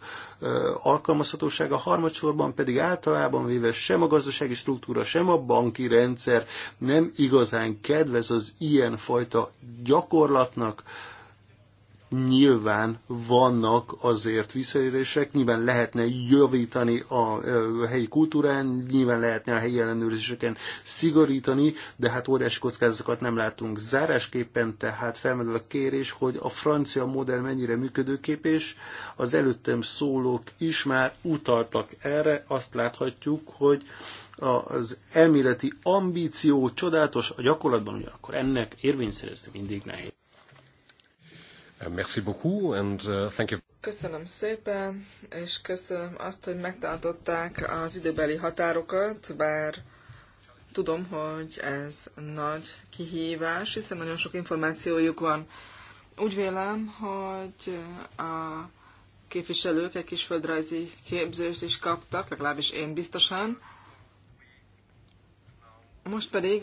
alkalmazhatósága, harmadsorban pedig általában véve sem a gazdasági struktúra, sem a banki rendszer nem igazán kedvez az ilyen fajta gyakorlatnak, nyilván vannak azért visszaérések, nyilván lehetne javítani a helyi kultúrán, nyilván lehetne a helyi ellenőrzéseken szigorítani, de hát óriási kockázatokat nem látunk. Zárásképpen tehát felmerül a kérés, hogy a francia modell mennyire működőképes, az előttem szólók is már utaltak erre, azt láthatjuk, hogy az elméleti ambíció csodálatos, a gyakorlatban ugyanakkor ennek érvényszerezni mindig nehéz. Merci beaucoup, and uh, thank you. Köszönöm szépen, és köszönöm azt, hogy megtartották az időbeli határokat, bár tudom, hogy ez nagy kihívás, hiszen nagyon sok információjuk van. Úgy vélem, hogy a képviselők egy kis földrajzi képzést is kaptak, legalábbis én biztosan. Most pedig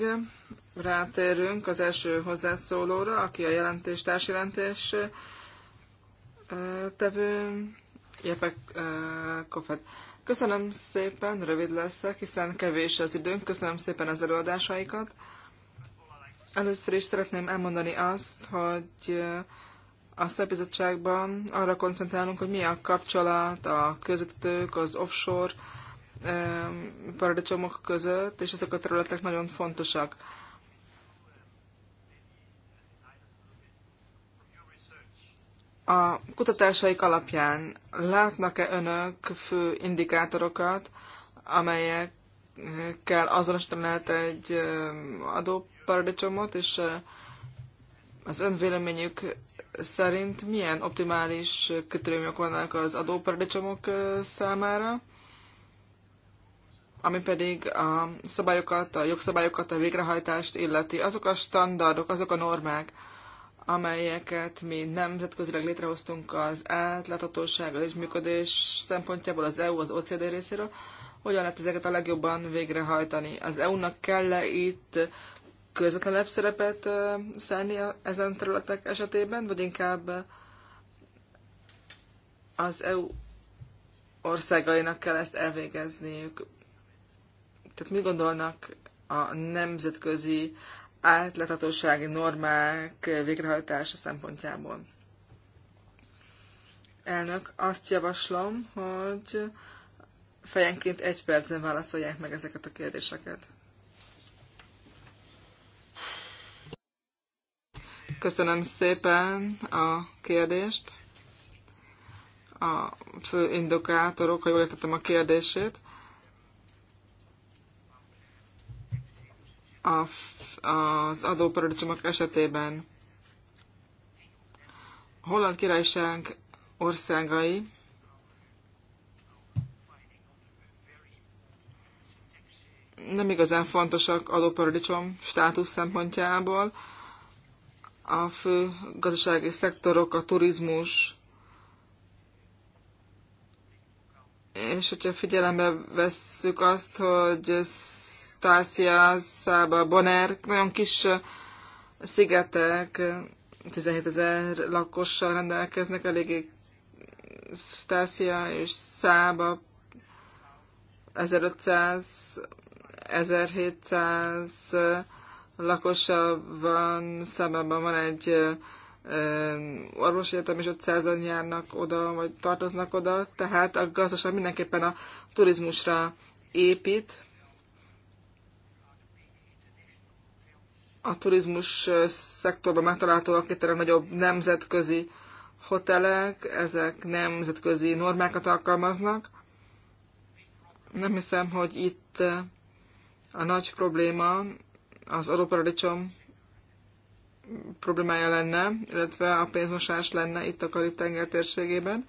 rátérünk az első hozzászólóra, aki a jelentés, társjelentés tevő, Jepek Kofet. Köszönöm szépen, rövid leszek, hiszen kevés az időnk. Köszönöm szépen az előadásaikat. Először is szeretném elmondani azt, hogy a szakbizottságban arra koncentrálunk, hogy mi a kapcsolat a közvetítők, az offshore paradicsomok között, és ezek a területek nagyon fontosak. A kutatásaik alapján látnak-e önök fő indikátorokat, amelyekkel azonosítani lehet egy adóparadicsomot, és eh, az ön véleményük szerint milyen optimális kritériumok vannak az adóparadicsomok eh, számára? ami pedig a szabályokat, a jogszabályokat, a végrehajtást illeti. Azok a standardok, azok a normák, amelyeket mi nemzetközileg létrehoztunk az átláthatóság és működés szempontjából az EU, az OCD részéről, hogyan lehet ezeket a legjobban végrehajtani. Az EU-nak kell-e itt közvetlenebb szerepet szállni ezen területek esetében, vagy inkább az EU országainak kell ezt elvégezniük tehát mi gondolnak a nemzetközi átláthatósági normák végrehajtása szempontjából? Elnök, azt javaslom, hogy fejenként egy percben válaszolják meg ezeket a kérdéseket. Köszönöm szépen a kérdést. A fő indokátorok, ha jól értettem a kérdését. a, az adóparadicsomok esetében. A Holland Királyság országai nem igazán fontosak adóparadicsom státusz szempontjából. A fő gazdasági szektorok a turizmus, és hogyha figyelembe vesszük azt, hogy Szába, Bonaire, nagyon kis szigetek, 17 ezer lakossal rendelkeznek, eléggé Stasia és Szába 1500 1700 lakosa van, Szábában van egy orvosi egyetem, és 500-an járnak oda, vagy tartoznak oda, tehát a gazdaság mindenképpen a turizmusra épít, a turizmus szektorban megtalálhatóak itt a nagyobb nemzetközi hotelek, ezek nemzetközi normákat alkalmaznak. Nem hiszem, hogy itt a nagy probléma az adóparadicsom problémája lenne, illetve a pénzmosás lenne itt a Karib-tenger térségében.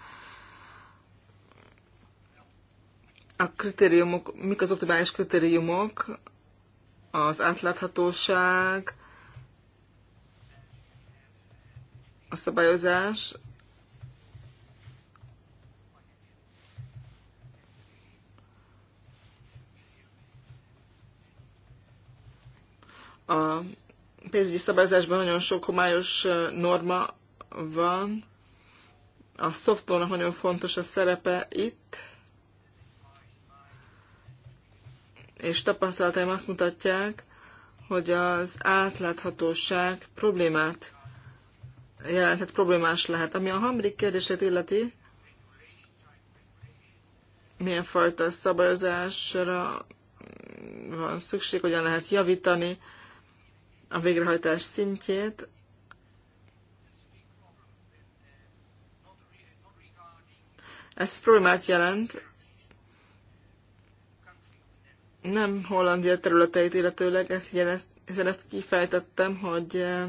A kritériumok, mik az optimális kritériumok az átláthatóság, a szabályozás, a pénzügyi szabályozásban nagyon sok homályos norma van. A szoftónak nagyon fontos a szerepe itt. és tapasztalataim azt mutatják, hogy az átláthatóság problémát jelenthet, problémás lehet. Ami a hamrik kérdését illeti, milyen fajta szabályozásra van szükség, hogyan lehet javítani a végrehajtás szintjét. Ez problémát jelent nem Hollandia területeit illetőleg, ezt, igen, ezt, hiszen ezt kifejtettem, hogy eh,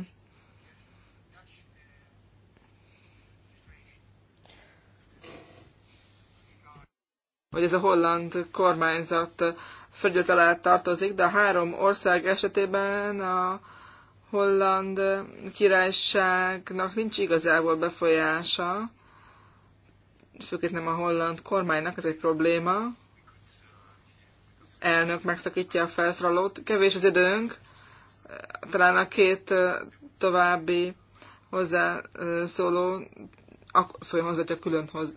hogy ez a holland kormányzat felügyet alá tartozik, de a három ország esetében a holland királyságnak nincs igazából befolyása, főként nem a holland kormánynak, ez egy probléma elnök megszakítja a felszólalót. Kevés az időnk, talán a két további hozzászóló, szóljon hozzá, hogyha külön hoz,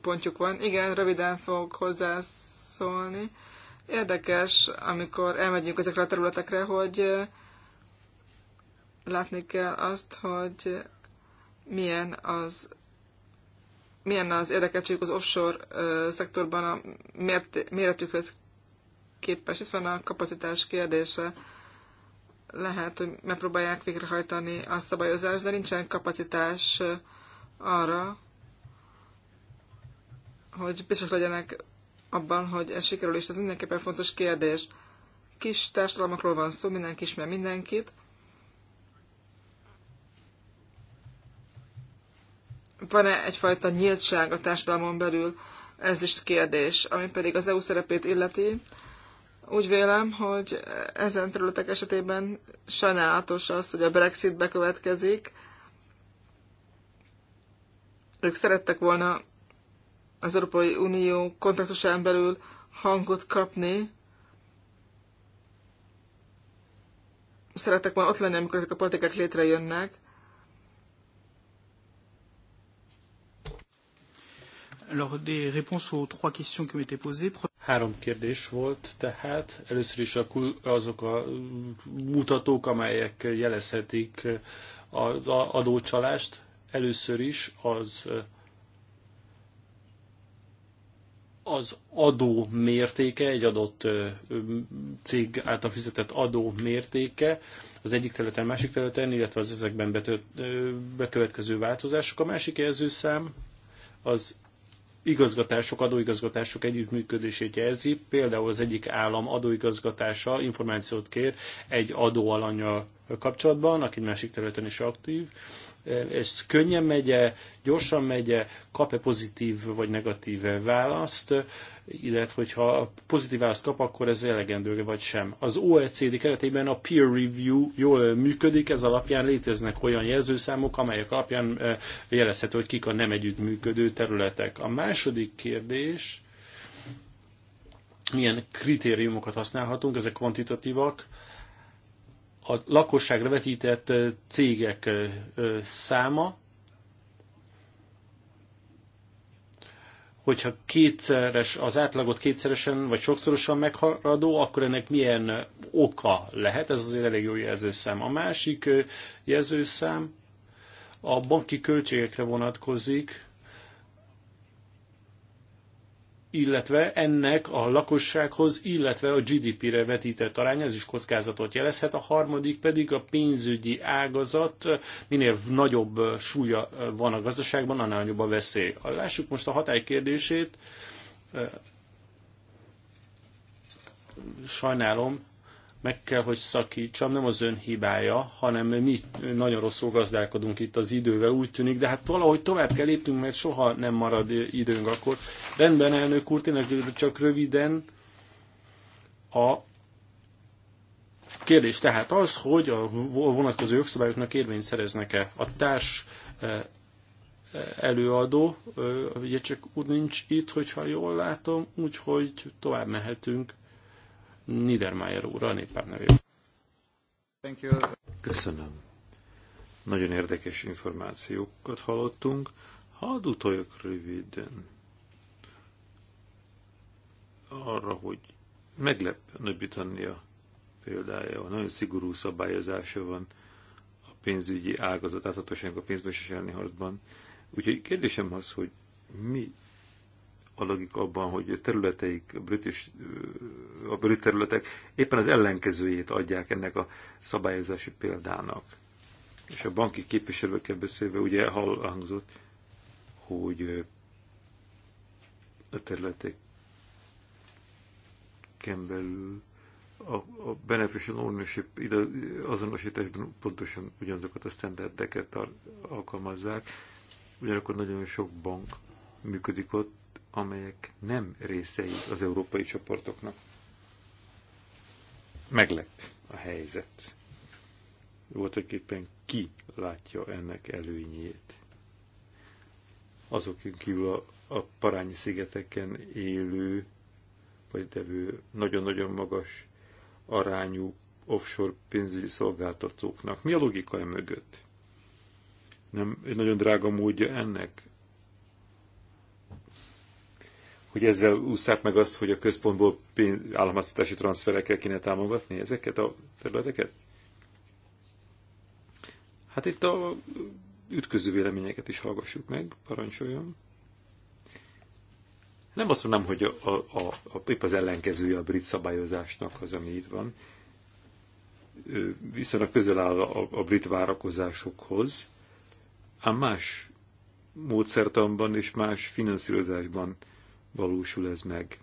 pontjuk van. Igen, röviden fogok hozzászólni. Érdekes, amikor elmegyünk ezekre a területekre, hogy látni kell azt, hogy milyen az milyen az érdekeltségük az offshore ö, szektorban a méretükhöz képes. Itt van a kapacitás kérdése. Lehet, hogy megpróbálják végrehajtani a szabályozást, de nincsen kapacitás arra, hogy biztos legyenek abban, hogy ez sikerül, és ez mindenképpen fontos kérdés. Kis társadalmakról van szó, mindenki ismer mindenkit. Van-e egyfajta nyíltság a társadalmon belül? Ez is kérdés. Ami pedig az EU szerepét illeti, úgy vélem, hogy ezen területek esetében sajnálatos az, hogy a Brexit bekövetkezik. Ők szerettek volna az Európai Unió kontextusán belül hangot kapni, szerettek volna ott lenni, amikor ezek a politikák létrejönnek. Alors, des réponses aux trois questions qui m'étaient posées. Három kérdés volt tehát. Először is a, azok a mm, mutatók, amelyek jelezhetik eh, az adócsalást. Először is az eh, az adó mértéke, egy adott eh, mm, cég által fizetett adó mértéke az egyik területen, másik területen, illetve az ezekben betölt, bekövetkező változások. A másik jelzőszám az igazgatások, adóigazgatások együttműködését jelzi. Például az egyik állam adóigazgatása információt kér egy adóalanyjal kapcsolatban, aki másik területen is aktív ez könnyen megye, gyorsan megye, kap-e pozitív vagy negatív választ, illetve hogyha pozitív választ kap, akkor ez elegendő vagy sem. Az OECD keretében a peer review jól működik, ez alapján léteznek olyan jelzőszámok, amelyek alapján eh, jelezhető, hogy kik a nem együttműködő területek. A második kérdés, milyen kritériumokat használhatunk, ezek kvantitatívak, a lakosságra vetített cégek száma, hogyha kétszeres, az átlagot kétszeresen vagy sokszorosan megharadó, akkor ennek milyen oka lehet? Ez azért elég jó jelzőszám. A másik jelzőszám a banki költségekre vonatkozik, illetve ennek a lakossághoz, illetve a GDP-re vetített arány, ez is kockázatot jelezhet, a harmadik pedig a pénzügyi ágazat, minél nagyobb súlya van a gazdaságban, annál nagyobb a veszély. Lássuk most a hatály kérdését. Sajnálom, meg kell, hogy szakítsam, nem az ön hibája, hanem mi nagyon rosszul gazdálkodunk itt az idővel, úgy tűnik, de hát valahogy tovább kell lépnünk, mert soha nem marad időnk akkor. Rendben, elnök úr, tényleg csak röviden a kérdés tehát az, hogy a vonatkozó jogszabályoknak érvényt szereznek-e a társ eh, eh, előadó, eh, ugye csak úgy nincs itt, hogyha jól látom, úgyhogy tovább mehetünk Niedermayer úr a néppárt nevében. Köszönöm. Nagyon érdekes információkat hallottunk. Hadd utoljak röviden arra, hogy meglep Nagy-Britannia példája, nagyon szigorú szabályozása van a pénzügyi ágazat, átlatosan a pénzbeseselni harcban. Úgyhogy kérdésem az, hogy mi a logika abban, hogy a területeik, a, british, a brit területek éppen az ellenkezőjét adják ennek a szabályozási példának. És a banki képviselőkkel beszélve ugye hangzott, hogy a területeken belül a, a beneficial ownership azonosításban pontosan ugyanazokat a standardeket alkalmazzák, ugyanakkor nagyon sok bank működik ott, amelyek nem részei az európai csoportoknak. Meglep a helyzet. Voltak éppen ki látja ennek előnyét. Azok kívül a, a Parányi szigeteken élő, vagy tevő nagyon-nagyon magas arányú offshore pénzügyi szolgáltatóknak. Mi a logika e mögött? Nem egy nagyon drága módja ennek, hogy ezzel úszák meg azt, hogy a központból államháztatási transferekkel kéne támogatni ezeket a területeket? Hát itt a ütköző véleményeket is hallgassuk meg, parancsoljon. Nem azt mondom, hogy a, a, a, a, épp az ellenkezője a brit szabályozásnak az, ami itt van. a közel áll a, a brit várakozásokhoz, ám más módszertanban és más finanszírozásban valósul ez meg.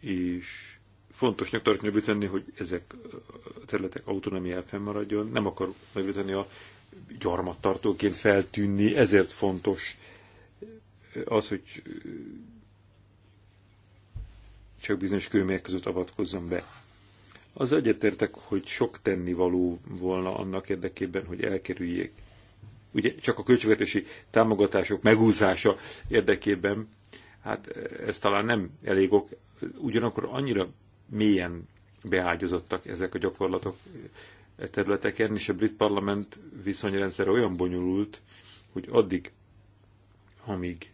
És fontosnak tartom javítani, hogy ezek a területek autonómiát fennmaradjon. Nem akar javítani a gyarmattartóként feltűnni, ezért fontos az, hogy csak bizonyos körülmények között avatkozzon be. Az egyetértek, hogy sok tennivaló volna annak érdekében, hogy elkerüljék ugye csak a költségvetési támogatások megúzása érdekében, hát e, ez talán nem elég ok, ugyanakkor annyira mélyen beágyazottak ezek a gyakorlatok e területeken, és a brit parlament viszonyrendszer olyan bonyolult, hogy addig, amíg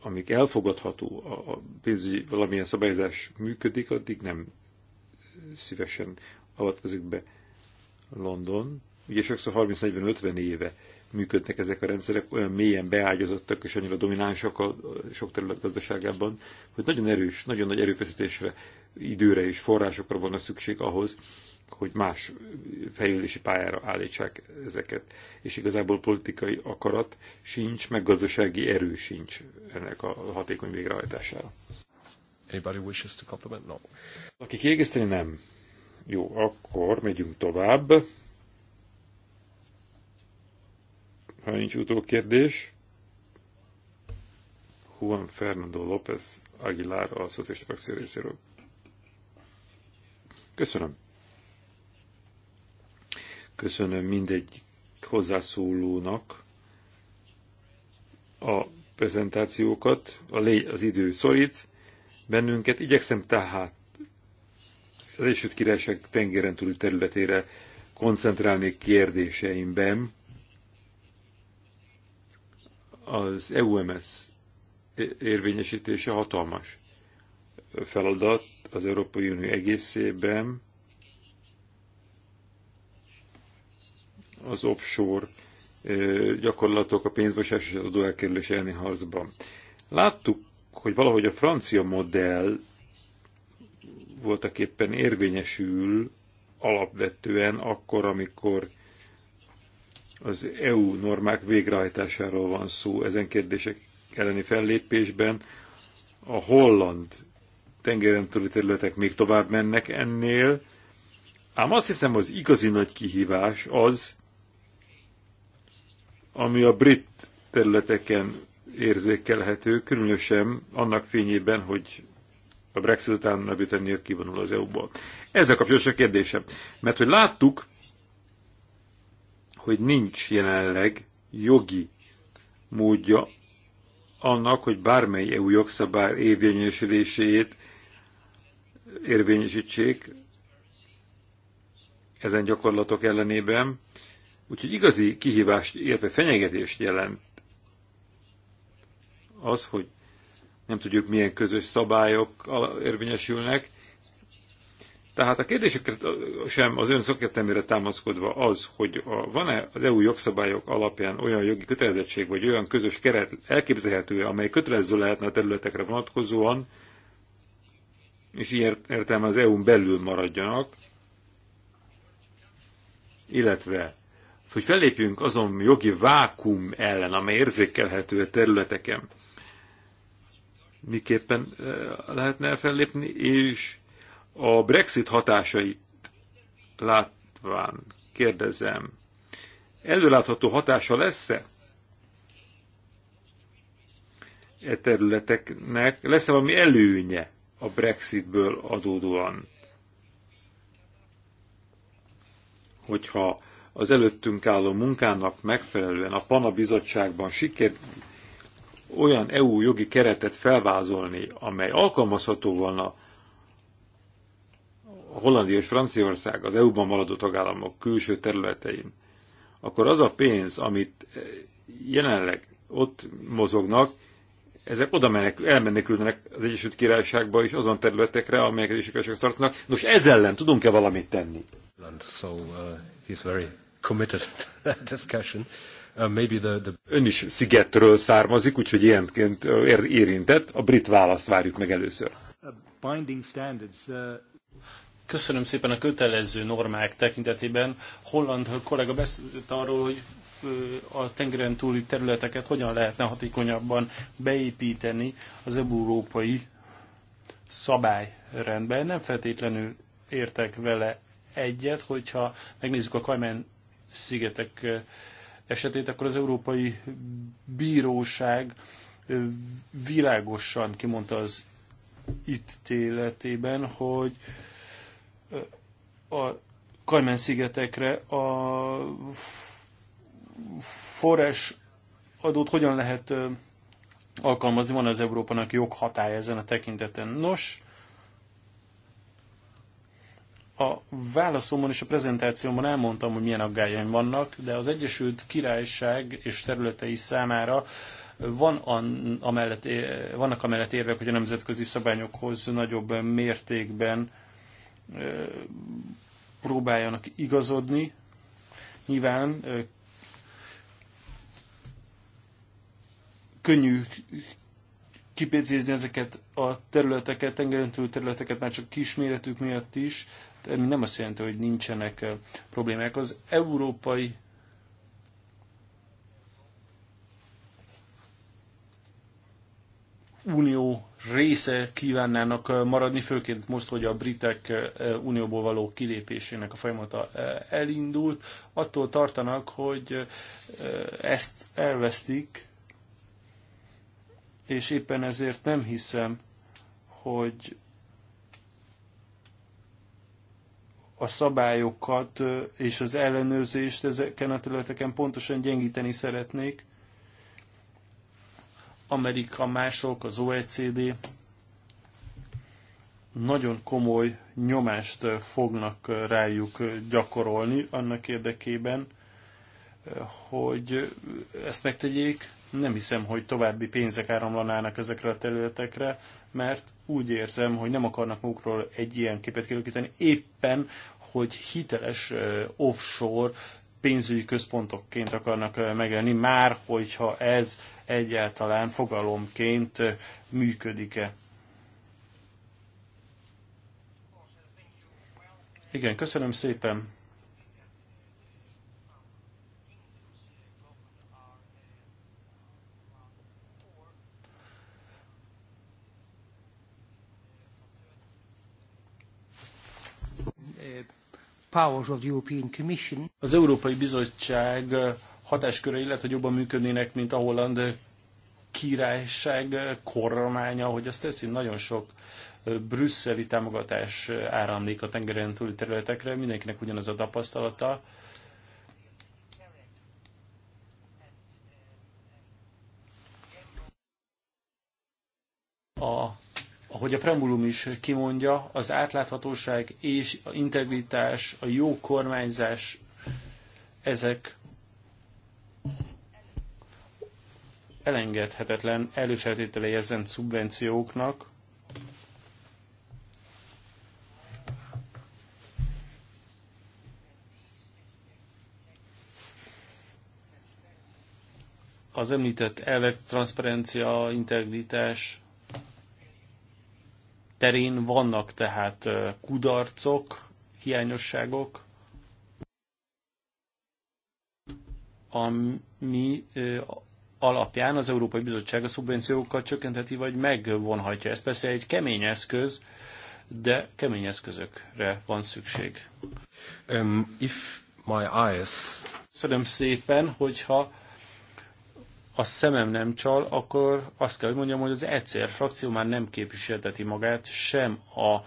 amíg elfogadható a pénzügyi valamilyen szabályozás működik, addig nem szívesen avatkozik be London. Ugye sokszor 30-40-50 éve működnek ezek a rendszerek, olyan mélyen beágyazottak és annyira dominánsak a sok terület gazdaságában, hogy nagyon erős, nagyon nagy erőfeszítésre, időre és forrásokra van a szükség ahhoz, hogy más fejlődési pályára állítsák ezeket. És igazából politikai akarat sincs, meg gazdasági erő sincs ennek a hatékony végrehajtására. Anybody wishes to compliment? No. Aki kiegészteni, nem. Jó, akkor megyünk tovább. Ha nincs utókérdés, Juan Fernando López Aguilar a szociális frakció részéről. Köszönöm. Köszönöm mindegy hozzászólónak a prezentációkat, a lé, az idő szorít bennünket. Igyekszem tehát az Egyesült Királyság tengeren túli területére koncentrálni kérdéseimben, az EUMS érvényesítése hatalmas feladat az Európai Unió egészében. Az offshore gyakorlatok a pénzmosás és az adóelkerülés elleni harcban. Láttuk, hogy valahogy a francia modell voltak éppen érvényesül alapvetően akkor, amikor az EU normák végrehajtásáról van szó ezen kérdések elleni fellépésben. A holland tengeren túli területek még tovább mennek ennél, ám azt hiszem az igazi nagy kihívás az, ami a brit területeken érzékelhető, különösen annak fényében, hogy a Brexit után Nagy-Britannia kivonul az EU-ból. Ezzel kapcsolatos a kérdésem. Mert hogy láttuk, hogy nincs jelenleg jogi módja annak, hogy bármely EU jogszabály érvényesülését érvényesítsék ezen gyakorlatok ellenében. Úgyhogy igazi kihívást, illetve fenyegetést jelent az, hogy nem tudjuk milyen közös szabályok érvényesülnek, tehát a kérdésükre sem az ön szakértelmére támaszkodva az, hogy van-e az EU jogszabályok alapján olyan jogi kötelezettség, vagy olyan közös keret elképzelhető, amely kötelező lehetne a területekre vonatkozóan, és így értelme az EU-n belül maradjanak, illetve hogy fellépjünk azon jogi vákum ellen, amely érzékelhető a területeken, miképpen lehetne fellépni, és a Brexit hatásait látván kérdezem, előlátható hatása lesz-e? E területeknek lesz-e valami előnye a Brexitből adódóan? Hogyha az előttünk álló munkának megfelelően a PANA bizottságban sikert olyan EU jogi keretet felvázolni, amely alkalmazható volna Hollandia és Franciaország az EU-ban maradó tagállamok külső területein, akkor az a pénz, amit eh, jelenleg ott mozognak, ezek oda menek, elmenekülnek az Egyesült Királyságba is azon területekre, amelyek az Egyesült Királysághoz tartoznak. Nos, ez ellen tudunk-e valamit tenni? So, uh, he's very committed to that discussion. Uh, maybe the, the... Ön is szigetről származik, úgyhogy ilyenként uh, érintett. A brit választ várjuk meg először. uh... Köszönöm szépen a kötelező normák tekintetében. Holland kollega beszélt arról, hogy a tengeren túli területeket hogyan lehetne hatékonyabban beépíteni az európai szabályrendbe. Nem feltétlenül értek vele egyet, hogyha megnézzük a Kajmán szigetek esetét, akkor az Európai Bíróság világosan kimondta az ítéletében, hogy a Kajmen-szigetekre a forrás adót hogyan lehet alkalmazni, van az Európának joghatája ezen a tekinteten. Nos, a válaszomban és a prezentációmban elmondtam, hogy milyen aggályaim vannak, de az Egyesült Királyság és területei számára van a, amellett, vannak amellett érvek, hogy a nemzetközi szabályokhoz nagyobb mértékben próbáljanak igazodni. Nyilván könnyű kipécézni ezeket a területeket, tengeren túl területeket már csak kisméretük miatt is, ami nem azt jelenti, hogy nincsenek problémák. Az európai Unió része kívánnának maradni, főként most, hogy a britek unióból való kilépésének a folyamata elindult. Attól tartanak, hogy ezt elvesztik, és éppen ezért nem hiszem, hogy a szabályokat és az ellenőrzést ezeken a területeken pontosan gyengíteni szeretnék, Amerika, mások, az OECD nagyon komoly nyomást fognak rájuk gyakorolni annak érdekében, hogy ezt megtegyék. Nem hiszem, hogy további pénzek áramlanának ezekre a területekre, mert úgy érzem, hogy nem akarnak magukról egy ilyen képet kialakítani, éppen, hogy hiteles offshore pénzügyi központokként akarnak megjelenni, már hogyha ez egyáltalán fogalomként működik-e. Igen, köszönöm szépen. Eh, powers of the European Commission. Az Európai Bizottság hatásköre, illetve jobban működnének, mint a holland királyság kormánya, hogy azt teszi, nagyon sok brüsszeli támogatás áramlik a tengeren túli területekre, mindenkinek ugyanaz a tapasztalata. A ahogy a preambulum is kimondja, az átláthatóság és a integritás, a jó kormányzás, ezek elengedhetetlen előfeltételei ezen szubvencióknak, az említett elvek, transzparencia, integritás, terén vannak tehát kudarcok, hiányosságok, ami alapján az Európai Bizottság a szubvenciókat csökkentheti, vagy megvonhatja. Ez persze egy kemény eszköz, de kemény eszközökre van szükség. Um, if my eyes... Szerintem szépen, hogyha a szemem nem csal, akkor azt kell, hogy mondjam, hogy az ECR frakció már nem képviselteti magát, sem a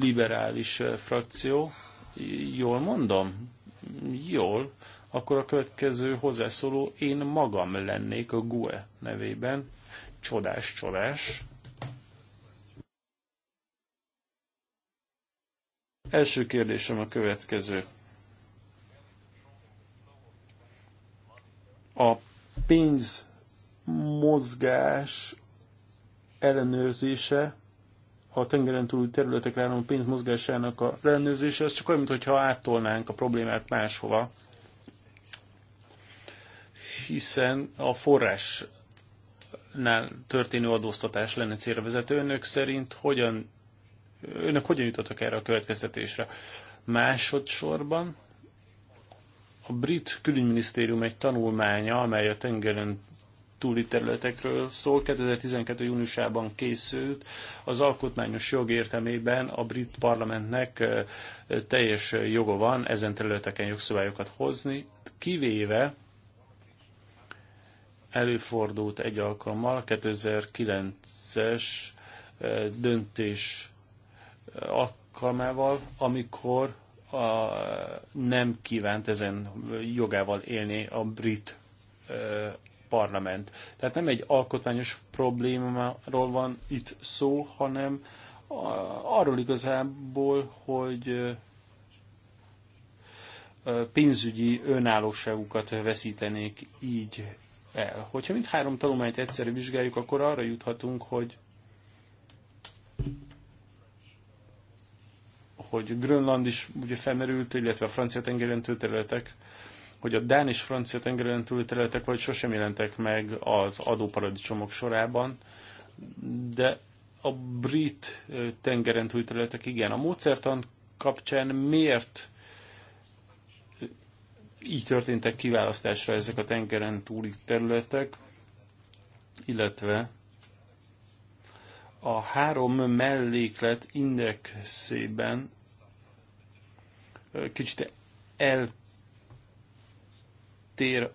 liberális frakció. Jól mondom? Jól. Akkor a következő hozzászóló én magam lennék a GUE nevében. Csodás, csodás. Első kérdésem a következő. a pénzmozgás ellenőrzése, a tengeren túli területekre álló pénzmozgásának a ellenőrzése, az csak olyan, mintha áttolnánk a problémát máshova, hiszen a forrásnál történő adóztatás lenne célra vezető. Önök szerint hogyan, önök hogyan jutottak erre a következtetésre? Másodszorban a brit külügyminisztérium egy tanulmánya, amely a tengeren túli területekről szól, 2012. júniusában készült, az alkotmányos jog értelmében a brit parlamentnek teljes joga van ezen területeken jogszabályokat hozni, kivéve előfordult egy alkalommal, 2009-es döntés alkalmával, amikor a, nem kívánt ezen jogával élni a brit ö, parlament. Tehát nem egy alkotmányos problémáról van itt szó, hanem a, arról igazából, hogy ö, pénzügyi önállóságukat veszítenék így el. Hogyha mindhárom tanulmányt egyszerű vizsgáljuk, akkor arra juthatunk, hogy hogy Grönland is ugye felmerült, illetve a francia tengeren területek, hogy a Dán és francia tengeren területek vagy sosem jelentek meg az adóparadicsomok sorában, de a brit tengeren területek igen. A módszertan kapcsán miért így történtek kiválasztásra ezek a tengeren túli területek, illetve a három melléklet indexében kicsit eltér a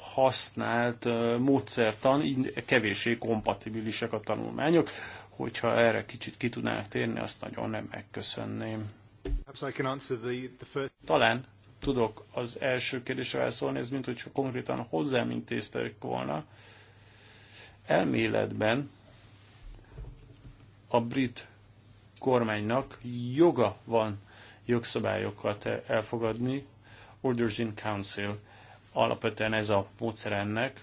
használt módszertan, így kevéssé kompatibilisek a tanulmányok. Hogyha erre kicsit ki tudnának térni, azt nagyon nem megköszönném. Talán tudok az első kérdésre elszólni, ez mint hogyha konkrétan hozzám intéztek volna. Elméletben a brit kormánynak joga van jogszabályokat elfogadni. Orders in Council. Alapvetően ez a módszer ennek.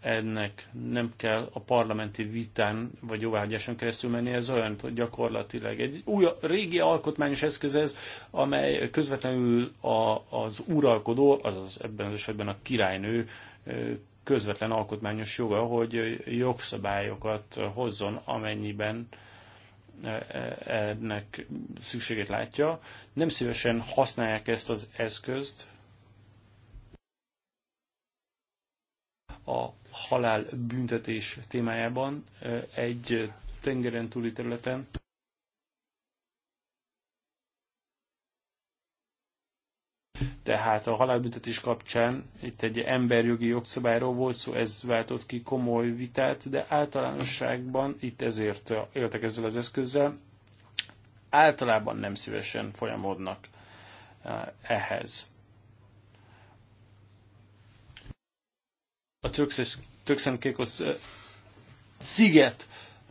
Ennek nem kell a parlamenti vitán vagy jóváhagyáson keresztül menni, ez olyan hogy gyakorlatilag egy új, régi alkotmányos eszköz ez, amely közvetlenül a, az uralkodó, azaz ebben az esetben a királynő közvetlen alkotmányos joga, hogy jogszabályokat hozzon, amennyiben E, e, ennek szükségét látja. Nem szívesen használják ezt az eszközt a halál büntetés témájában e, egy tengeren túli területen. Tehát a halálbüntetés kapcsán itt egy emberjogi jogszabályról volt szó, ez váltott ki komoly vitát, de általánosságban itt ezért éltek ezzel az eszközzel, általában nem szívesen folyamodnak eh, ehhez. A Turks and eh, sziget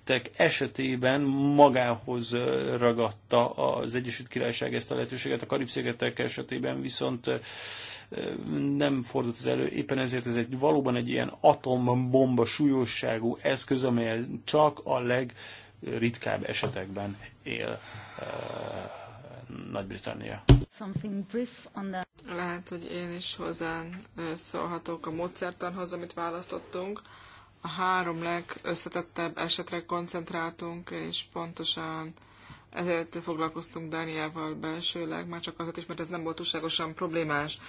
projektek esetében magához ragadta az Egyesült Királyság ezt a lehetőséget, a Karib-szigetek esetében viszont nem fordult az elő. Éppen ezért ez egy valóban egy ilyen atombomba súlyosságú eszköz, amely csak a legritkább esetekben él Nagy-Britannia. Lehet, hogy én is hozzá szólhatok a módszertanhoz, amit választottunk a három legösszetettebb esetre koncentráltunk, és pontosan ezért foglalkoztunk Dániával belsőleg, már csak azért is, mert ez nem volt túlságosan problémás.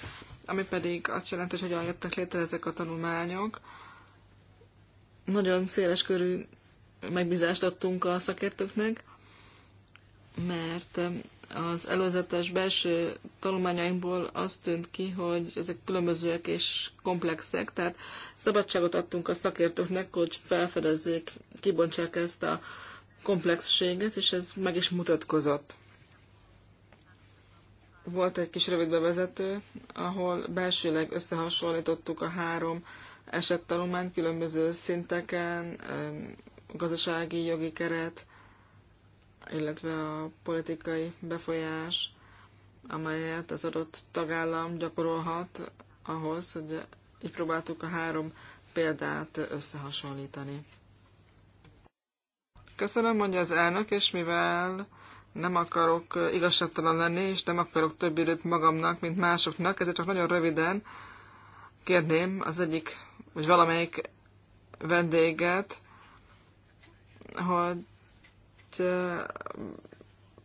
Ami pedig azt jelenti, hogy hogyan jöttek létre ezek a tanulmányok. Nagyon széles körű megbízást adtunk a szakértőknek, mert az előzetes belső tanulmányaimból azt tűnt ki, hogy ezek különbözőek és komplexek, tehát szabadságot adtunk a szakértőknek, hogy felfedezzék, kibontsák ezt a komplexséget, és ez meg is mutatkozott. Volt egy kis rövid bevezető, ahol belsőleg összehasonlítottuk a három esettanulmányt különböző szinteken, gazdasági, jogi keret, illetve a politikai befolyás, amelyet az adott tagállam gyakorolhat ahhoz, hogy így próbáltuk a három példát összehasonlítani. Köszönöm, mondja az elnök, és mivel nem akarok igazságtalan lenni, és nem akarok több időt magamnak, mint másoknak, ezért csak nagyon röviden kérném az egyik, vagy valamelyik vendéget, hogy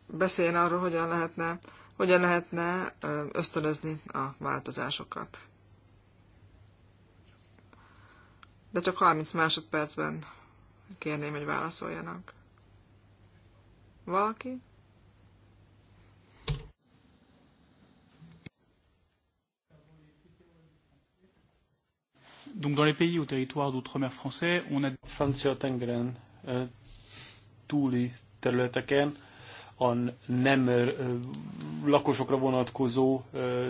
beszéljen arról, hogyan lehetne, hogyan lehetne ösztönözni a változásokat. De csak 30 másodpercben kérném, hogy válaszoljanak. Valaki? Donc dans les pays ou territoires d'outre-mer français, on a... Francia tengeren túli területeken a nem lakosokra vonatkozó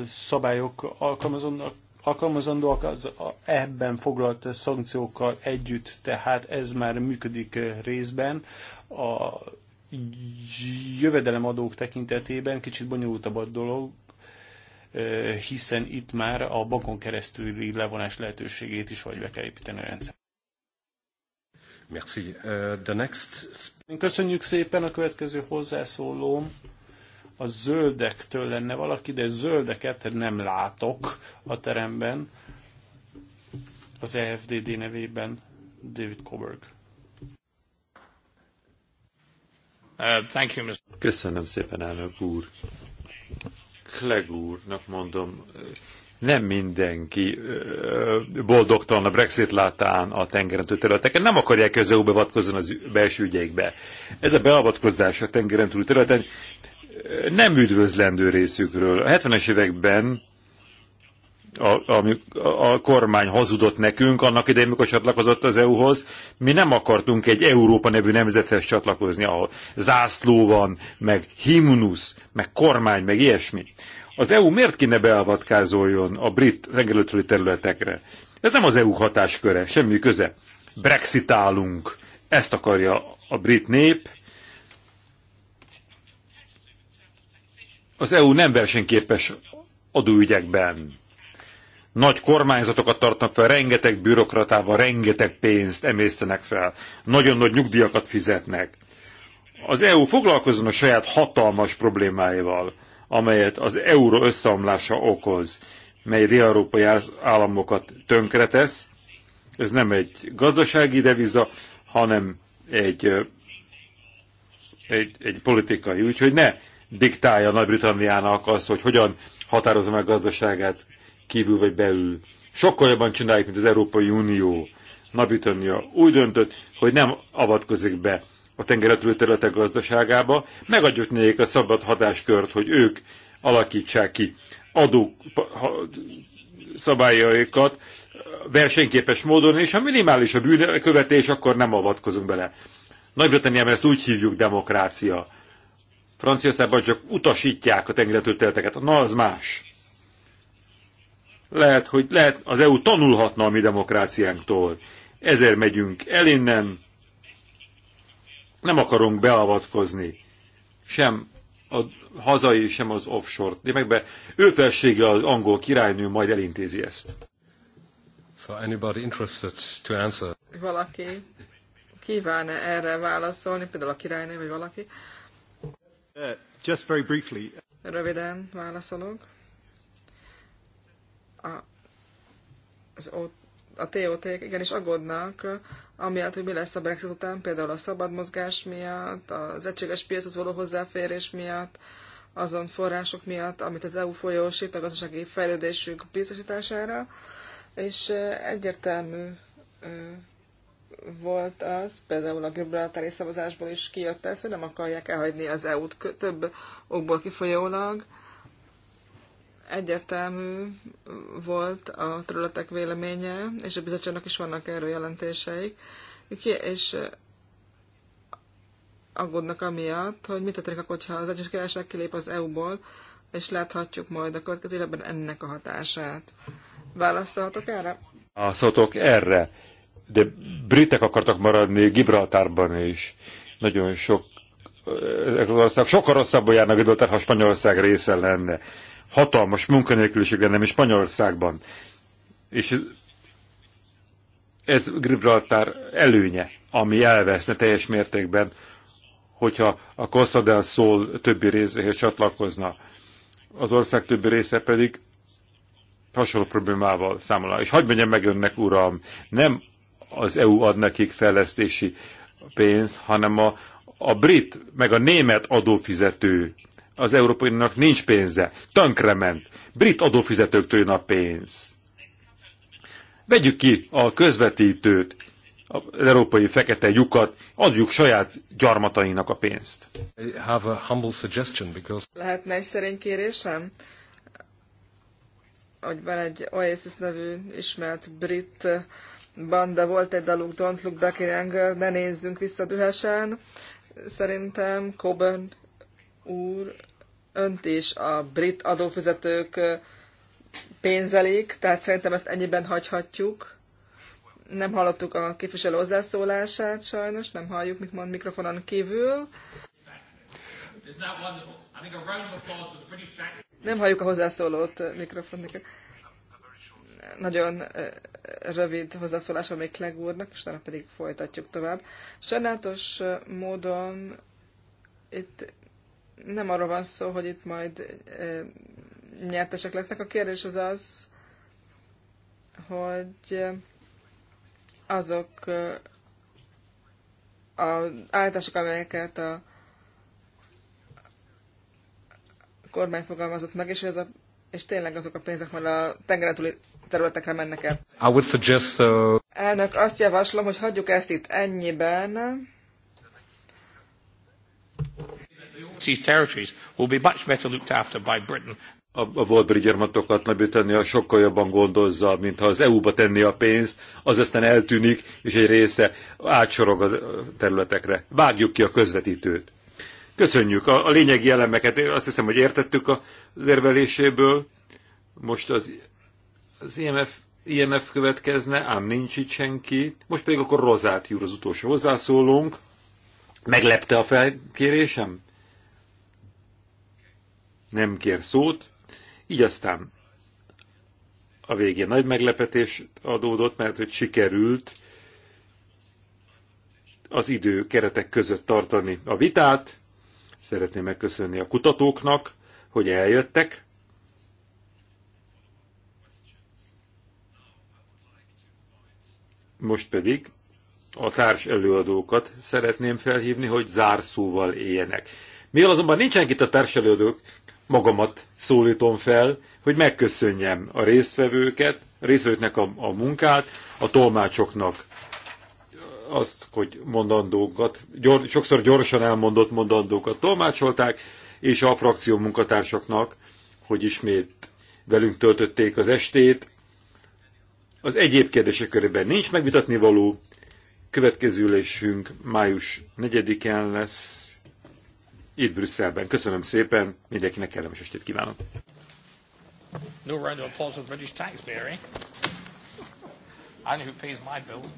szabályok alkalmazónak alkalmazandóak az ebben foglalt szankciókkal együtt, tehát ez már működik részben. A jövedelemadók tekintetében kicsit bonyolultabb a dolog, hiszen itt már a bankon keresztüli levonás lehetőségét is vagy be kell építeni a rendszer. Merci. Uh, the next én Köszönjük szépen a következő hozzászólóm. A zöldektől lenne valaki, de zöldeket nem látok a teremben. Az EFDD nevében David Coburg. Uh, Köszönöm szépen, elnök úr. Clegg úrnak mondom, nem mindenki boldogtalan a Brexit látán a tengeren területeken, nem akarják, hogy az EU beavatkozzon az belső ügyeikbe. Ez a beavatkozás a tengeren túl területen nem üdvözlendő részükről. A 70-es években a, a, a kormány hazudott nekünk annak idején, mikor csatlakozott az EU-hoz. Mi nem akartunk egy Európa nevű nemzethez csatlakozni, ahol zászló van, meg himnusz, meg kormány, meg ilyesmi. Az EU miért kéne beavatkázoljon a brit tengerőtőli területekre? Ez nem az EU hatásköre, semmi köze. Brexitálunk, ezt akarja a brit nép. Az EU nem versenyképes adóügyekben. Nagy kormányzatokat tartnak fel, rengeteg bürokratával, rengeteg pénzt emésztenek fel. Nagyon nagy nyugdíjakat fizetnek. Az EU foglalkozzon a saját hatalmas problémáival amelyet az euró összeomlása okoz, mely európai államokat tönkretesz. Ez nem egy gazdasági deviza, hanem egy, egy, egy politikai. Úgyhogy ne diktálja Nagy-Britanniának azt, hogy hogyan határozza meg gazdaságát kívül vagy belül. Sokkal jobban csináljuk, mint az Európai Unió. Nagy-Britannia úgy döntött, hogy nem avatkozik be a tengeretről területek gazdaságába, megadjuk nekik a szabad hatáskört, hogy ők alakítsák ki adó szabályaikat versenyképes módon, és ha minimális a bűnkövetés, akkor nem avatkozunk bele. Nagy-Britanniában ezt úgy hívjuk demokrácia. Franciaországban csak utasítják a tengeretről területeket. Na, az más. Lehet, hogy lehet, az EU tanulhatna a mi demokráciánktól. Ezért megyünk el innen, nem akarunk beavatkozni sem a hazai, sem az offshore némekbe. Ő felsége az angol királynő majd elintézi ezt. So anybody interested to answer? Valaki kíván-e erre válaszolni, például a királynő vagy valaki? Uh, just very briefly. Röviden válaszolok. A, az ott a tot igenis aggódnak, amiatt, hogy mi lesz a Brexit után, például a szabad mozgás miatt, az egységes piachoz való hozzáférés miatt, azon források miatt, amit az EU folyósít a gazdasági fejlődésük biztosítására, és egyértelmű volt az, például a Gibraltári szavazásból is kijött ez, hogy nem akarják elhagyni az EU-t több okból kifolyólag, Egyértelmű volt a területek véleménye, és a bizottságnak is vannak erről jelentéseik, és aggódnak amiatt, hogy mit történik akkor, ha az Egyes Királyság kilép az EU-ból, és láthatjuk majd a következő évben ennek a hatását. Válaszolhatok erre? Válaszolhatok erre, de britek akartak maradni Gibraltárban is. Nagyon sok sokkal rosszabbul járnak Gibraltár, ha Spanyolország része lenne hatalmas munkanélküliség lenne, és Spanyolországban. És ez Gibraltar előnye, ami elveszne teljes mértékben, hogyha a Costa del Sol többi részéhez csatlakozna. Az ország többi része pedig hasonló problémával számolna. És hagyd mondjam meg önnek, uram, nem az EU ad nekik fejlesztési pénzt, hanem a, a brit, meg a német adófizető az Európai Uniónak nincs pénze. Tönkrement. Brit adófizetőktől jön a pénz. Vegyük ki a közvetítőt, az európai fekete lyukat, adjuk saját gyarmatainak a pénzt. have a because... Lehetne egy szerény kérésem? Hogy van egy Oasis nevű ismert brit banda, volt egy daluk Don't Look Back in Anger, ne nézzünk vissza dühesen. Szerintem Coburn úr, önt is a brit adófizetők pénzelik, tehát szerintem ezt ennyiben hagyhatjuk. Nem hallottuk a képviselő hozzászólását sajnos, nem halljuk, mit mond mikrofonon kívül. Nem halljuk a hozzászólót mikrofon. Nagyon rövid hozzászólása még legúrnak, és utána pedig folytatjuk tovább. Sajnálatos módon itt nem arról van szó, hogy itt majd nyertesek lesznek. A kérdés az az, hogy azok az állítások, amelyeket a kormány fogalmazott meg, és, ez a, és tényleg azok a pénzek majd a tengeren túli területekre mennek el. I would suggest, uh... Elnök, azt javaslom, hogy hagyjuk ezt itt ennyiben. overseas territories will be much better looked after by Britain. A, a volt gyarmatokat Nagy-Britannia sokkal jobban gondozza, mint ha az EU-ba tenni a pénzt, az aztán eltűnik, és egy része átsorog a területekre. Vágjuk ki a közvetítőt. Köszönjük a, a lényegi elemeket, azt hiszem, hogy értettük az érveléséből. Most az, az IMF IMF következne, ám nincs itt senki. Most pedig akkor Rozát Júr az utolsó hozzászólónk. Meglepte a felkérésem? nem kér szót, így aztán a végén nagy meglepetés adódott, mert hogy sikerült az idő keretek között tartani a vitát. Szeretném megköszönni a kutatóknak, hogy eljöttek. Most pedig a társ előadókat szeretném felhívni, hogy zárszóval éljenek. Mivel azonban nincsenek itt a előadók magamat szólítom fel, hogy megköszönjem a résztvevőket, a résztvevőknek a, a munkát, a tolmácsoknak azt, hogy mondandókat, gyor, sokszor gyorsan elmondott mondandókat tolmácsolták, és a frakció munkatársaknak, hogy ismét velünk töltötték az estét. Az egyéb kérdések körében nincs megvitatni való, következő ülésünk május 4-en lesz itt Brüsszelben. Köszönöm szépen, mindenkinek kellemes estét kívánok. No round of applause for the British taxpayer, eh? I know who pays my bill.